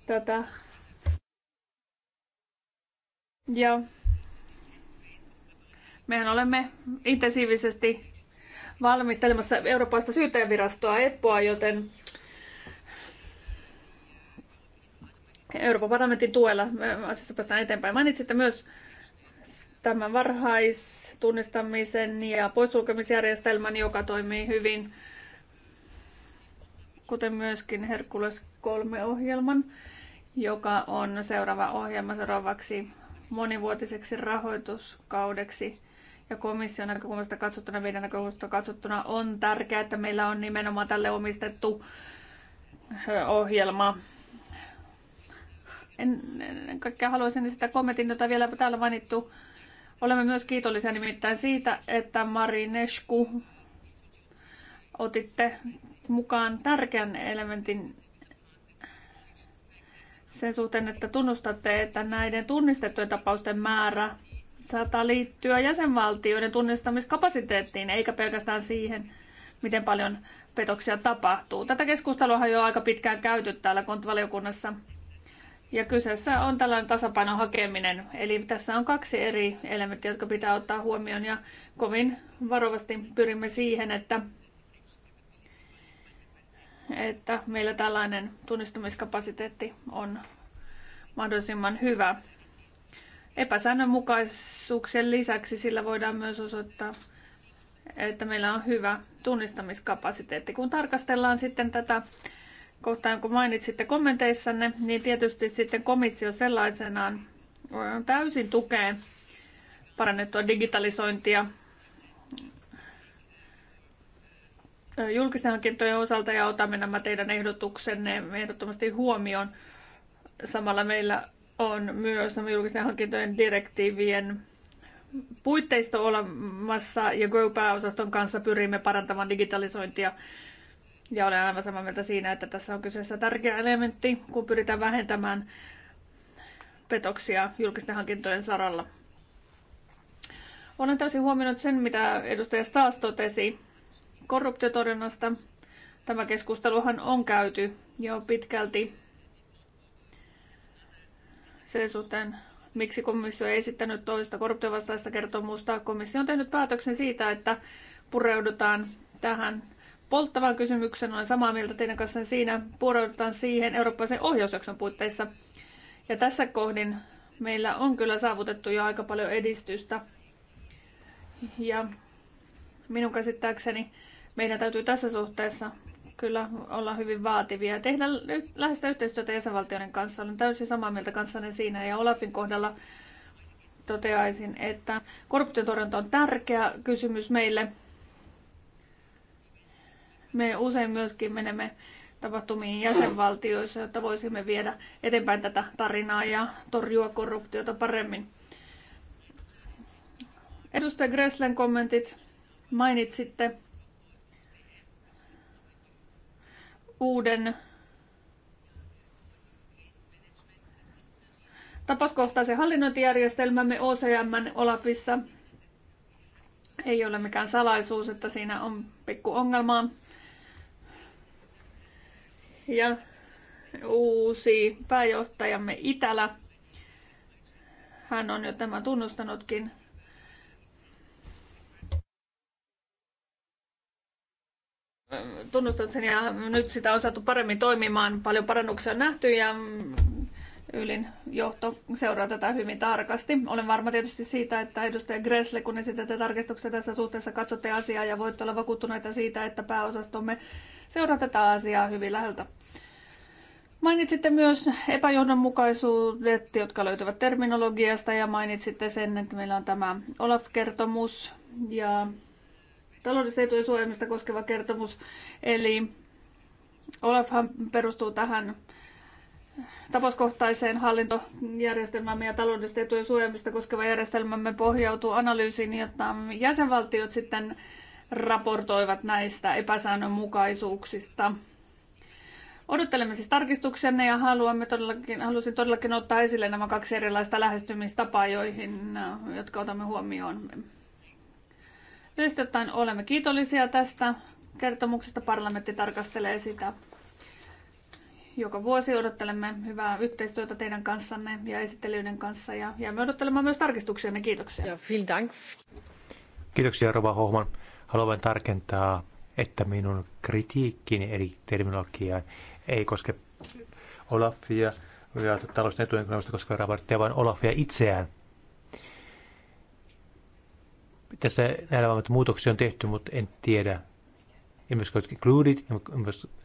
tätä Joo, mehän olemme intensiivisesti valmistelemassa Euroopasta syyttäjävirastoa EPOa, joten Euroopan parlamentin tuella asiassa päästään eteenpäin. Mainitsitte myös tämän varhaistunnistamisen ja poissulkemisjärjestelmän, joka toimii hyvin, kuten myöskin Herkules 3-ohjelman, joka on seuraava ohjelma seuraavaksi monivuotiseksi rahoituskaudeksi. Ja komission näkökulmasta katsottuna, meidän näkökulmasta katsottuna on tärkeää, että meillä on nimenomaan tälle omistettu ohjelma. En, ennen kaikkea haluaisin sitä kommentin, jota vielä täällä mainittu. Olemme myös kiitollisia nimittäin siitä, että Marinesku otitte mukaan tärkeän elementin sen suhteen, että tunnustatte, että näiden tunnistettujen tapausten määrä saattaa liittyä jäsenvaltioiden tunnistamiskapasiteettiin, eikä pelkästään siihen, miten paljon petoksia tapahtuu. Tätä keskustelua on jo aika pitkään käyty täällä kontvaliokunnassa. Ja kyseessä on tällainen tasapainon hakeminen. Eli tässä on kaksi eri elementtiä, jotka pitää ottaa huomioon. Ja kovin varovasti pyrimme siihen, että että meillä tällainen tunnistamiskapasiteetti on mahdollisimman hyvä. Epäsäännönmukaisuuksien lisäksi sillä voidaan myös osoittaa, että meillä on hyvä tunnistamiskapasiteetti. Kun tarkastellaan sitten tätä kohtaa, jonka mainitsitte kommenteissanne, niin tietysti sitten komissio sellaisenaan täysin tukee parannettua digitalisointia julkisten hankintojen osalta ja otamme nämä teidän ehdotuksenne ehdottomasti huomioon. Samalla meillä on myös julkisten hankintojen direktiivien puitteisto olemassa ja Go-pääosaston kanssa pyrimme parantamaan digitalisointia. Ja olen aivan samaa mieltä siinä, että tässä on kyseessä tärkeä elementti, kun pyritään vähentämään petoksia julkisten hankintojen saralla. Olen täysin huomioinut sen, mitä edustaja Staas totesi korruptiotorjunnasta. Tämä keskusteluhan on käyty jo pitkälti sen suhteen, miksi komissio ei esittänyt toista korruptiovastaista kertomusta. Komissio on tehnyt päätöksen siitä, että pureudutaan tähän polttavaan kysymykseen. Olen samaa mieltä teidän kanssa siinä. Pureudutaan siihen eurooppalaisen ohjausjakson puitteissa. Ja tässä kohdin meillä on kyllä saavutettu jo aika paljon edistystä. Ja minun käsittääkseni meidän täytyy tässä suhteessa kyllä olla hyvin vaativia tehdä läheistä yhteistyötä jäsenvaltioiden kanssa. Olen täysin samaa mieltä kanssanne siinä ja Olafin kohdalla toteaisin, että korruptiotorjunta on tärkeä kysymys meille. Me usein myöskin menemme tapahtumiin jäsenvaltioissa, jotta voisimme viedä eteenpäin tätä tarinaa ja torjua korruptiota paremmin. Edustaja Gresslen kommentit mainitsitte uuden tapauskohtaisen hallinnointijärjestelmämme OCM Olafissa. Ei ole mikään salaisuus, että siinä on pikku ongelmaa. Ja uusi pääjohtajamme Itälä, hän on jo tämä tunnustanutkin, tunnustan sen ja nyt sitä on saatu paremmin toimimaan. Paljon parannuksia on nähty ja ylin johto seuraa tätä hyvin tarkasti. Olen varma tietysti siitä, että edustaja Gressle, kun esitätte tarkistuksia tässä suhteessa, katsotte asiaa ja voitte olla vakuuttuneita siitä, että pääosastomme seuraa tätä asiaa hyvin läheltä. Mainitsitte myös epäjohdonmukaisuudet, jotka löytyvät terminologiasta ja mainitsitte sen, että meillä on tämä Olaf-kertomus ja taloudellisen etujen suojelmista koskeva kertomus. Eli Olafhan perustuu tähän tapauskohtaiseen hallintojärjestelmämme ja taloudellisten etujen suojelmista koskeva järjestelmämme pohjautuu analyysiin, jotta jäsenvaltiot sitten raportoivat näistä epäsäännönmukaisuuksista. Odottelemme siis tarkistuksenne ja haluamme todellakin, halusin todellakin ottaa esille nämä kaksi erilaista lähestymistapaa, joihin, jotka otamme huomioon. Yleisesti olemme kiitollisia tästä kertomuksesta. Parlamentti tarkastelee sitä joka vuosi odottelemme hyvää yhteistyötä teidän kanssanne ja esittelyiden kanssa ja jäämme odottelemaan myös tarkistuksianne. Niin kiitoksia. Ja vielen dank. Kiitoksia Rova Hohman. Haluan vain tarkentaa, että minun kritiikkini eri terminologiaan ei koske Olafia ja talousnetujen koska raporttia, vaan Olafia itseään tässä näillä että muutoksia on tehty, mutta en tiedä. Investoit included,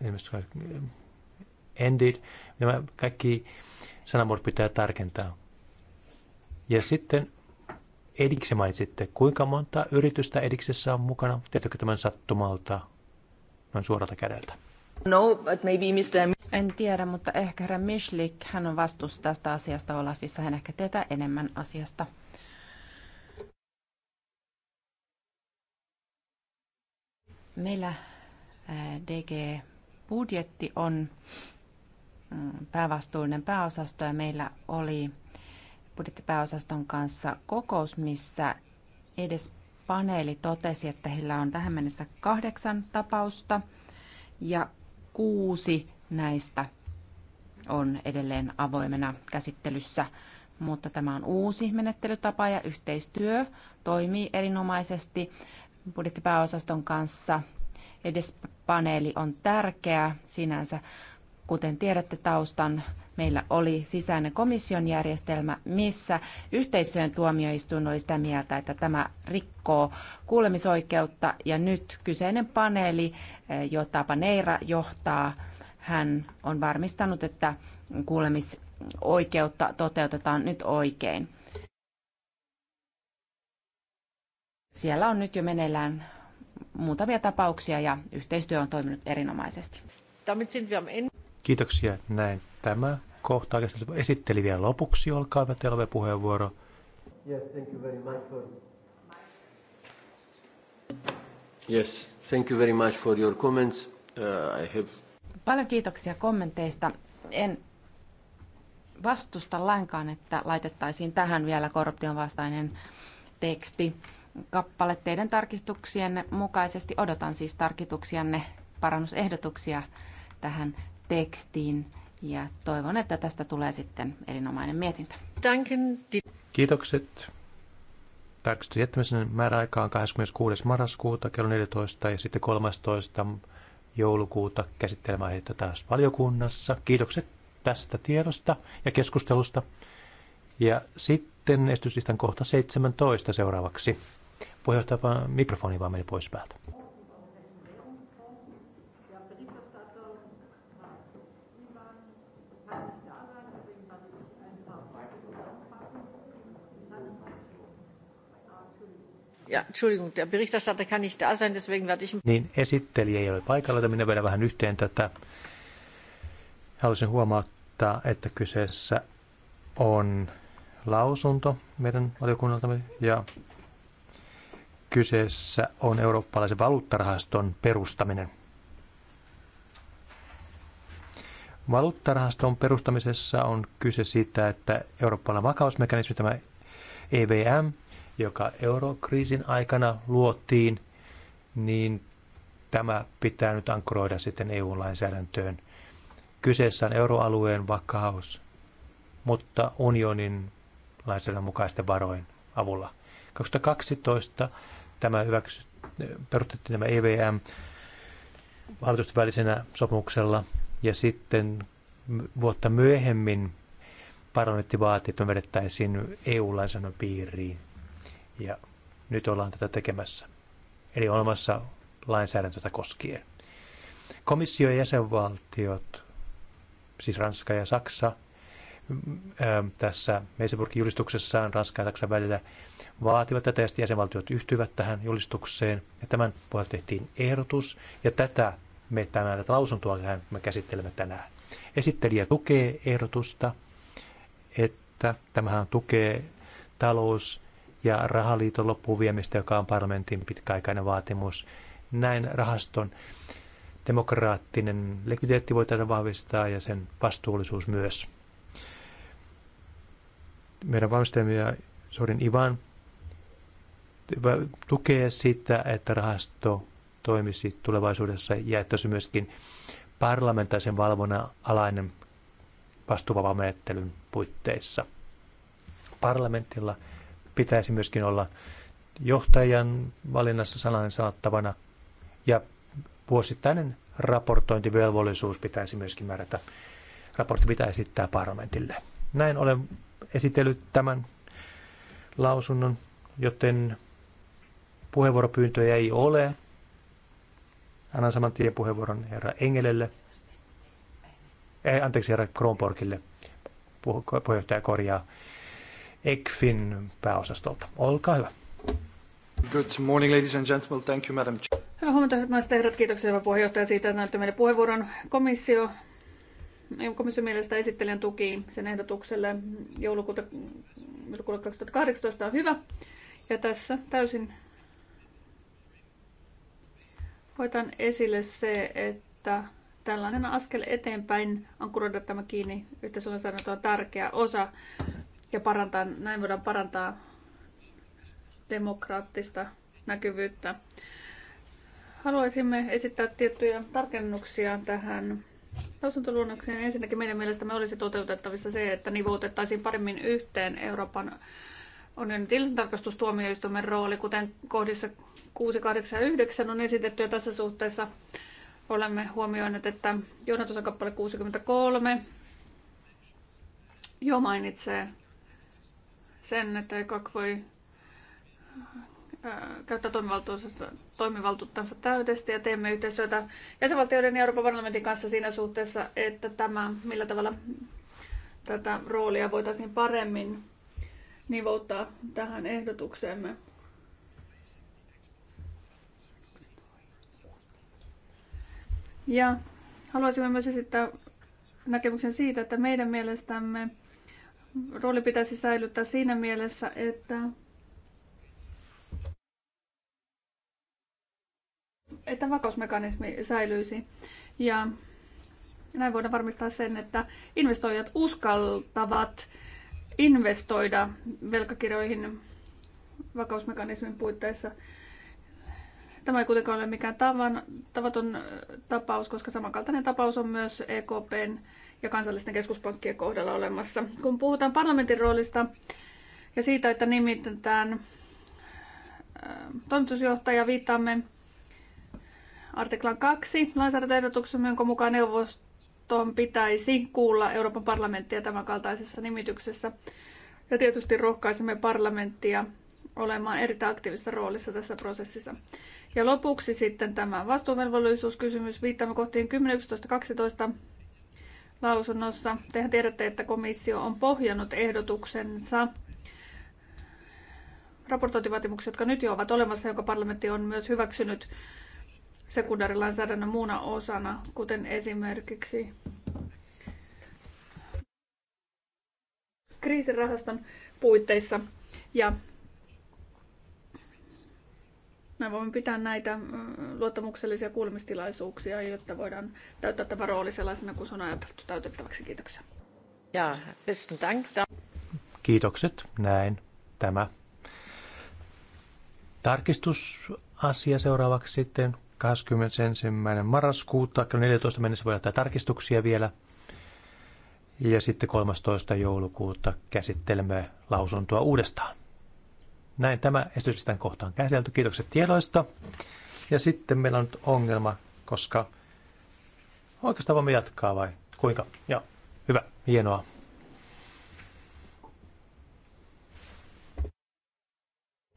investoit eh, ended. Nämä kaikki sanamuodot pitää tarkentaa. Ja sitten Edikse mainitsitte. Kuinka monta yritystä Ediksessä on mukana? Tiedätkö tämän sattumalta noin suoralta kädeltä? No, but maybe Mr. En tiedä, mutta ehkä herra Mishlik, hän on vastuussa tästä asiasta Olafissa. Hän ehkä tietää enemmän asiasta. Meillä DG-budjetti on mm, päävastuullinen pääosasto ja meillä oli budjettipääosaston kanssa kokous, missä edes paneeli totesi, että heillä on tähän mennessä kahdeksan tapausta ja kuusi näistä on edelleen avoimena käsittelyssä, mutta tämä on uusi menettelytapa ja yhteistyö toimii erinomaisesti budjettipääosaston kanssa. Edes paneeli on tärkeä sinänsä. Kuten tiedätte taustan, meillä oli sisäinen komission järjestelmä, missä yhteisöjen tuomioistuin oli sitä mieltä, että tämä rikkoo kuulemisoikeutta. Ja nyt kyseinen paneeli, eh, jota Paneira johtaa, hän on varmistanut, että kuulemisoikeutta toteutetaan nyt oikein. Siellä on nyt jo meneillään muutamia tapauksia ja yhteistyö on toiminut erinomaisesti. Kiitoksia. Näin tämä kohta oikeastaan esitteli vielä lopuksi. Olkaa hyvä, teillä puheenvuoro. Yes, thank you very much for... Yes, thank you very much for your comments. Uh, I have... Paljon kiitoksia kommenteista. En vastusta lainkaan, että laitettaisiin tähän vielä korruption vastainen teksti kappale teidän tarkistuksienne mukaisesti. Odotan siis tarkistuksianne parannusehdotuksia tähän tekstiin ja toivon, että tästä tulee sitten erinomainen mietintö. Kiitokset. Tarkistus jättämisen määräaika on 26. marraskuuta kello 14 ja sitten 13. joulukuuta käsittelemään heitä taas valiokunnassa. Kiitokset tästä tiedosta ja keskustelusta. Ja sitten esityslistan kohta 17 seuraavaksi. Puheenjohtaja, vaan mikrofoni vaan meni pois päältä. Ja, Entschuldigung, der Berichterstatter kann nicht da sein, deswegen werde ich... Niin, esittelijä ei ole paikalla, minä vedän vähän yhteen tätä. Haluaisin huomauttaa, että kyseessä on lausunto meidän valiokunnaltamme ja kyseessä on eurooppalaisen valuuttarahaston perustaminen. Valuuttarahaston perustamisessa on kyse siitä, että eurooppalainen vakausmekanismi, tämä EVM, joka eurokriisin aikana luotiin, niin tämä pitää nyt ankkuroida sitten EU-lainsäädäntöön. Kyseessä on euroalueen vakaus, mutta unionin lainsäädännön mukaisten varoin avulla. 2012 tämä hyväksy, perustettiin tämä EVM hallitusten välisenä sopimuksella ja sitten vuotta myöhemmin parlamentti vaati, että me vedettäisiin EU-lainsäädännön piiriin ja nyt ollaan tätä tekemässä. Eli on olemassa lainsäädäntöä koskien. Komissio ja jäsenvaltiot, siis Ranska ja Saksa, Ähm, tässä Meiseburgin julistuksessaan Ranskan ja Saksan välillä vaativat tätä, ja jäsenvaltiot yhtyivät tähän julistukseen. Ja tämän pohjalta tehtiin ehdotus, ja tätä me tämän, tätä lausuntoa me käsittelemme tänään. Esittelijä tukee ehdotusta, että tämähän tukee talous- ja rahaliiton viemistä, joka on parlamentin pitkäaikainen vaatimus. Näin rahaston demokraattinen likviditeetti tätä vahvistaa ja sen vastuullisuus myös meidän valmistajamme ja Sorin Ivan tukee sitä, että rahasto toimisi tulevaisuudessa ja että se myöskin parlamentaisen valvonnan alainen menettelyn puitteissa. Parlamentilla pitäisi myöskin olla johtajan valinnassa sanan sanottavana ja vuosittainen raportointivelvollisuus pitäisi myöskin määrätä. Raportti pitää esittää parlamentille. Näin olen esitellyt tämän lausunnon, joten puheenvuoropyyntöjä ei ole. Annan saman tien puheenvuoron herra Engelelle. Ei, eh, anteeksi, herra Kronborgille. Puheenjohtaja korjaa ECFin pääosastolta. Olkaa hyvä. Good morning, ladies and gentlemen. Thank you, madam. Hyvää huomenta, hyvät naiset ja herrat. Kiitoksia, hyvä puheenjohtaja, siitä, että näytte meille puheenvuoron. Komissio niin, komission mielestä esittelijän tuki sen ehdotukselle joulukuuta, 2018 on hyvä. Ja tässä täysin hoitan esille se, että tällainen askel eteenpäin ankkuroida tämä kiinni yhteisölainsäädäntö on tärkeä osa ja parantaa, näin voidaan parantaa demokraattista näkyvyyttä. Haluaisimme esittää tiettyjä tarkennuksia tähän Lausuntoluonnokseen ensinnäkin meidän mielestämme olisi toteutettavissa se, että nivoutettaisiin paremmin yhteen Euroopan unionin tilintarkastustuomioistuimen rooli, kuten kohdissa 6, 8 ja 9 on esitetty, ja tässä suhteessa olemme huomioineet, että johdatusakappale 63 jo mainitsee sen, että ECOC voi käyttää toimivaltuuttansa täydesti ja teemme yhteistyötä jäsenvaltioiden ja Euroopan parlamentin kanssa siinä suhteessa, että tämä, millä tavalla tätä roolia voitaisiin paremmin nivouttaa tähän ehdotukseemme. Ja haluaisimme myös esittää näkemyksen siitä, että meidän mielestämme rooli pitäisi säilyttää siinä mielessä, että että vakausmekanismi säilyisi. Ja näin voidaan varmistaa sen, että investoijat uskaltavat investoida velkakirjoihin vakausmekanismin puitteissa. Tämä ei kuitenkaan ole mikään tavan, tavaton tapaus, koska samankaltainen tapaus on myös EKPn ja kansallisten keskuspankkien kohdalla olemassa. Kun puhutaan parlamentin roolista ja siitä, että nimitetään toimitusjohtaja, viittaamme artiklan 2 lainsäädäntöehdotuksen, jonka mukaan neuvoston pitäisi kuulla Euroopan parlamenttia tämänkaltaisessa nimityksessä. Ja tietysti rohkaisemme parlamenttia olemaan erittäin aktiivisessa roolissa tässä prosessissa. Ja lopuksi sitten tämä vastuuvelvollisuuskysymys. Viittaamme kohtiin 10, 11, 12 lausunnossa. Tehän tiedätte, että komissio on pohjannut ehdotuksensa raportointivaatimukset, jotka nyt jo ovat olemassa, jonka parlamentti on myös hyväksynyt sekundaarilainsäädännön muuna osana, kuten esimerkiksi kriisirahaston puitteissa. Ja me voimme pitää näitä mm, luottamuksellisia kuulemistilaisuuksia, jotta voidaan täyttää tämä rooli sellaisena kuin se on ajateltu täytettäväksi. Kiitoksia. Ja, besten dank. Kiitokset. Näin tämä tarkistusasia seuraavaksi sitten 21. marraskuuta kello 14 mennessä voi laittaa tarkistuksia vielä. Ja sitten 13. joulukuuta käsittelemme lausuntoa uudestaan. Näin tämä esityslistan kohta on käsitelty. Kiitokset tiedoista. Ja sitten meillä on nyt ongelma, koska oikeastaan voimme jatkaa vai kuinka? Joo, hyvä, hienoa.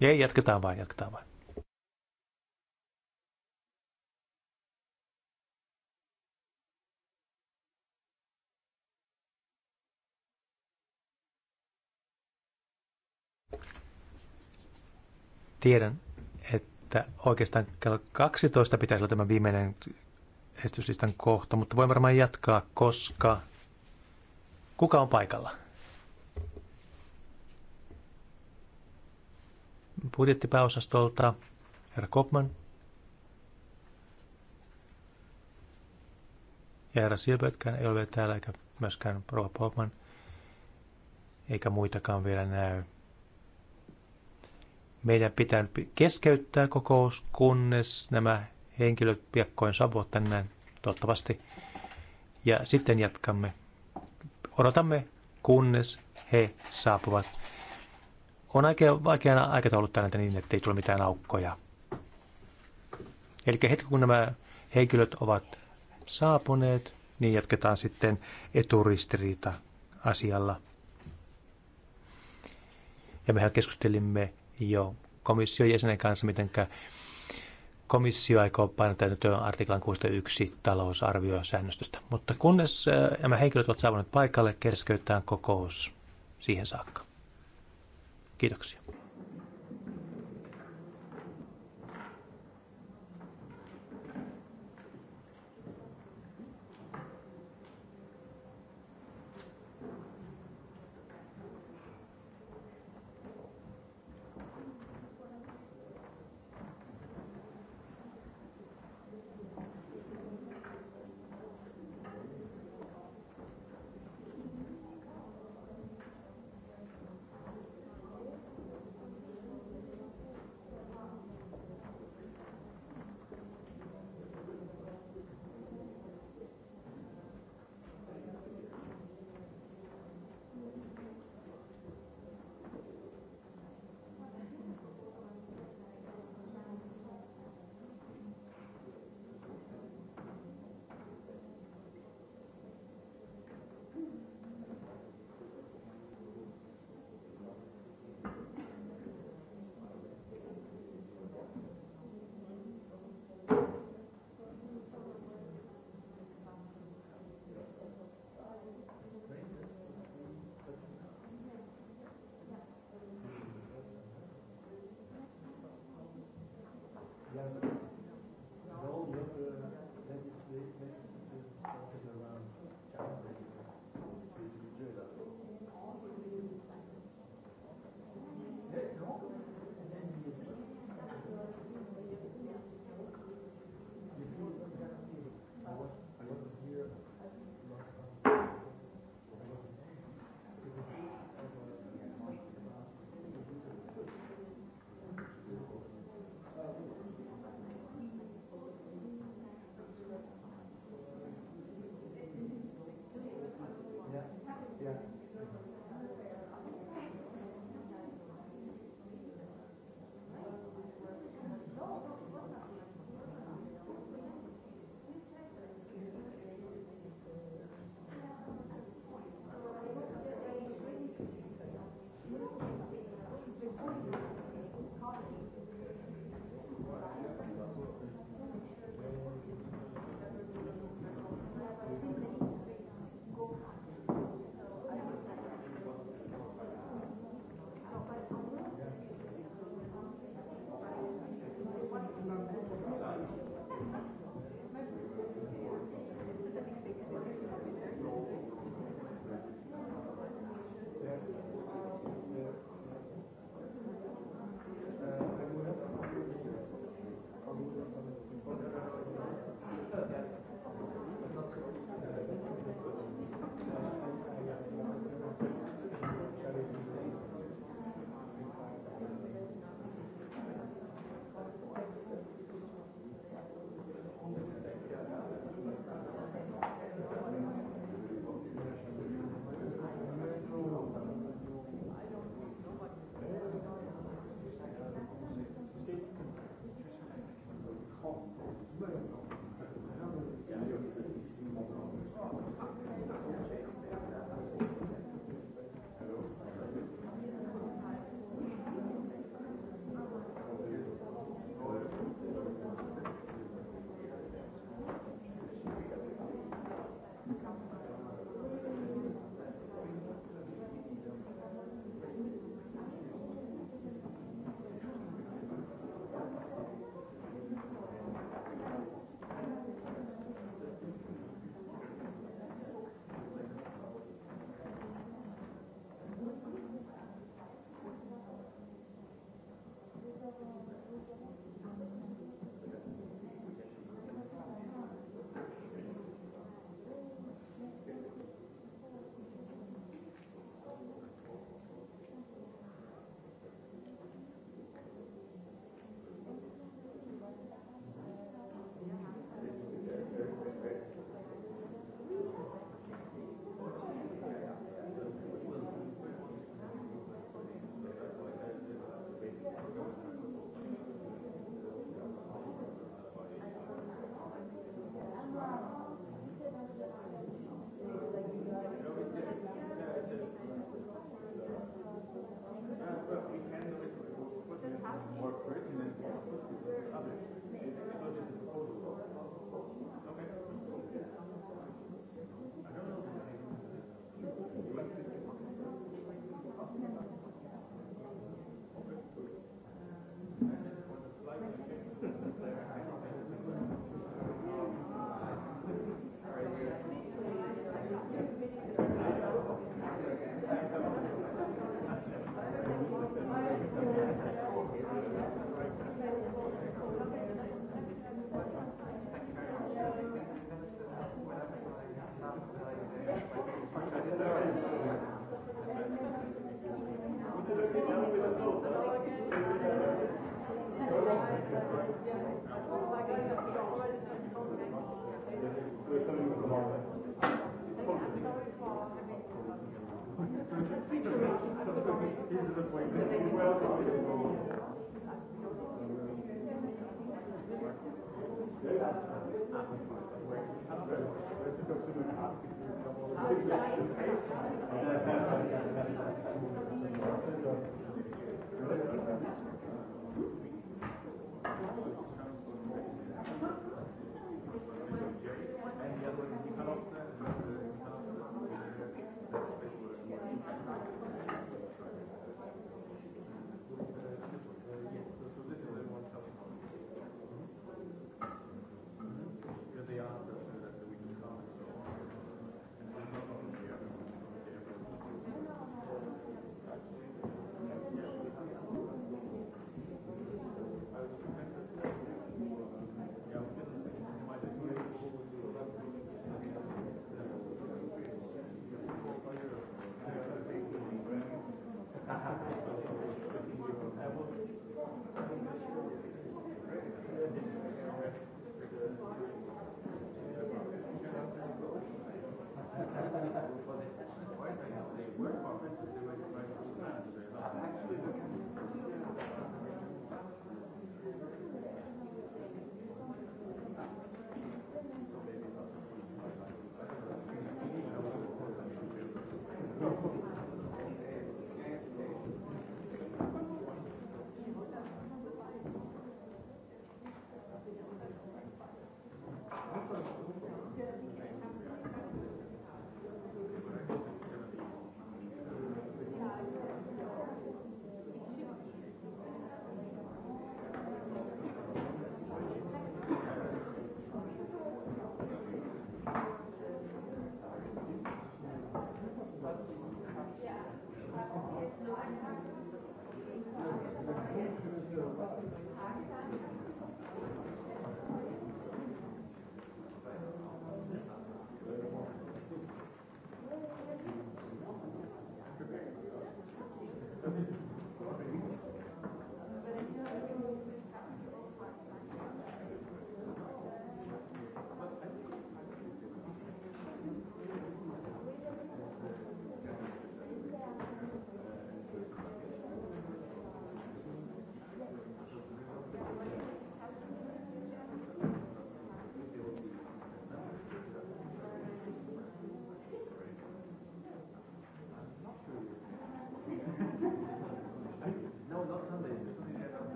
Ei, jatketaan vain, jatketaan vain. Tiedän, että oikeastaan kello 12 pitäisi olla tämä viimeinen esityslistan kohta, mutta voin varmaan jatkaa, koska kuka on paikalla? Budjettipääosastolta herra Kopman ja herra Silbertkään ei ole vielä täällä, eikä myöskään rouva Popman, eikä muitakaan vielä näy meidän pitää keskeyttää kokous, kunnes nämä henkilöt piakkoin saavat tänne, toivottavasti. Ja sitten jatkamme. Odotamme, kunnes he saapuvat. On aika vaikea aikataulu tänne niin, ettei tule mitään aukkoja. Eli hetki kun nämä henkilöt ovat saapuneet, niin jatketaan sitten eturistiriita asialla. Ja mehän keskustelimme jo komission jäsenen kanssa, miten komissio aikoo painottaa nyt artiklan 61 talousarviosäännöstöstä. Mutta kunnes äh, nämä henkilöt ovat saavuneet paikalle, keskeytetään kokous siihen saakka. Kiitoksia.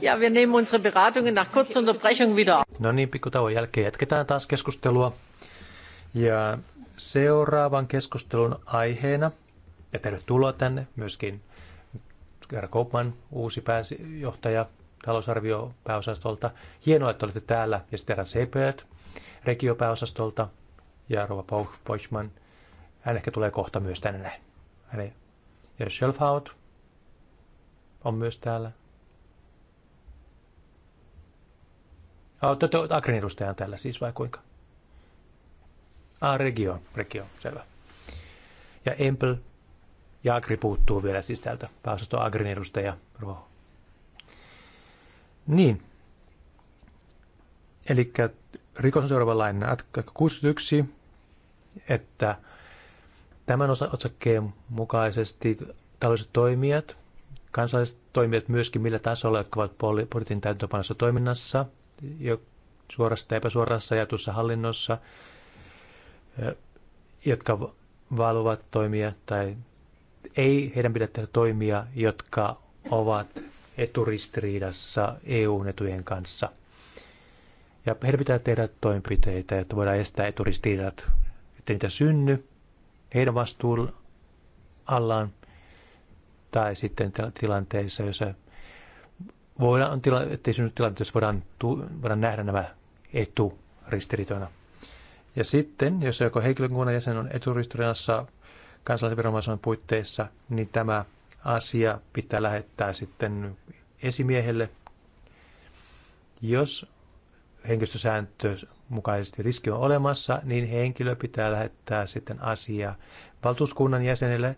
Ja, wir nehmen unsere Beratungen nach kurzer Unterbrechung wieder. No niin, pikkutauon jälkeen jatketaan taas keskustelua. Ja seuraavan keskustelun aiheena, ja tervetuloa tänne myöskin Gerra Koopman, uusi pääjohtaja talousarvio pääosastolta. Hienoa, että olette täällä. Ja sitten Herra Sebert, regiopääosastolta ja Rova Poichman. Hän ehkä tulee kohta myös tänne. Hänen. Ja Schelfhaut on myös täällä. Ah, olette Agrin edustajan täällä siis vai kuinka? Ah, regio, regio, selvä. Ja Empel ja Agri puuttuu vielä siis täältä. Pääosasto Agrin edustaja, Ruoho. Niin. Eli rikos on lain 61, että tämän osa otsakkeen mukaisesti taloudelliset toimijat, kansalliset toimijat myöskin millä tasolla, jotka ovat poliitin täytäntöpanossa toiminnassa – jo suorassa tai epäsuorassa ajatussa hallinnossa, jotka valuvat toimia tai ei heidän pidä tehdä toimia, jotka ovat eturistiriidassa eu etujen kanssa. Ja heidän pitää tehdä toimenpiteitä, jotta voidaan estää eturistiriidat, että niitä synny heidän vastuullaan tai sitten tilanteissa, joissa voidaan, tila, ettei synny tilanteita, jos voidaan, tu, voidaan nähdä nämä etu Ja sitten, jos joko henkilökunnan jäsen on eturistiriidassa kansallisen viranomaisuuden puitteissa, niin tämä asia pitää lähettää sitten esimiehelle. Jos henkilöstösääntö mukaisesti riski on olemassa, niin henkilö pitää lähettää sitten asia valtuuskunnan jäsenelle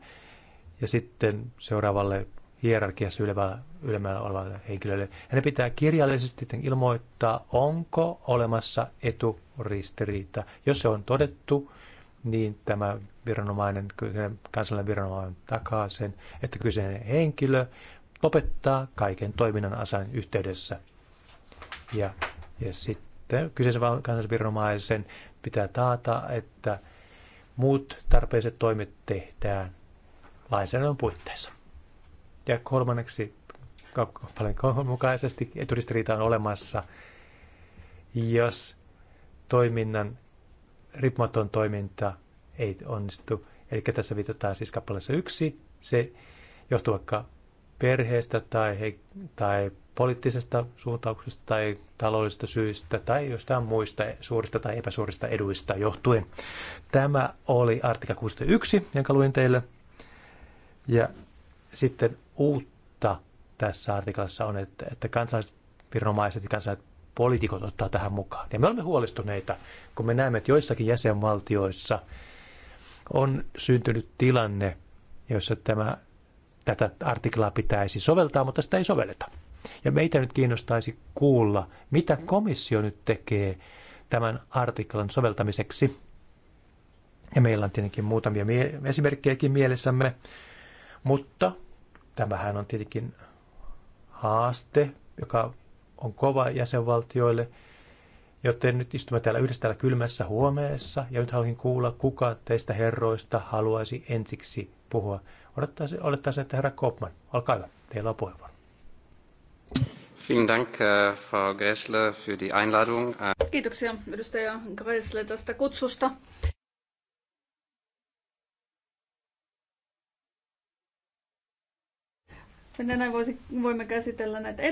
ja sitten seuraavalle hierarkiassa ylemmällä, ylemmällä olevalle henkilölle. Hänen pitää kirjallisesti ilmoittaa, onko olemassa eturistiriita. Jos se on todettu, niin tämä viranomainen, kansallinen viranomainen takaa sen, että kyseinen henkilö lopettaa kaiken toiminnan asian yhteydessä. Ja, ja sitten kyseisen kansallisen viranomaisen pitää taata, että muut tarpeiset toimet tehdään lainsäädännön puitteissa. Ja kolmanneksi kauppakaupan mukaisesti eturistiriita on olemassa, jos toiminnan riippumaton toiminta ei onnistu. Eli tässä viitataan siis kappaleessa yksi. Se johtuu vaikka perheestä tai, he, tai poliittisesta suuntauksesta tai taloudellisista syistä tai jostain muista suurista tai epäsuurista eduista johtuen. Tämä oli artikla 61, jonka luin teille. Ja sitten uutta tässä artiklassa on, että, että kansalaiset viranomaiset ja kansalaiset poliitikot ottaa tähän mukaan. Ja me olemme huolestuneita, kun me näemme, että joissakin jäsenvaltioissa on syntynyt tilanne, jossa tämä, tätä artiklaa pitäisi soveltaa, mutta sitä ei sovelleta. Ja meitä nyt kiinnostaisi kuulla, mitä komissio nyt tekee tämän artiklan soveltamiseksi. Ja meillä on tietenkin muutamia mie- esimerkkejäkin mielessämme, mutta Tämähän on tietenkin haaste, joka on kova jäsenvaltioille, joten nyt istumme täällä yhdessä täällä kylmässä huomeessa, ja nyt haluaisin kuulla, kuka teistä herroista haluaisi ensiksi puhua. Odottaisin, olettaisin, että herra Kopman, olkaa hyvä, teillä on puheenvuoro. Vielen Dank, äh, Frau Gressle, für die Einladung. Äh, Kiitoksia edustaja Gressle tästä kutsusta. näin voisi, voimme käsitellä näitä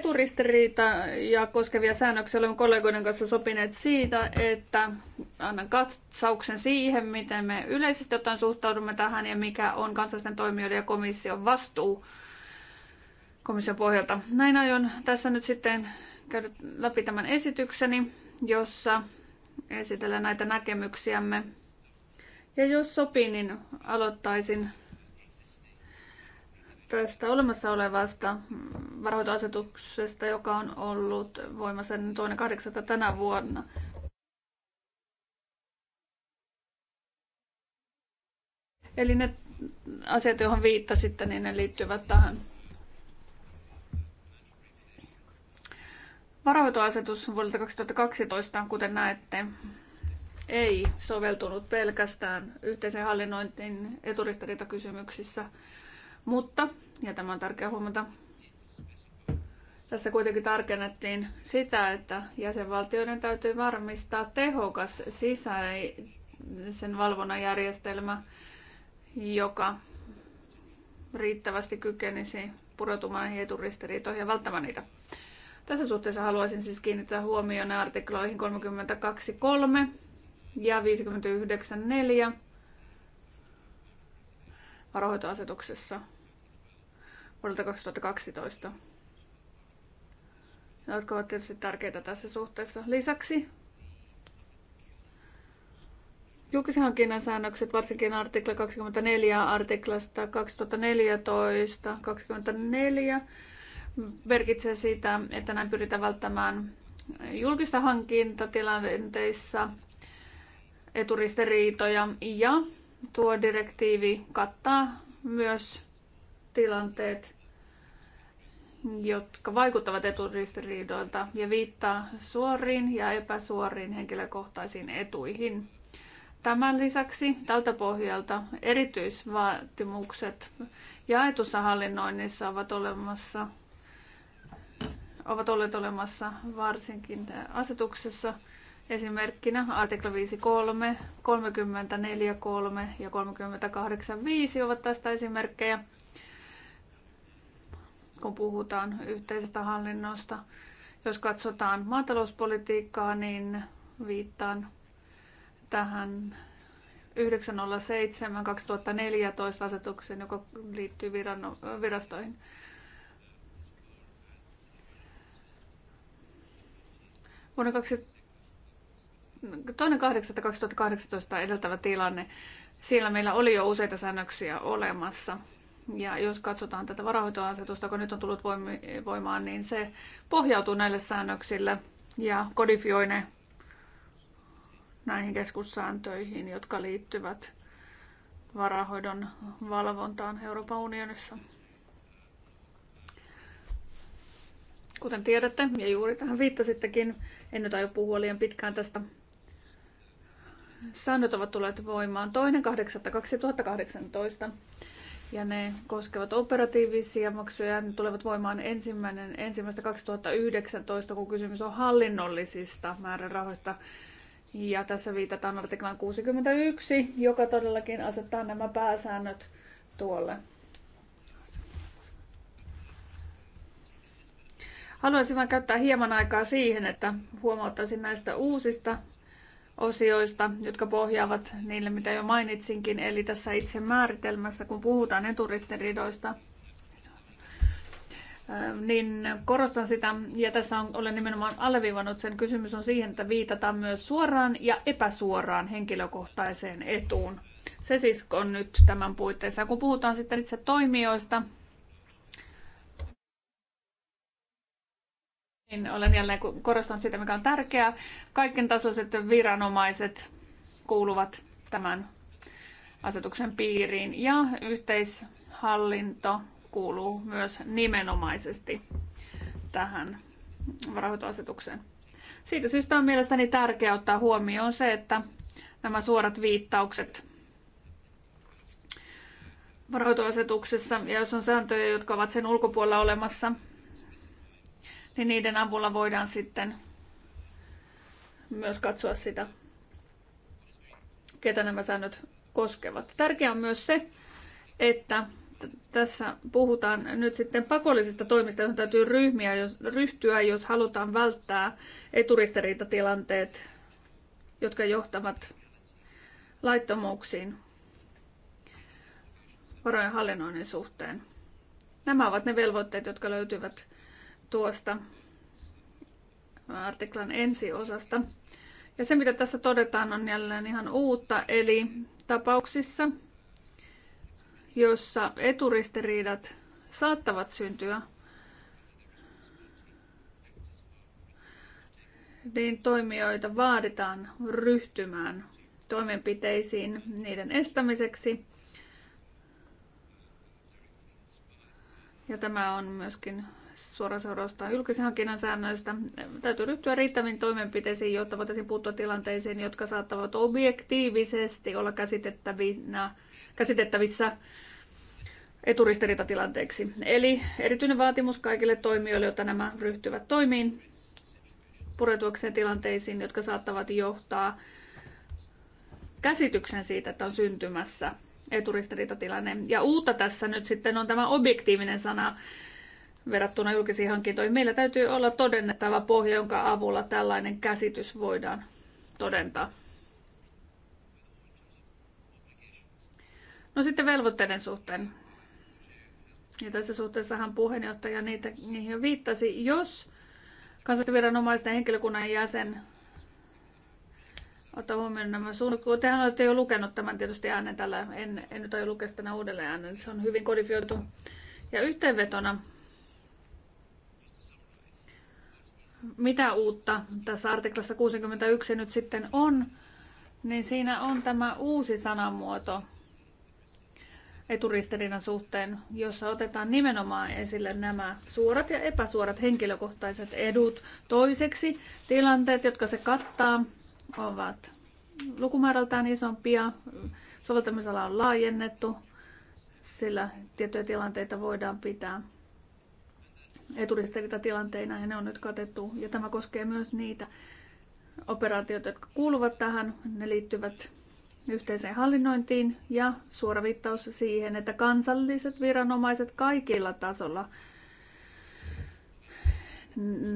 ja koskevia säännöksiä. Olemme kollegoiden kanssa sopineet siitä, että annan katsauksen siihen, miten me yleisesti ottaen suhtaudumme tähän ja mikä on kansallisten toimijoiden ja komission vastuu komission pohjalta. Näin aion tässä nyt sitten käydä läpi tämän esitykseni, jossa esitellään näitä näkemyksiämme. Ja jos sopii, niin aloittaisin tästä olemassa olevasta varoitusasetuksesta, joka on ollut voimassa toinen kahdeksatta tänä vuonna. Eli ne asiat, joihin viittasitte, niin ne liittyvät tähän. Varoitusasetus vuodelta 2012, kuten näette, ei soveltunut pelkästään yhteisen hallinnointiin eturistiriitakysymyksissä, kysymyksissä mutta, ja tämä on tärkeä huomata, tässä kuitenkin tarkennettiin sitä, että jäsenvaltioiden täytyy varmistaa tehokas sisäisen valvonnan järjestelmä, joka riittävästi kykenisi pudotumaan näihin eturistiriitoihin ja välttämään niitä. Tässä suhteessa haluaisin siis kiinnittää huomioon artikloihin 32.3 ja 59.4 varohoitoasetuksessa vuodelta 2012, jotka ovat tietysti tärkeitä tässä suhteessa. Lisäksi julkisen hankinnan säännökset, varsinkin artikla 24 artiklasta 2014, 24, merkitsee sitä, että näin pyritään välttämään julkista hankintatilanteissa eturistiriitoja ja tuo direktiivi kattaa myös tilanteet, jotka vaikuttavat eturistiriidoilta ja viittaa suoriin ja epäsuoriin henkilökohtaisiin etuihin. Tämän lisäksi tältä pohjalta erityisvaatimukset jaetussa hallinnoinnissa ovat olemassa ovat olleet olemassa varsinkin asetuksessa – Esimerkkinä artikla 5.3, 34.3 ja 38.5 ovat tästä esimerkkejä, kun puhutaan yhteisestä hallinnosta. Jos katsotaan maatalouspolitiikkaa, niin viittaan tähän 907 2014 asetukseen, joka liittyy virastoihin. Vuonna 2000 toinen 2.8.2018 edeltävä tilanne, siellä meillä oli jo useita säännöksiä olemassa. Ja jos katsotaan tätä varahoitoasetusta, joka nyt on tullut voimaan, niin se pohjautuu näille säännöksille ja kodifioi ne näihin keskussääntöihin, jotka liittyvät varahoidon valvontaan Euroopan unionissa. Kuten tiedätte, ja juuri tähän viittasittekin, en nyt aio puhua liian pitkään tästä säännöt ovat tulleet voimaan toinen 2.8.2018 ja ne koskevat operatiivisia maksuja. Ne tulevat voimaan ensimmäinen 2019, kun kysymys on hallinnollisista määrärahoista. Ja tässä viitataan artiklaan 61, joka todellakin asettaa nämä pääsäännöt tuolle. Haluaisin vain käyttää hieman aikaa siihen, että huomauttaisin näistä uusista osioista, jotka pohjaavat niille, mitä jo mainitsinkin. Eli tässä itse määritelmässä, kun puhutaan eturistiriidoista, niin korostan sitä, ja tässä on, olen nimenomaan alleviivannut sen, kysymys on siihen, että viitataan myös suoraan ja epäsuoraan henkilökohtaiseen etuun. Se siis on nyt tämän puitteissa. Kun puhutaan sitten itse toimijoista, Niin, olen jälleen korostanut sitä, mikä on tärkeää. Kaiken tasoiset viranomaiset kuuluvat tämän asetuksen piiriin ja yhteishallinto kuuluu myös nimenomaisesti tähän varahoitoasetukseen. Siitä syystä on mielestäni tärkeää ottaa huomioon se, että nämä suorat viittaukset varahoitoasetuksessa ja jos on sääntöjä, jotka ovat sen ulkopuolella olemassa – niin niiden avulla voidaan sitten myös katsoa sitä, ketä nämä säännöt koskevat. Tärkeää on myös se, että tässä puhutaan nyt sitten pakollisista toimista, joihin täytyy ryhmiä, jos, ryhtyä, jos halutaan välttää eturistiriitatilanteet, jotka johtavat laittomuuksiin varojen hallinnoinnin suhteen. Nämä ovat ne velvoitteet, jotka löytyvät tuosta artiklan ensiosasta. Ja se, mitä tässä todetaan, on jälleen ihan uutta, eli tapauksissa, jossa eturistiriidat saattavat syntyä, niin toimijoita vaaditaan ryhtymään toimenpiteisiin niiden estämiseksi. Ja tämä on myöskin suora seurausta julkisen hankinnan säännöistä. Täytyy ryhtyä riittäviin toimenpiteisiin, jotta voitaisiin puuttua tilanteisiin, jotka saattavat objektiivisesti olla käsitettävissä, käsitettävissä eturistiriitatilanteeksi. Eli erityinen vaatimus kaikille toimijoille, jotta nämä ryhtyvät toimiin pureutuakseen tilanteisiin, jotka saattavat johtaa käsityksen siitä, että on syntymässä eturistiriitatilanne. Ja uutta tässä nyt sitten on tämä objektiivinen sana, verrattuna julkisiin hankintoihin. Meillä täytyy olla todennettava pohja, jonka avulla tällainen käsitys voidaan todentaa. No sitten velvoitteiden suhteen. Ja tässä suhteessahan puheenjohtaja niitä, niihin jo viittasi. Jos kansallisviranomaisten henkilökunnan jäsen ottaa huomioon nämä suunnitelmat. Tehän olette jo lukenut tämän tietysti äänen tällä. En, en nyt aio lukea sitä uudelleen äänen. Se on hyvin kodifioitu. Ja yhteenvetona mitä uutta tässä artiklassa 61 nyt sitten on, niin siinä on tämä uusi sanamuoto eturistiriidan suhteen, jossa otetaan nimenomaan esille nämä suorat ja epäsuorat henkilökohtaiset edut. Toiseksi tilanteet, jotka se kattaa, ovat lukumäärältään isompia, soveltamisala on laajennettu, sillä tiettyjä tilanteita voidaan pitää eturistiriitatilanteina ja ne on nyt katettu. Ja tämä koskee myös niitä operaatioita, jotka kuuluvat tähän. Ne liittyvät yhteiseen hallinnointiin ja suora viittaus siihen, että kansalliset viranomaiset kaikilla tasolla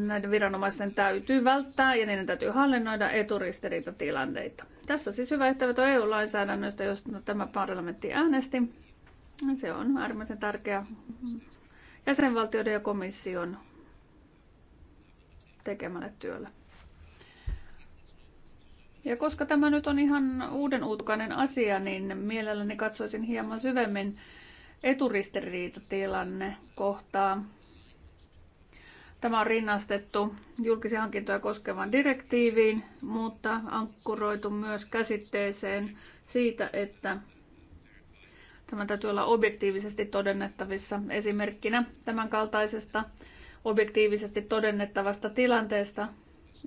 näiden viranomaisten täytyy välttää ja niiden täytyy hallinnoida eturistiriitatilanteita. Tässä siis hyvä yhteenveto EU-lainsäädännöstä, josta tämä parlamentti äänesti. Se on äärimmäisen tärkeä jäsenvaltioiden ja komission tekemälle työlle. Ja koska tämä nyt on ihan uuden uutkainen asia, niin mielelläni katsoisin hieman syvemmin eturistiriitatilanne kohtaa. Tämä on rinnastettu julkisia hankintoja koskevaan direktiiviin, mutta ankkuroitu myös käsitteeseen siitä, että Tämä täytyy olla objektiivisesti todennettavissa. Esimerkkinä tämän kaltaisesta objektiivisesti todennettavasta tilanteesta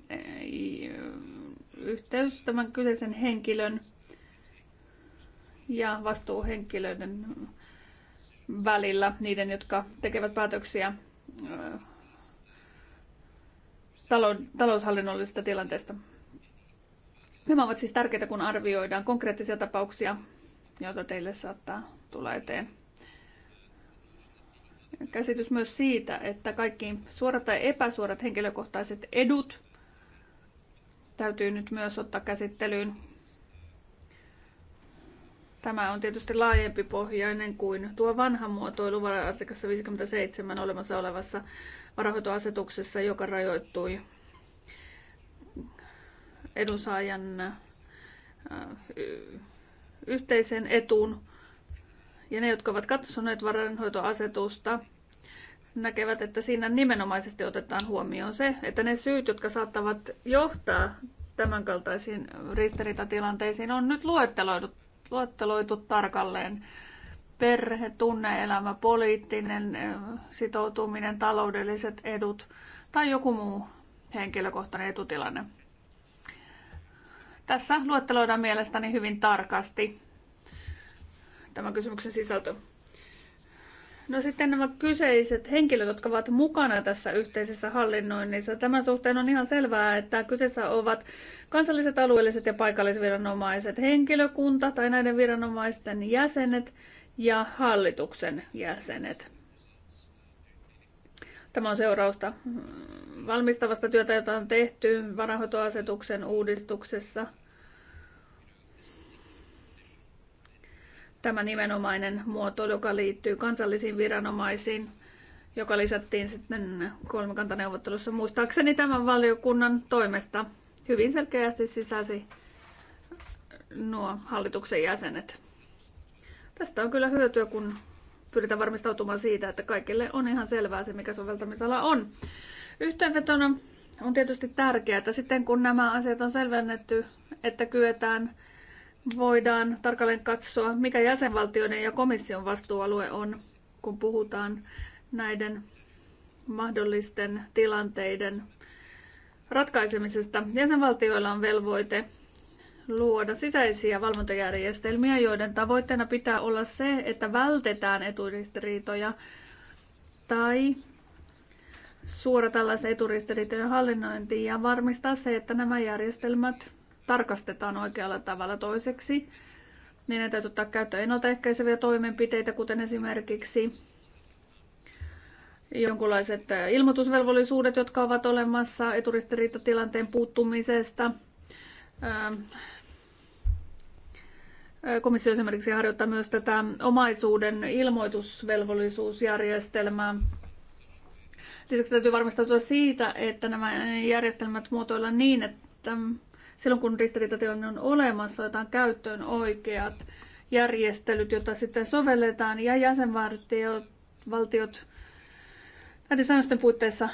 eh, yhteys tämän kyseisen henkilön ja vastuuhenkilöiden välillä, niiden, jotka tekevät päätöksiä eh, taloushallinnollisesta tilanteesta. Nämä ovat siis tärkeitä, kun arvioidaan konkreettisia tapauksia joita teille saattaa tulla eteen. Käsitys myös siitä, että kaikki suorat tai epäsuorat henkilökohtaiset edut täytyy nyt myös ottaa käsittelyyn. Tämä on tietysti laajempi pohjainen kuin tuo vanha muotoilu artikassa 57 olemassa olevassa varahoitoasetuksessa, joka rajoittui edunsaajan äh, yhteisen etun. Ja ne, jotka ovat katsoneet varainhoitoasetusta, näkevät, että siinä nimenomaisesti otetaan huomioon se, että ne syyt, jotka saattavat johtaa tämänkaltaisiin ristiriitatilanteisiin, on nyt luetteloitu, luetteloitu tarkalleen. Perhe, tunneelämä, poliittinen sitoutuminen, taloudelliset edut tai joku muu henkilökohtainen etutilanne. Tässä luetteloidaan mielestäni hyvin tarkasti tämän kysymyksen sisältö. No sitten nämä kyseiset henkilöt, jotka ovat mukana tässä yhteisessä hallinnoinnissa. Tämän suhteen on ihan selvää, että kyseessä ovat kansalliset, alueelliset ja paikallisviranomaiset, henkilökunta tai näiden viranomaisten jäsenet ja hallituksen jäsenet. Tämä on seurausta valmistavasta työtä, jota on tehty varahoitoasetuksen uudistuksessa. Tämä nimenomainen muoto joka liittyy kansallisiin viranomaisiin, joka lisättiin sitten kolmikantaneuvottelussa muistaakseni tämän valiokunnan toimesta. Hyvin selkeästi sisäsi nuo hallituksen jäsenet. Tästä on kyllä hyötyä, kun pyritään varmistautumaan siitä, että kaikille on ihan selvää se, mikä soveltamisala on. Yhteenvetona on tietysti tärkeää, että sitten kun nämä asiat on selvennetty, että kyetään voidaan tarkalleen katsoa, mikä jäsenvaltioiden ja komission vastuualue on, kun puhutaan näiden mahdollisten tilanteiden ratkaisemisesta. Jäsenvaltioilla on velvoite luoda sisäisiä valvontajärjestelmiä, joiden tavoitteena pitää olla se, että vältetään eturistiriitoja tai suora tällaisten eturistiriitojen hallinnointi ja varmistaa se, että nämä järjestelmät tarkastetaan oikealla tavalla toiseksi. Meidän täytyy ottaa käyttöön ennaltaehkäiseviä toimenpiteitä, kuten esimerkiksi jonkinlaiset ilmoitusvelvollisuudet, jotka ovat olemassa eturistiriitatilanteen puuttumisesta, Komissio esimerkiksi harjoittaa myös tätä omaisuuden ilmoitusvelvollisuusjärjestelmää. Lisäksi täytyy varmistautua siitä, että nämä järjestelmät muotoillaan niin, että silloin kun ristiriitatilanne on olemassa, otetaan käyttöön oikeat järjestelyt, joita sitten sovelletaan ja jäsenvaltiot valtiot, näiden säännösten puitteissa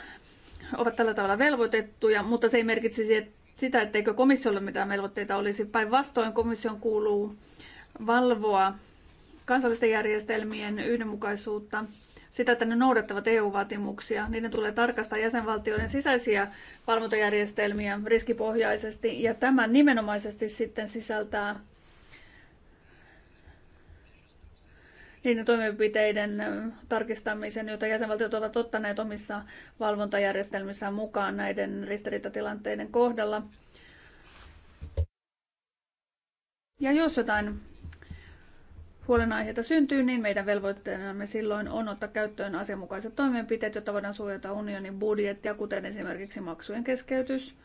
ovat tällä tavalla velvoitettuja, mutta se ei merkitsisi, että sitä, etteikö komissiolle mitään velvoitteita olisi. Päinvastoin komission kuuluu valvoa kansallisten järjestelmien yhdenmukaisuutta, sitä, että ne noudattavat EU-vaatimuksia. Niiden tulee tarkastaa jäsenvaltioiden sisäisiä valvontajärjestelmiä riskipohjaisesti, ja tämä nimenomaisesti sitten sisältää niiden toimenpiteiden tarkistamisen, joita jäsenvaltiot ovat ottaneet omissa valvontajärjestelmissään mukaan näiden ristiriitatilanteiden kohdalla. Ja jos jotain huolenaiheita syntyy, niin meidän velvoitteenamme silloin on ottaa käyttöön asianmukaiset toimenpiteet, jotta voidaan suojata unionin budjettia, kuten esimerkiksi maksujen keskeytys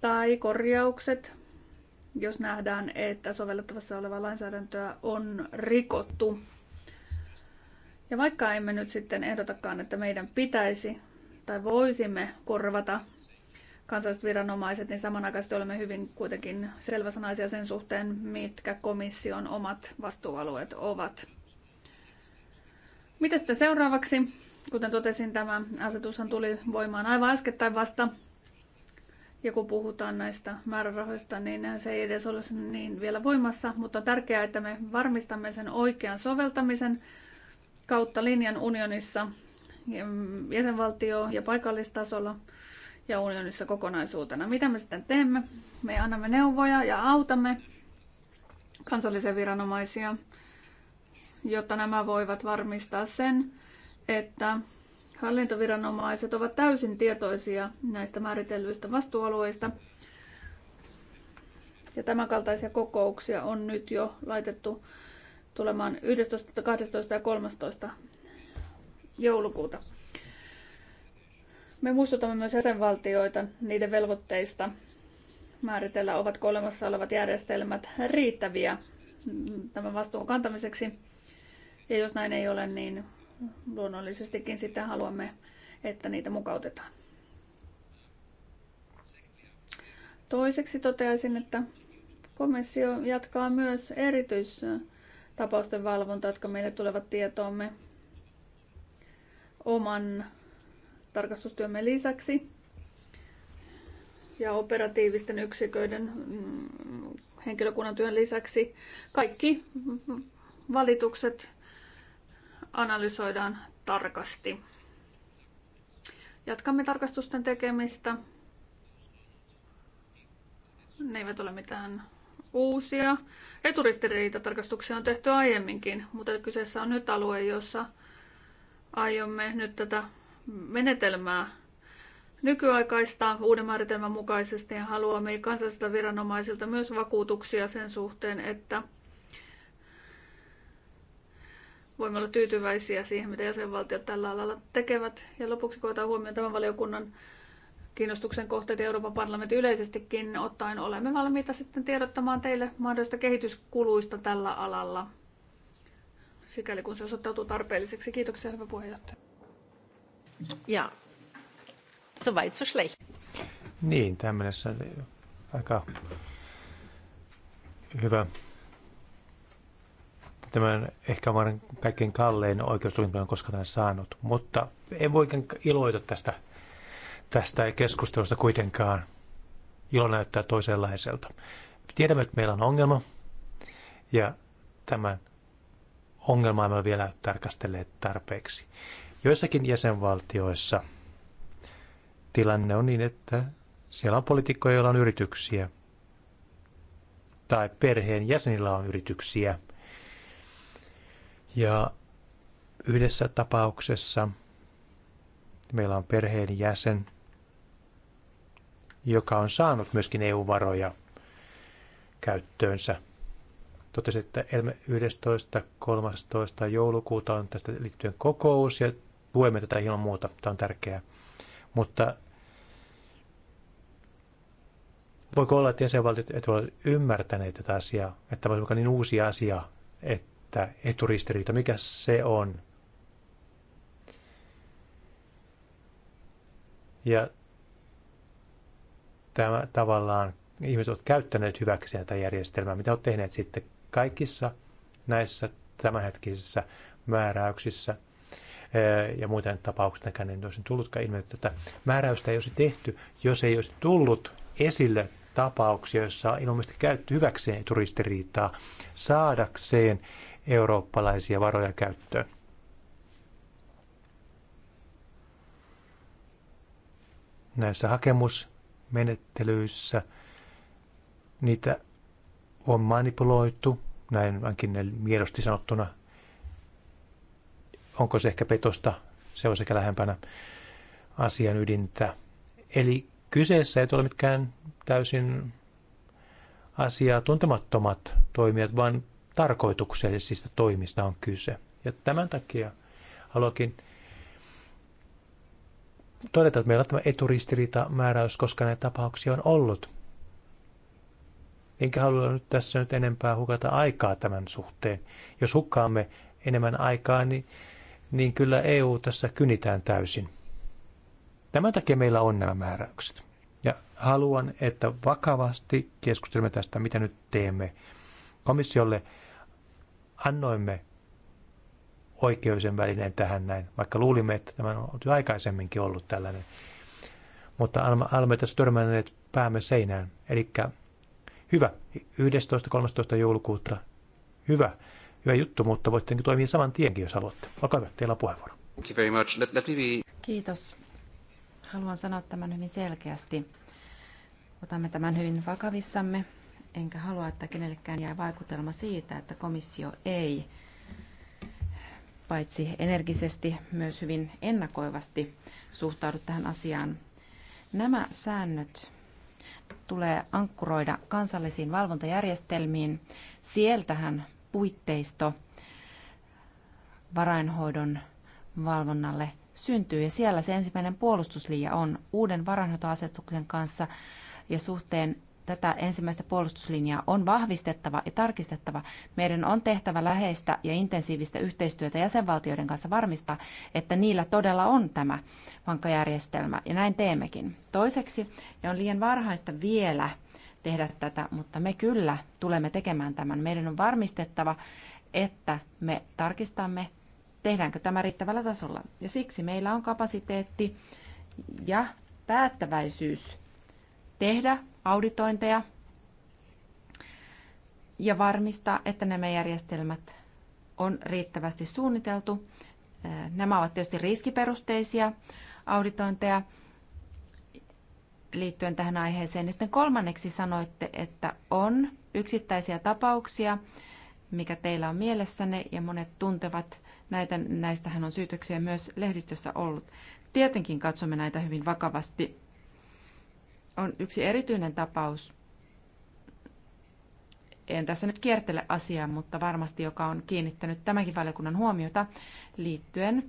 tai korjaukset, jos nähdään, että sovellettavassa olevaa lainsäädäntöä on rikottu. Ja vaikka emme nyt sitten ehdotakaan, että meidän pitäisi tai voisimme korvata kansalliset viranomaiset, niin samanaikaisesti olemme hyvin kuitenkin selväsanaisia sen suhteen, mitkä komission omat vastuualueet ovat. Mitä sitten seuraavaksi? Kuten totesin, tämä asetushan tuli voimaan aivan äskettäin vasta. Ja kun puhutaan näistä määrärahoista, niin se ei edes ole niin vielä voimassa, mutta on tärkeää, että me varmistamme sen oikean soveltamisen kautta linjan unionissa, jäsenvaltio- ja paikallistasolla ja unionissa kokonaisuutena. Mitä me sitten teemme? Me annamme neuvoja ja autamme kansallisia viranomaisia, jotta nämä voivat varmistaa sen, että hallintoviranomaiset ovat täysin tietoisia näistä määritellyistä vastuualueista. Ja tämänkaltaisia kokouksia on nyt jo laitettu tulemaan 11, 12 ja 13 joulukuuta. Me muistutamme myös jäsenvaltioita niiden velvoitteista määritellä, ovatko olemassa olevat järjestelmät riittäviä tämän vastuun kantamiseksi. Ja jos näin ei ole, niin luonnollisestikin sitten haluamme, että niitä mukautetaan. Toiseksi toteaisin, että komissio jatkaa myös erityis- tapausten valvonta, jotka meille tulevat tietoomme oman tarkastustyömme lisäksi ja operatiivisten yksiköiden mm, henkilökunnan työn lisäksi kaikki valitukset analysoidaan tarkasti. Jatkamme tarkastusten tekemistä. Ne eivät ole mitään uusia eturistiriitatarkastuksia on tehty aiemminkin, mutta kyseessä on nyt alue, jossa aiomme nyt tätä menetelmää nykyaikaista uuden määritelmän mukaisesti ja haluamme kansallisilta viranomaisilta myös vakuutuksia sen suhteen, että voimme olla tyytyväisiä siihen, mitä jäsenvaltiot tällä alalla tekevät. Ja lopuksi koetaan huomioon tämän valiokunnan kiinnostuksen kohteet Euroopan parlamentti yleisestikin ottaen olemme valmiita sitten tiedottamaan teille mahdollista kehityskuluista tällä alalla, sikäli kun se osoittautuu tarpeelliseksi. Kiitoksia, hyvä puheenjohtaja. Ja so weit so schlecht. Niin, tämmöisessä mennessä aika hyvä. on ehkä maailman kaikkein kallein oikeustulkinta on koskaan saanut, mutta en voi iloita tästä Tästä ei keskustelusta kuitenkaan ilo näyttää toisenlaiselta. Tiedämme, että meillä on ongelma ja tämän ongelmaa emme vielä tarkastelleet tarpeeksi. Joissakin jäsenvaltioissa tilanne on niin, että siellä on poliitikkoja, joilla on yrityksiä tai perheen jäsenillä on yrityksiä. Ja yhdessä tapauksessa meillä on perheen jäsen, joka on saanut myöskin EU-varoja käyttöönsä. Totesi, että 11.13. joulukuuta on tästä liittyen kokous ja tuemme tätä ilman muuta. Tämä on tärkeää. Mutta voiko olla, että jäsenvaltiot eivät ole ymmärtäneet tätä asiaa, että tämä on niin uusi asia, että eturistiriita, mikä se on? Ja tämä, tavallaan ihmiset ovat käyttäneet hyväksi tätä järjestelmää, mitä olet tehneet sitten kaikissa näissä tämänhetkisissä määräyksissä eh, ja muuten näkään, niin olisi tullutkaan ilmi, että tätä määräystä ei olisi tehty, jos ei olisi tullut esille tapauksia, joissa on ilmeisesti käytetty hyväkseen turistiriitaa saadakseen eurooppalaisia varoja käyttöön. Näissä hakemus- menettelyissä. Niitä on manipuloitu, näin ainakin miedosti sanottuna. Onko se ehkä petosta? Se on sekä lähempänä asian ydintä. Eli kyseessä ei ole mitkään täysin asiaa tuntemattomat toimijat, vaan tarkoituksellisista toimista on kyse. Ja tämän takia haluankin todeta, että meillä on tämä määräys, koska näitä tapauksia on ollut. Enkä halua nyt tässä nyt enempää hukata aikaa tämän suhteen. Jos hukkaamme enemmän aikaa, niin, niin kyllä EU tässä kynitään täysin. Tämän takia meillä on nämä määräykset. Ja haluan, että vakavasti keskustelemme tästä, mitä nyt teemme. Komissiolle annoimme oikeuden välineen tähän näin, vaikka luulimme, että tämä on jo aikaisemminkin ollut tällainen. Mutta olemme tässä törmänneet päämme seinään. Eli hyvä, 11.13. joulukuuta, hyvä, hyvä juttu, mutta voitte niin toimia saman tienkin, jos haluatte. Olkaa hyvä, teillä on puheenvuoro. Thank you very much. Let, let me be... Kiitos. Haluan sanoa tämän hyvin selkeästi. Otamme tämän hyvin vakavissamme, enkä halua, että kenellekään jää vaikutelma siitä, että komissio ei paitsi energisesti myös hyvin ennakoivasti suhtaudu tähän asiaan. Nämä säännöt tulee ankkuroida kansallisiin valvontajärjestelmiin. Sieltähän puitteisto varainhoidon valvonnalle syntyy ja siellä se ensimmäinen puolustusliia on uuden varainhoitoasetuksen kanssa ja suhteen tätä ensimmäistä puolustuslinjaa on vahvistettava ja tarkistettava. Meidän on tehtävä läheistä ja intensiivistä yhteistyötä jäsenvaltioiden kanssa varmistaa, että niillä todella on tämä vankka järjestelmä, ja näin teemmekin. Toiseksi, ja on liian varhaista vielä tehdä tätä, mutta me kyllä tulemme tekemään tämän. Meidän on varmistettava, että me tarkistamme, tehdäänkö tämä riittävällä tasolla. Ja siksi meillä on kapasiteetti ja päättäväisyys tehdä auditointeja ja varmistaa, että nämä järjestelmät on riittävästi suunniteltu. Äh, nämä ovat tietysti riskiperusteisia auditointeja liittyen tähän aiheeseen. Ja niin sitten kolmanneksi sanoitte, että on yksittäisiä tapauksia, mikä teillä on mielessänne ja monet tuntevat näitä. Näistähän on syytöksiä myös lehdistössä ollut. Tietenkin katsomme näitä hyvin vakavasti on yksi erityinen tapaus. En tässä nyt kiertele asiaa, mutta varmasti joka on kiinnittänyt tämänkin valiokunnan huomiota liittyen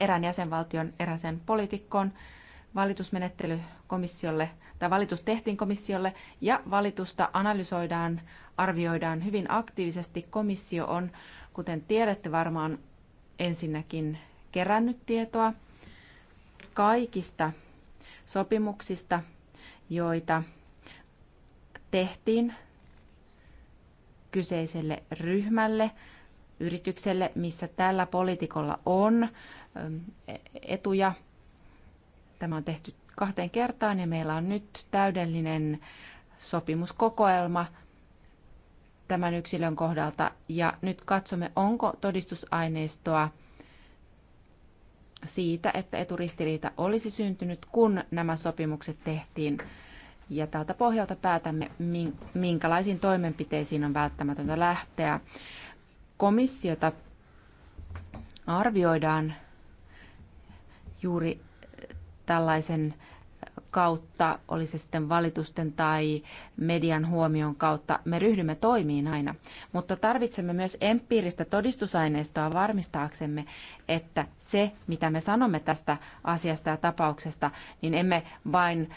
erään jäsenvaltion eräseen poliitikkoon. Valitusmenettely komissiolle tai valitus tehtiin komissiolle ja valitusta analysoidaan, arvioidaan hyvin aktiivisesti. Komissio on, kuten tiedätte varmaan, ensinnäkin kerännyt tietoa kaikista sopimuksista, joita tehtiin kyseiselle ryhmälle, yritykselle, missä tällä poliitikolla on ähm, etuja. Tämä on tehty kahteen kertaan ja meillä on nyt täydellinen sopimuskokoelma tämän yksilön kohdalta ja nyt katsomme, onko todistusaineistoa siitä, että eturistiriita olisi syntynyt, kun nämä sopimukset tehtiin. Ja tältä pohjalta päätämme, minkälaisiin toimenpiteisiin on välttämätöntä lähteä. Komissiota arvioidaan juuri tällaisen kautta, oli se sitten valitusten tai median huomion kautta, me ryhdymme toimiin aina. Mutta tarvitsemme myös empiiristä todistusaineistoa varmistaaksemme, että se, mitä me sanomme tästä asiasta ja tapauksesta, niin emme vain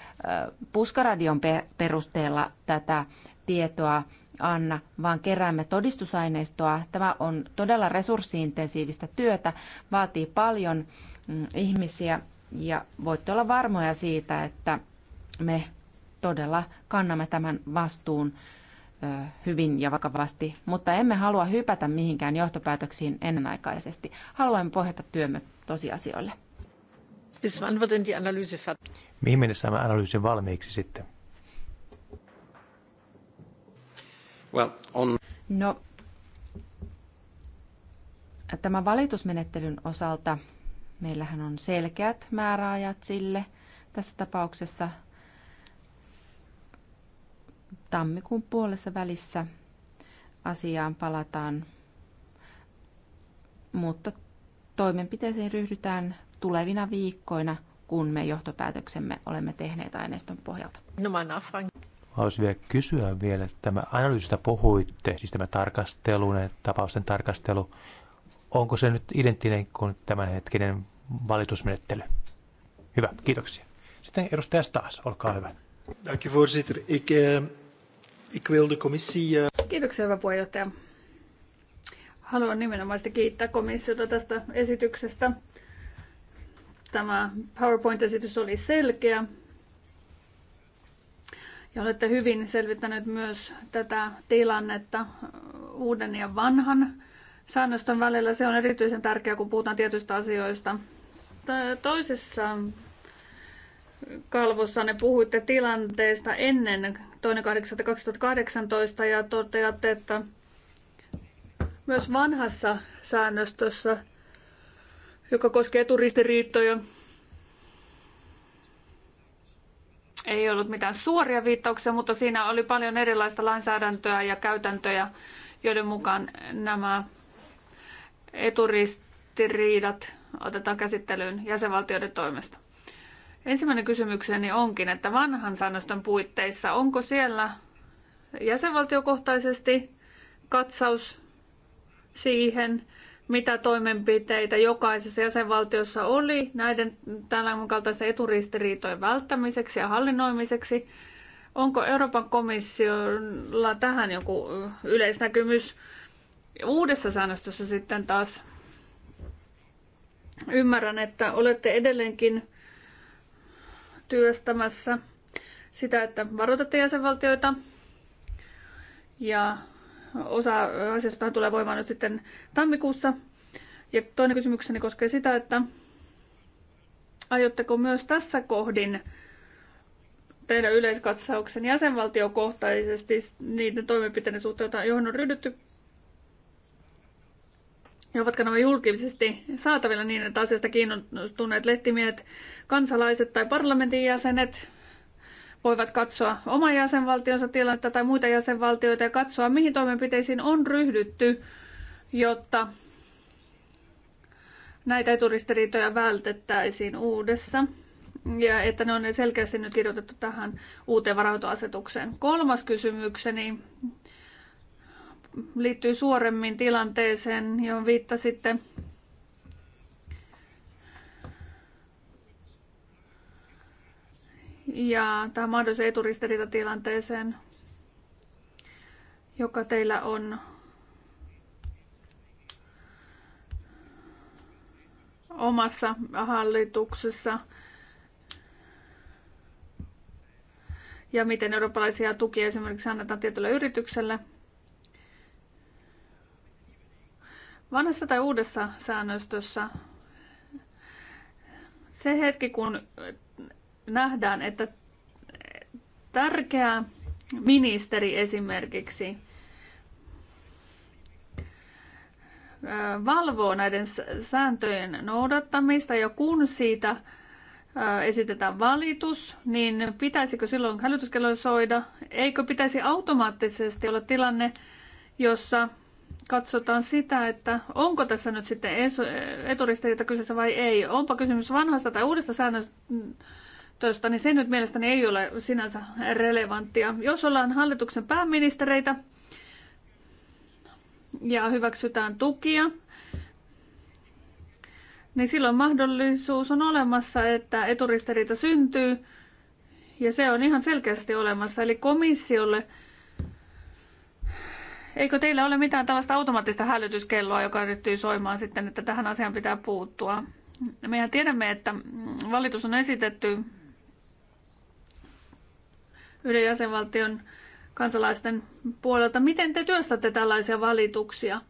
puskaradion perusteella tätä tietoa anna, vaan keräämme todistusaineistoa. Tämä on todella resurssiintensiivistä työtä, vaatii paljon mm, ihmisiä ja voitte olla varmoja siitä, että me todella kannamme tämän vastuun hyvin ja vakavasti, mutta emme halua hypätä mihinkään johtopäätöksiin ennenaikaisesti. Haluamme pohjata työmme tosiasioille. Bis wann wird denn die Analyse Mihin mennessä saamme analyysin valmiiksi sitten? Well, on... No, tämän valitusmenettelyn osalta Meillähän on selkeät määräajat sille. Tässä tapauksessa tammikuun puolessa välissä asiaan palataan, mutta toimenpiteisiin ryhdytään tulevina viikkoina, kun me johtopäätöksemme olemme tehneet aineiston pohjalta. No, mä haluaisin vielä kysyä vielä, että tämä analyysistä puhuitte, siis tämä tarkastelu, eh, tapausten tarkastelu, onko se nyt identtinen kuin tämänhetkinen valitusmenettely? Hyvä, kiitoksia. Sitten edustaja Staas, olkaa hyvä. Dank u voorzitter. Ik, uh, ik wil de commissie... Uh... Kiitoksia, hyvä puheenjohtaja. Haluan nimenomaan kiittää komissiota tästä esityksestä. Tämä PowerPoint-esitys oli selkeä. Ja olette hyvin selvittäneet myös tätä tilannetta uuden ja vanhan säännöstön välillä. Se on erityisen tärkeää, kun puhutaan tietyistä asioista. Toisessa kalvossa ne puhuitte tilanteesta ennen 2.8.2018 ja toteatte, että myös vanhassa säännöstössä, joka koskee turistiriittoja, ei ollut mitään suoria viittauksia, mutta siinä oli paljon erilaista lainsäädäntöä ja käytäntöjä, joiden mukaan nämä eturistiriidat otetaan käsittelyyn jäsenvaltioiden toimesta. Ensimmäinen kysymykseni onkin, että vanhan säännöstön puitteissa, onko siellä jäsenvaltiokohtaisesti katsaus siihen, mitä toimenpiteitä jokaisessa jäsenvaltiossa oli näiden kaltaisen eturistiriitojen välttämiseksi ja hallinnoimiseksi. Onko Euroopan komissiolla tähän joku yleisnäkymys? uudessa säännöstössä sitten taas ymmärrän, että olette edelleenkin työstämässä sitä, että varoitatte jäsenvaltioita. Ja osa asiasta tulee voimaan nyt sitten tammikuussa. Ja toinen kysymykseni koskee sitä, että aiotteko myös tässä kohdin tehdä yleiskatsauksen jäsenvaltiokohtaisesti niiden toimenpiteiden suhteen, johon on ryhdytty ja ovatko nämä julkisesti saatavilla niin, että asiasta kiinnostuneet lehtimiehet, kansalaiset tai parlamentin jäsenet voivat katsoa oman jäsenvaltionsa tilannetta tai muita jäsenvaltioita ja katsoa, mihin toimenpiteisiin on ryhdytty, jotta näitä eturistiriitoja vältettäisiin uudessa. Ja että ne on selkeästi nyt kirjoitettu tähän uuteen varautoasetukseen. Kolmas kysymykseni liittyy suoremmin tilanteeseen, johon viittasitte. Ja tähän mahdolliseen eturistiriitatilanteeseen, joka teillä on omassa hallituksessa ja miten eurooppalaisia tukia esimerkiksi annetaan tietylle yritykselle – Vanhassa tai uudessa säännöstössä se hetki, kun nähdään, että tärkeä ministeri esimerkiksi valvoo näiden sääntöjen noudattamista ja kun siitä esitetään valitus, niin pitäisikö silloin hälytyskello soida? Eikö pitäisi automaattisesti olla tilanne, jossa katsotaan sitä, että onko tässä nyt sitten eturistiriita kyseessä vai ei. Onpa kysymys vanhasta tai uudesta säännöstöstä, niin se nyt mielestäni ei ole sinänsä relevanttia. Jos ollaan hallituksen pääministereitä ja hyväksytään tukia, niin silloin mahdollisuus on olemassa, että eturistiriita syntyy, ja se on ihan selkeästi olemassa. Eli komissiolle eikö teillä ole mitään tällaista automaattista hälytyskelloa, joka ryhtyy soimaan sitten, että tähän asiaan pitää puuttua? Mehän tiedämme, että valitus on esitetty yhden jäsenvaltion kansalaisten puolelta. Miten te työstätte tällaisia valituksia?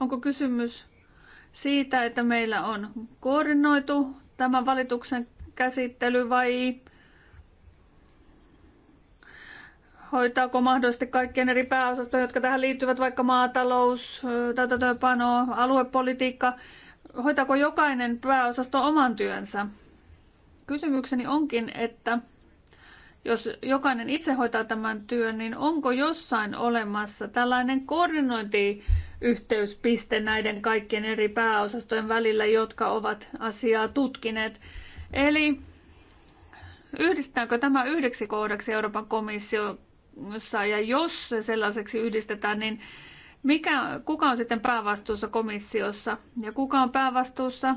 Onko kysymys siitä, että meillä on koordinoitu tämän valituksen käsittely vai hoitaako mahdollisesti kaikkien eri pääosastojen, jotka tähän liittyvät, vaikka maatalous, täytäntöönpano, aluepolitiikka, hoitaako jokainen pääosasto oman työnsä? Kysymykseni onkin, että jos jokainen itse hoitaa tämän työn, niin onko jossain olemassa tällainen koordinointiyhteyspiste näiden kaikkien eri pääosastojen välillä, jotka ovat asiaa tutkineet? Eli yhdistetäänkö tämä yhdeksi kohdaksi Euroopan komission ja jos se sellaiseksi yhdistetään, niin mikä, kuka on sitten päävastuussa komissiossa ja kuka on päävastuussa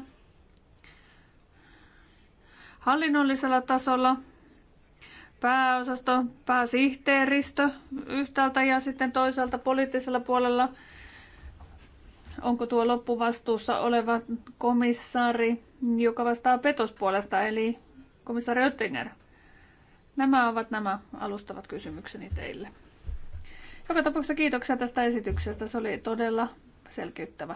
hallinnollisella tasolla, pääosasto, pääsihteeristö yhtäältä ja sitten toisaalta poliittisella puolella, onko tuo loppuvastuussa oleva komissaari, joka vastaa petospuolesta, eli komissaari Oettinger. Nämä ovat nämä alustavat kysymykseni teille. Joka tapauksessa kiitoksia tästä esityksestä. Se oli todella selkeyttävä.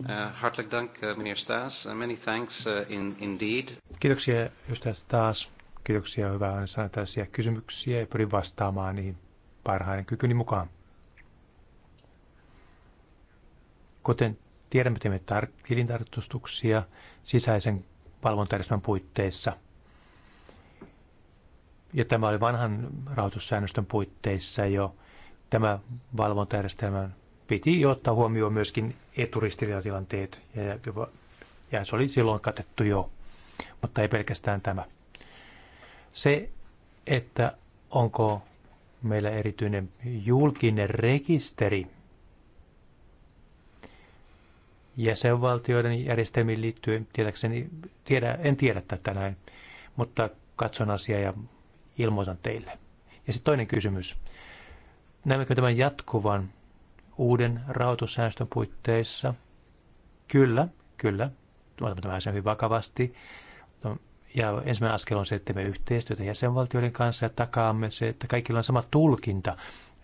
Uh, hartelijk dank, uh, meneer Staes. Uh, many thanks uh, in, indeed. Kiitoksia, ystävät Staes. Kiitoksia, hyvää on kysymyksiä ja pyrin vastaamaan niihin parhaiden kykyni mukaan. Kuten tiedämme, teemme tar- tilintarkastuksia sisäisen valvontajärjestelmän puitteissa – ja tämä oli vanhan rahoitussäännöstön puitteissa jo, tämä valvontajärjestelmä piti ottaa huomioon myöskin eturistiriitatilanteet, ja, ja, ja se oli silloin katettu jo, mutta ei pelkästään tämä. Se, että onko meillä erityinen julkinen rekisteri jäsenvaltioiden järjestelmiin liittyen, tiedä, en tiedä tätä näin, mutta katson asiaa ja ilmoitan teille. Ja sitten toinen kysymys. Näemmekö tämän jatkuvan uuden rahoitussäästön puitteissa? Kyllä, kyllä. Otamme tämän asian hyvin vakavasti. Ja ensimmäinen askel on se, että me yhteistyötä jäsenvaltioiden kanssa ja takaamme se, että kaikilla on sama tulkinta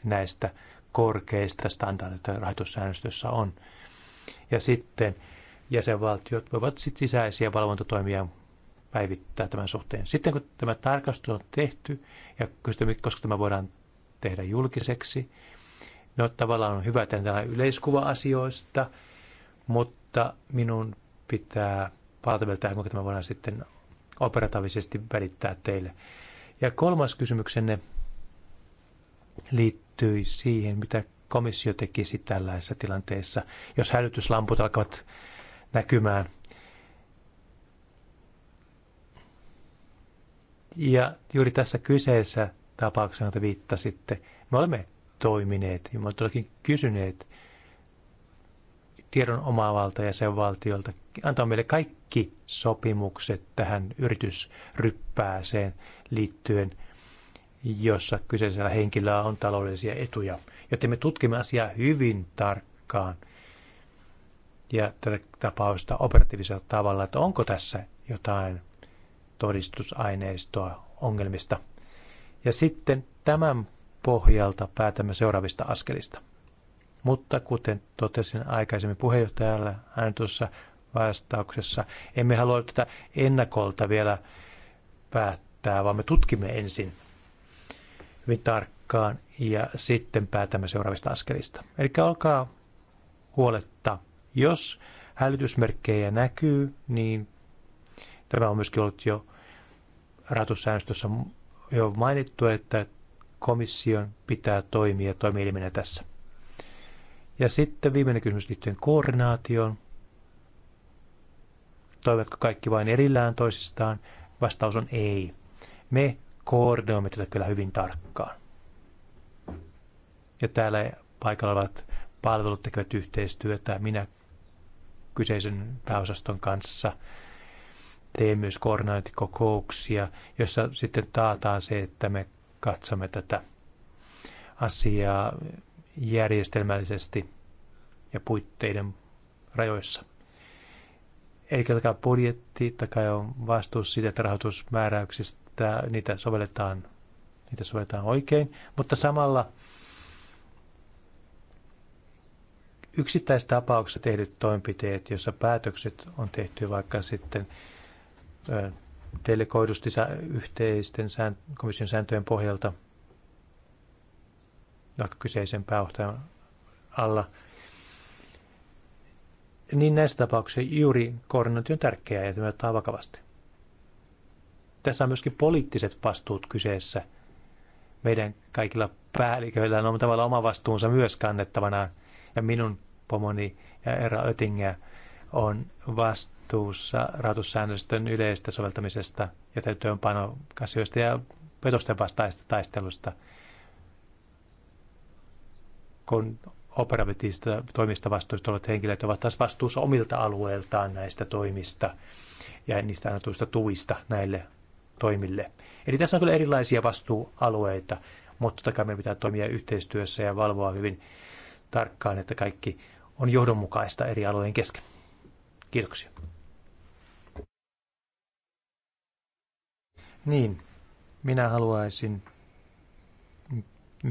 näistä korkeista standardeista rahoitussäännöstössä on. Ja sitten jäsenvaltiot voivat sitten sisäisiä valvontatoimia päivittää tämän suhteen. Sitten kun tämä tarkastus on tehty, ja koska tämä voidaan tehdä julkiseksi, no tavallaan on hyvä tehdä yleiskuva asioista, mutta minun pitää palata vielä tähän, kuinka tämä voidaan sitten operatiivisesti välittää teille. Ja kolmas kysymyksenne liittyy siihen, mitä komissio tekisi tällaisessa tilanteessa, jos hälytyslamput alkavat näkymään – Ja juuri tässä kyseessä tapauksessa, jota viittasitte, me olemme toimineet ja me olemme todellakin kysyneet tiedon omaavalta ja sen valtiolta antaa meille kaikki sopimukset tähän yritysryppääseen liittyen, jossa kyseisellä henkilöllä on taloudellisia etuja. Joten me tutkimme asiaa hyvin tarkkaan ja tätä tapausta operatiivisella tavalla, että onko tässä jotain todistusaineistoa ongelmista. Ja sitten tämän pohjalta päätämme seuraavista askelista. Mutta kuten totesin aikaisemmin puheenjohtajalle annetussa vastauksessa, emme halua tätä ennakolta vielä päättää, vaan me tutkimme ensin hyvin tarkkaan ja sitten päätämme seuraavista askelista. Eli olkaa huoletta. Jos hälytysmerkkejä näkyy, niin Tämä on myöskin ollut jo ratussäännöstössä jo mainittu, että komission pitää toimia toimielimenä tässä. Ja sitten viimeinen kysymys liittyen koordinaatioon. Toivatko kaikki vain erillään toisistaan? Vastaus on ei. Me koordinoimme tätä kyllä hyvin tarkkaan. Ja täällä paikalla olevat palvelut tekevät yhteistyötä minä kyseisen pääosaston kanssa – tee myös koordinaatikokouksia, jossa sitten taataan se, että me katsomme tätä asiaa järjestelmällisesti ja puitteiden rajoissa. Eli takaa budjetti, takaa on vastuus siitä, että rahoitusmääräyksistä niitä sovelletaan, niitä sovelletaan oikein, mutta samalla yksittäistapauksessa tehdyt toimenpiteet, joissa päätökset on tehty vaikka sitten delegoidusti yhteisten komission sääntöjen pohjalta, vaikka kyseisen pääohtajan alla. Niin näissä tapauksissa juuri koordinointi on tärkeää ja tämä ottaa vakavasti. Tässä on myöskin poliittiset vastuut kyseessä. Meidän kaikilla päälliköillä on tavallaan oma vastuunsa myös kannettavana ja minun pomoni ja Erra Oettinger – on vastuussa rahoitussäännöstön yleisestä soveltamisesta ja täytöönpanoasioista ja petosten vastaista taistelusta, kun operatiivista toimista vastuusta olevat henkilöt ovat taas vastuussa omilta alueiltaan näistä toimista ja niistä annetuista tuista näille toimille. Eli tässä on kyllä erilaisia vastuualueita, mutta totta kai meidän pitää toimia yhteistyössä ja valvoa hyvin tarkkaan, että kaikki on johdonmukaista eri alueen kesken. Kiitoksia. Niin, minä haluaisin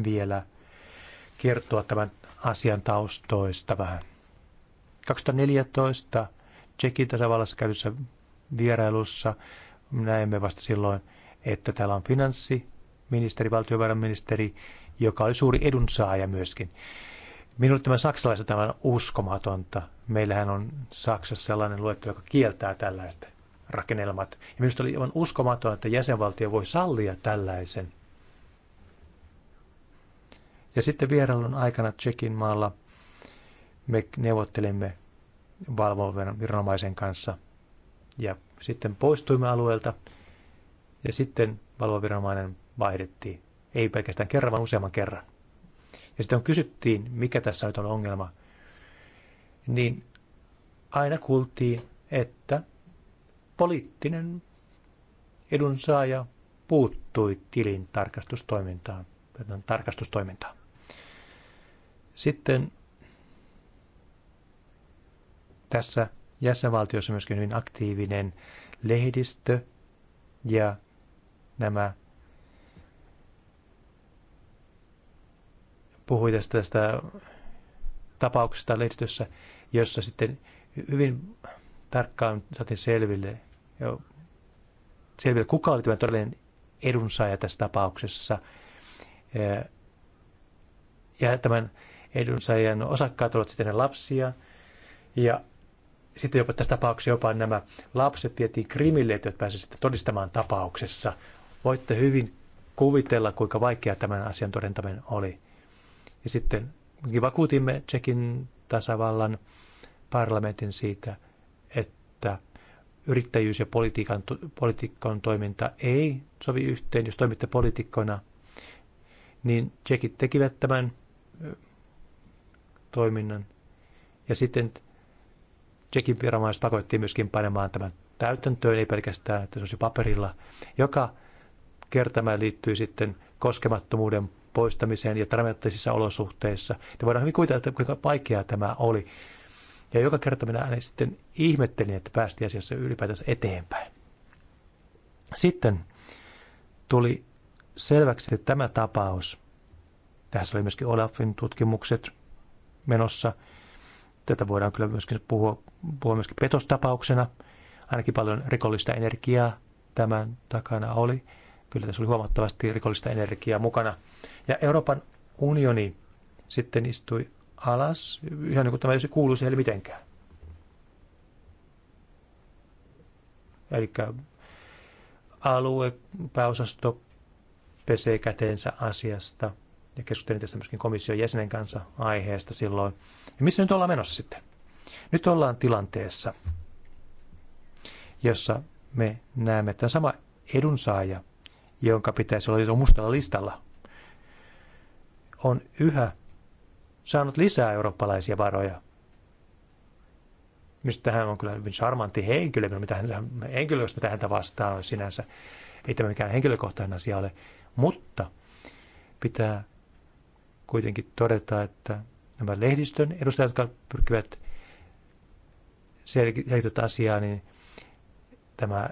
vielä kertoa tämän asian taustoista vähän. 2014 Tsekin tasavallassa käydyssä vierailussa näemme vasta silloin, että täällä on finanssiministeri, valtiovarainministeri, joka oli suuri edunsaaja myöskin. Minulle tämä saksalaiset on uskomatonta. Meillähän on Saksassa sellainen luettelo, joka kieltää tällaiset rakennelmat. Ja minusta oli aivan uskomaton, että jäsenvaltio voi sallia tällaisen. Ja sitten vierailun aikana Tsekin maalla me neuvottelimme valvovan viranomaisen kanssa. Ja sitten poistuimme alueelta ja sitten valvoviranomainen vaihdettiin. Ei pelkästään kerran, vaan useamman kerran ja sitten on kysyttiin, mikä tässä nyt on ongelma, niin aina kuultiin, että poliittinen edunsaaja puuttui tilin tarkastustoimintaan. tarkastustoimintaan. Sitten tässä jäsenvaltiossa myöskin hyvin aktiivinen lehdistö ja nämä puhui tästä, tästä tapauksesta lehdistössä, jossa sitten hyvin tarkkaan saatiin selville, jo, selville kuka oli tämä todellinen edunsaaja tässä tapauksessa. Ja, tämän edunsaajan osakkaat olivat sitten lapsia. Ja sitten jopa tässä tapauksessa jopa nämä lapset vietiin krimille, että pääsivät sitten todistamaan tapauksessa. Voitte hyvin kuvitella, kuinka vaikea tämän asian todentaminen oli. Ja sitten vakuutimme Tsekin tasavallan parlamentin siitä, että yrittäjyys ja politiikan, politiikan toiminta ei sovi yhteen, jos toimitte poliitikkona, niin tsekit tekivät tämän toiminnan. Ja sitten tsekin viranomaiset pakottiin myöskin panemaan tämän täytäntöön, ei pelkästään, että se olisi paperilla. Joka kerta liittyy sitten koskemattomuuden poistamiseen ja dramaattisissa olosuhteissa. Te voidaan hyvin kuvitella, että kuinka vaikeaa tämä oli. Ja joka kerta minä aina sitten ihmettelin, että päästiin asiassa ylipäätänsä eteenpäin. Sitten tuli selväksi, että tämä tapaus, tässä oli myöskin Olafin tutkimukset menossa, tätä voidaan kyllä myöskin puhua, puhua myöskin petostapauksena, ainakin paljon rikollista energiaa tämän takana oli. Kyllä tässä oli huomattavasti rikollista energiaa mukana. Ja Euroopan unioni sitten istui alas, ihan niin kuin tämä ei kuulu siellä mitenkään. Eli alue, pääosasto pesee käteensä asiasta ja keskustelin tästä myöskin komission jäsenen kanssa aiheesta silloin. Ja missä nyt ollaan menossa sitten? Nyt ollaan tilanteessa, jossa me näemme, että sama edunsaaja jonka pitäisi olla jo mustalla listalla, on yhä saanut lisää eurooppalaisia varoja. Mistä hän on kyllä hyvin charmantti henkilö, mitä hän, henkilöstä mitä häntä vastaan on sinänsä. Ei tämä mikään henkilökohtainen asia ole, mutta pitää kuitenkin todeta, että nämä lehdistön edustajat, jotka pyrkivät selittämään asiaa, niin tämä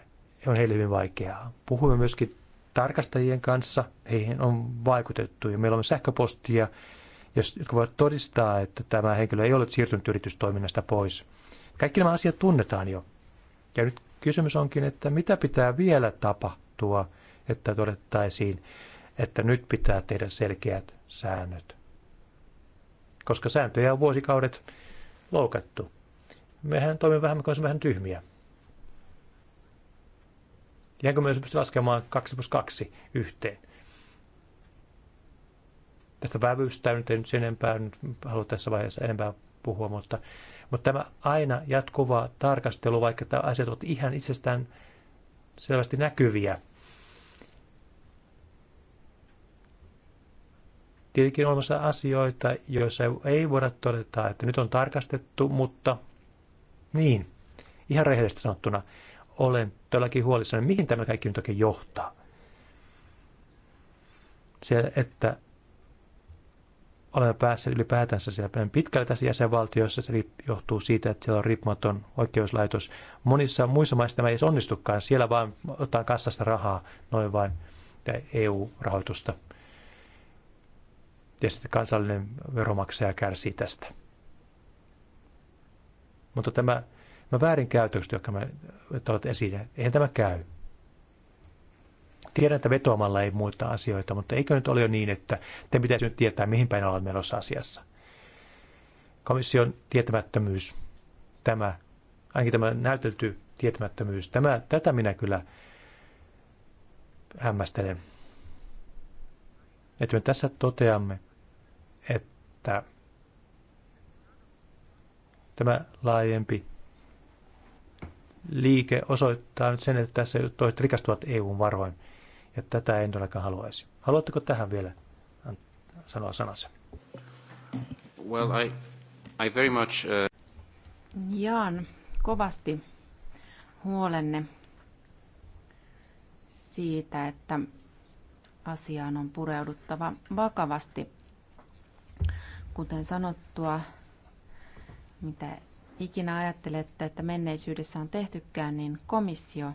on heille hyvin vaikeaa. Puhuimme myöskin tarkastajien kanssa, heihin on vaikutettu ja meillä on sähköpostia, jotka voivat todistaa, että tämä henkilö ei ole siirtynyt yritystoiminnasta pois. Kaikki nämä asiat tunnetaan jo. Ja nyt kysymys onkin, että mitä pitää vielä tapahtua, että todettaisiin, että nyt pitää tehdä selkeät säännöt. Koska sääntöjä on vuosikaudet loukattu. Mehän toimimme vähän, koska vähän tyhmiä. Jäänkö myös pysty laskemaan 2 plus 2 yhteen? Tästä vävystä nyt ei nyt sen enempää nyt halua tässä vaiheessa enempää puhua, mutta, mutta tämä aina jatkuva tarkastelu, vaikka tämä asiat ovat ihan itsestään selvästi näkyviä. Tietenkin on olemassa asioita, joissa ei voida todeta, että nyt on tarkastettu, mutta niin, ihan rehellisesti sanottuna, olen todellakin huolissani, mihin tämä kaikki nyt oikein johtaa. Se, että olemme päässeet ylipäätänsä siellä pitkälle tässä jäsenvaltiossa. Se johtuu siitä, että siellä on riippumaton oikeuslaitos. Monissa muissa maissa tämä ei edes onnistukaan. Siellä vaan ottaa kassasta rahaa, noin vain EU-rahoitusta. Ja sitten kansallinen veromaksaja kärsii tästä. Mutta tämä Mä väärinkäytökset, jotka mä tuot esille, eihän tämä käy. Tiedän, että vetoamalla ei muuta asioita, mutta eikö nyt ole jo niin, että te pitäisi nyt tietää, mihin päin ollaan menossa asiassa. Komission tietämättömyys, tämä, ainakin tämä näytelty tietämättömyys, tämä, tätä minä kyllä hämmästelen. Että me tässä toteamme, että tämä laajempi liike osoittaa nyt sen, että tässä toiset rikastuvat EUn varoin. Ja tätä en todellakaan haluaisi. Haluatteko tähän vielä sanoa sanansa? Well, I, I very much... Uh... Jaan kovasti huolenne siitä, että asiaan on pureuduttava vakavasti. Kuten sanottua, mitä ikinä ajattelette, että menneisyydessä on tehtykään, niin komissio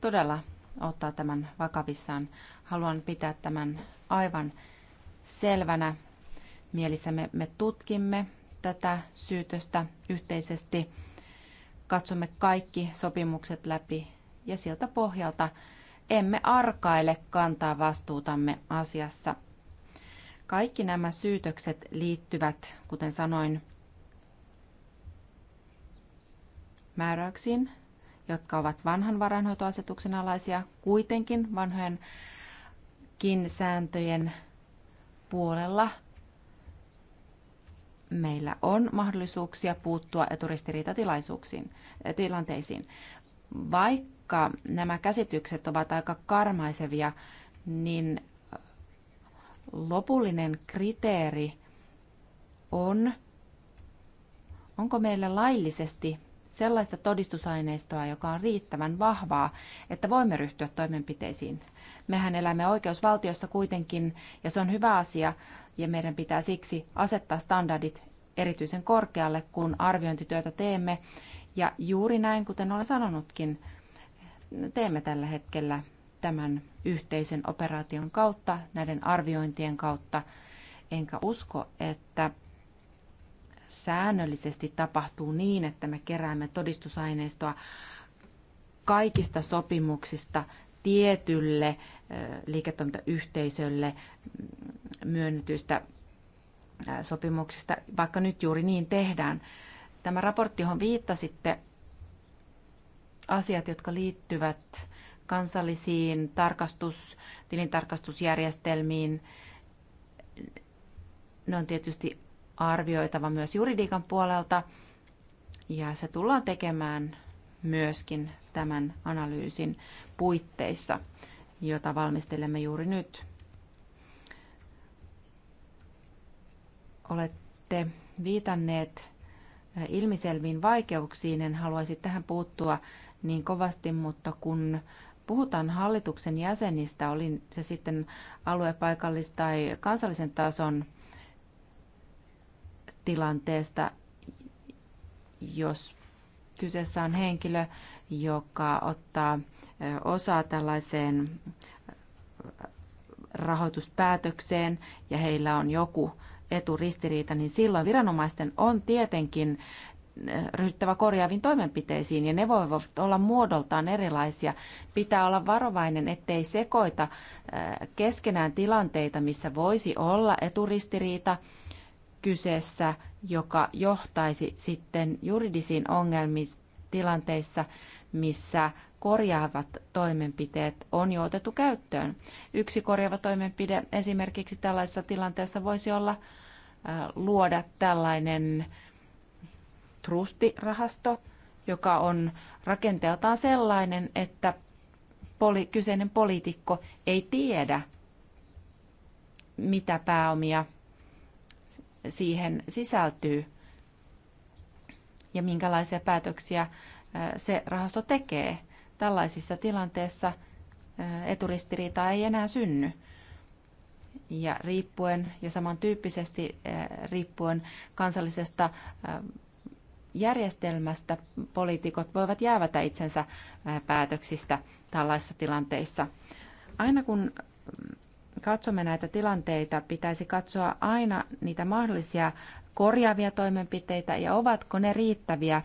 todella ottaa tämän vakavissaan. Haluan pitää tämän aivan selvänä mielissämme. Me tutkimme tätä syytöstä yhteisesti, katsomme kaikki sopimukset läpi ja sieltä pohjalta emme arkaile kantaa vastuutamme asiassa. Kaikki nämä syytökset liittyvät, kuten sanoin, määräyksiin, jotka ovat vanhan varainhoitoasetuksen alaisia, kuitenkin vanhojenkin sääntöjen puolella meillä on mahdollisuuksia puuttua eturistiriitatilaisuuksiin, tilanteisiin. Vaikka nämä käsitykset ovat aika karmaisevia, niin lopullinen kriteeri on, onko meillä laillisesti sellaista todistusaineistoa, joka on riittävän vahvaa, että voimme ryhtyä toimenpiteisiin. Mehän elämme oikeusvaltiossa kuitenkin, ja se on hyvä asia, ja meidän pitää siksi asettaa standardit erityisen korkealle, kun arviointityötä teemme. Ja juuri näin, kuten olen sanonutkin, teemme tällä hetkellä tämän yhteisen operaation kautta, näiden arviointien kautta. Enkä usko, että säännöllisesti tapahtuu niin, että me keräämme todistusaineistoa kaikista sopimuksista tietylle liiketoimintayhteisölle myönnetyistä sopimuksista, vaikka nyt juuri niin tehdään. Tämä raportti, johon viittasitte, asiat, jotka liittyvät kansallisiin tarkastus, tilintarkastusjärjestelmiin, ne on tietysti arvioitava myös juridiikan puolelta ja se tullaan tekemään myöskin tämän analyysin puitteissa, jota valmistelemme juuri nyt. Olette viitanneet eh, ilmiselviin vaikeuksiin, en haluaisi tähän puuttua niin kovasti, mutta kun puhutaan hallituksen jäsenistä, oli se sitten aluepaikallis- tai kansallisen tason tilanteesta, jos kyseessä on henkilö, joka ottaa osaa tällaiseen rahoituspäätökseen ja heillä on joku eturistiriita, niin silloin viranomaisten on tietenkin ryhdyttävä korjaaviin toimenpiteisiin ja ne voivat olla muodoltaan erilaisia. Pitää olla varovainen, ettei sekoita keskenään tilanteita, missä voisi olla eturistiriita – kyseessä, joka johtaisi sitten juridisiin ongelmiin tilanteissa, missä korjaavat toimenpiteet on jo otettu käyttöön. Yksi korjaava toimenpide esimerkiksi tällaisessa tilanteessa voisi olla äh, luoda tällainen trustirahasto, joka on rakenteeltaan sellainen, että poli- kyseinen poliitikko ei tiedä, mitä pääomia siihen sisältyy ja minkälaisia päätöksiä se rahasto tekee. Tällaisissa tilanteissa eturistiriitaa ei enää synny. Ja riippuen ja samantyyppisesti riippuen kansallisesta järjestelmästä poliitikot voivat jäävätä itsensä päätöksistä tällaisissa tilanteissa. Aina kun katsomme näitä tilanteita, pitäisi katsoa aina niitä mahdollisia korjaavia toimenpiteitä ja ovatko ne riittäviä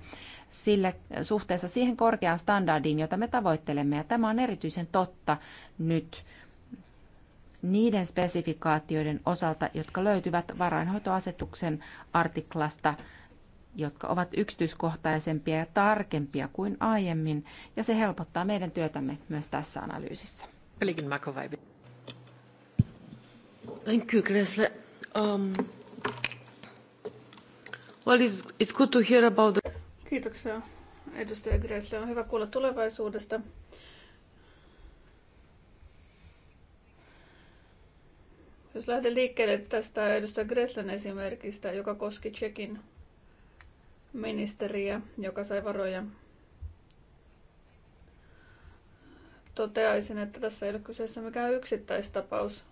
sille, suhteessa siihen korkeaan standardiin, jota me tavoittelemme. Ja tämä on erityisen totta nyt niiden spesifikaatioiden osalta, jotka löytyvät varainhoitoasetuksen artiklasta, jotka ovat yksityiskohtaisempia ja tarkempia kuin aiemmin, ja se helpottaa meidän työtämme myös tässä analyysissä. Pelikin Makovaivi. Thank you, Um, well, it's, it's good to hear about the... Kiitoksia, edustaja Gressle. On hyvä kuulla tulevaisuudesta. Jos lähden liikkeelle tästä edustaja Gresslen esimerkistä, joka koski Tsekin ministeriä, joka sai varoja, toteaisin, että tässä ei ole kyseessä mikään yksittäistapaus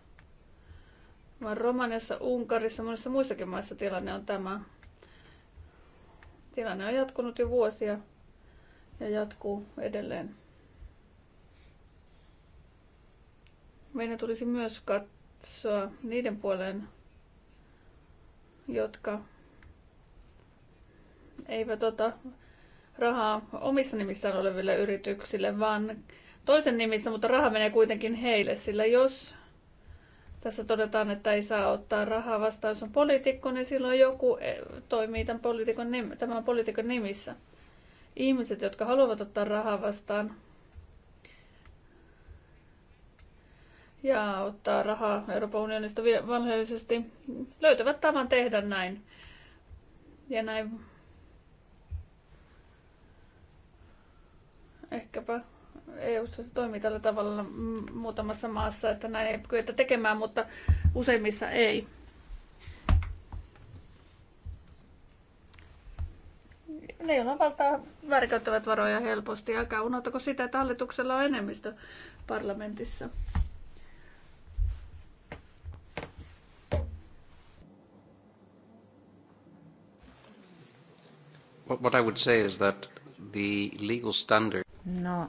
vaan Romaniassa, Unkarissa, monissa muissakin maissa tilanne on tämä. Tilanne on jatkunut jo vuosia ja jatkuu edelleen. Meidän tulisi myös katsoa niiden puoleen, jotka eivät ota rahaa omissa nimissään oleville yrityksille, vaan toisen nimissä, mutta raha menee kuitenkin heille, sillä jos tässä todetaan, että ei saa ottaa rahaa vastaan, jos on poliitikko, niin silloin joku eh, toimii tämän poliitikon, tämän poliitikon nimissä. Ihmiset, jotka haluavat ottaa rahaa vastaan ja ottaa rahaa Euroopan unionista valheellisesti, löytävät tavan tehdä näin. Ja näin ehkäpä EU-ssa se toimii tällä tavalla muutamassa maassa, että näin ei kyetä tekemään, mutta useimmissa ei. Ne, joilla valtaa värkäyttävät varoja helposti. Älkää unohtako sitä, että hallituksella on enemmistö parlamentissa. What I would say is that the legal standard No,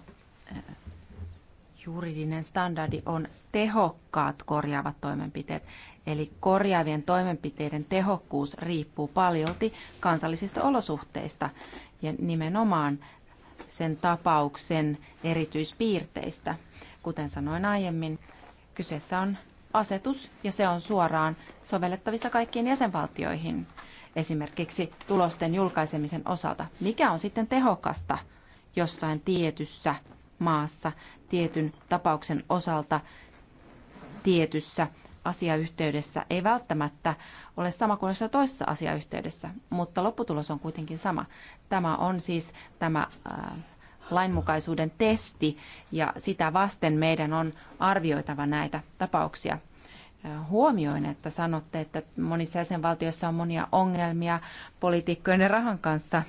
juridinen standardi on tehokkaat korjaavat toimenpiteet. Eli korjaavien toimenpiteiden tehokkuus riippuu paljolti kansallisista olosuhteista ja nimenomaan sen tapauksen erityispiirteistä. Kuten sanoin aiemmin, kyseessä on asetus ja se on suoraan sovellettavissa kaikkiin jäsenvaltioihin, esimerkiksi tulosten julkaisemisen osalta. Mikä on sitten tehokasta jossain tietyssä maassa tietyn tapauksen osalta tietyssä asiayhteydessä ei välttämättä ole sama kuin jossain toisessa asiayhteydessä, mutta lopputulos on kuitenkin sama. Tämä on siis tämä äh, lainmukaisuuden testi ja sitä vasten meidän on arvioitava näitä tapauksia. Äh, huomioin, että sanotte, että monissa jäsenvaltioissa on monia ongelmia poliitikkojen ja rahan kanssa.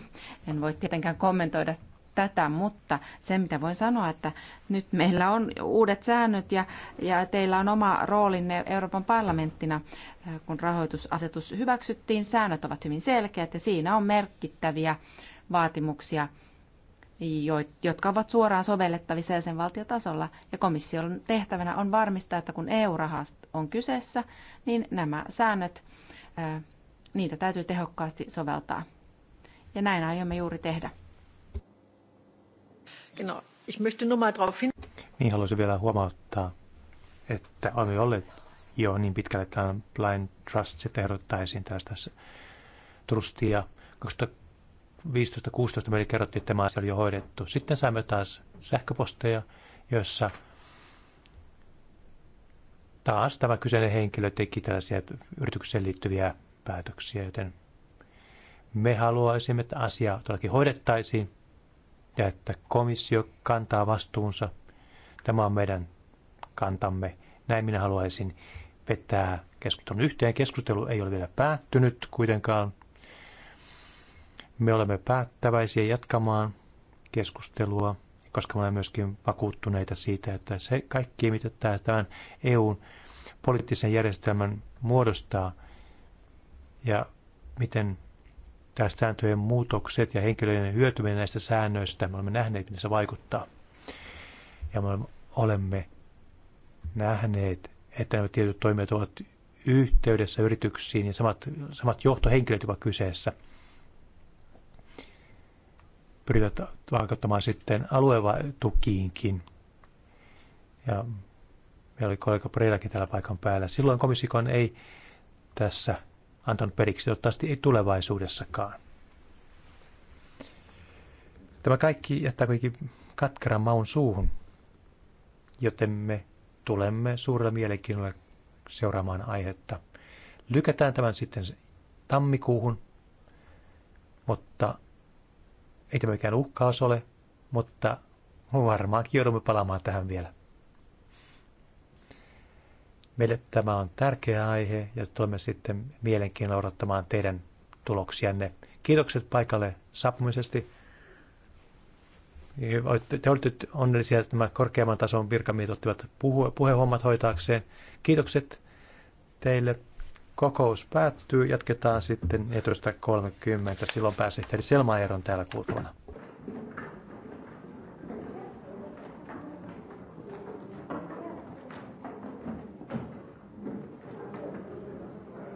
En voi tietenkään kommentoida tätä, mutta se mitä voin sanoa, että nyt meillä on uudet säännöt ja, ja teillä on oma roolinne Euroopan parlamenttina, kun rahoitusasetus hyväksyttiin. Säännöt ovat hyvin selkeät ja siinä on merkittäviä vaatimuksia, jotka ovat suoraan sovellettavissa jäsenvaltiotasolla. Ja komission tehtävänä on varmistaa, että kun EU-rahast on kyseessä, niin nämä säännöt, niitä täytyy tehokkaasti soveltaa. Ja näin aiomme juuri tehdä. Genau. Ich möchte nur mal hin... Niin haluaisin vielä huomauttaa, että olemme olleet jo niin pitkälle, että Blind Trust sitten ehdottaa esiin tällaista trustia. 2015-2016 meille kerrottiin, että tämä asia oli jo hoidettu. Sitten saimme taas sähköposteja, joissa taas tämä kyseinen henkilö teki tällaisia yritykseen liittyviä päätöksiä, joten me haluaisimme, että asia todellakin hoidettaisiin, ja että komissio kantaa vastuunsa. Tämä on meidän kantamme. Näin minä haluaisin vetää keskustelun yhteen. Keskustelu ei ole vielä päättynyt kuitenkaan. Me olemme päättäväisiä jatkamaan keskustelua, koska me olemme myöskin vakuuttuneita siitä, että se kaikki, mitä tämän EUn poliittisen järjestelmän muodostaa ja miten tämä sääntöjen muutokset ja henkilöiden hyötyminen näistä säännöistä. Me olemme nähneet, miten se vaikuttaa. Ja me olemme nähneet, että nämä tietyt toimijat ovat yhteydessä yrityksiin ja samat, samat johtohenkilöt jopa kyseessä. Pyritään vaikuttamaan sitten aluetukiinkin. Ja meillä oli kollega Preilakin täällä paikan päällä. Silloin komissikon ei tässä antanut periksi, toivottavasti ei tulevaisuudessakaan. Tämä kaikki jättää kuitenkin katkeran maun suuhun, joten me tulemme suurella mielenkiinnolla seuraamaan aihetta. Lykätään tämän sitten tammikuuhun, mutta ei tämä mikään uhkaus ole, mutta varmaankin joudumme palaamaan tähän vielä. Meille tämä on tärkeä aihe ja tulemme sitten mielenkiinnolla odottamaan teidän tuloksianne. Kiitokset paikalle saapumisesti. Te olette onnellisia, että nämä korkeamman tason virkamiehet ottivat puhehommat hoitaakseen. Kiitokset teille. Kokous päättyy. Jatketaan sitten 14.30. Silloin pääsihteeri Selma Eeron täällä kuultuna.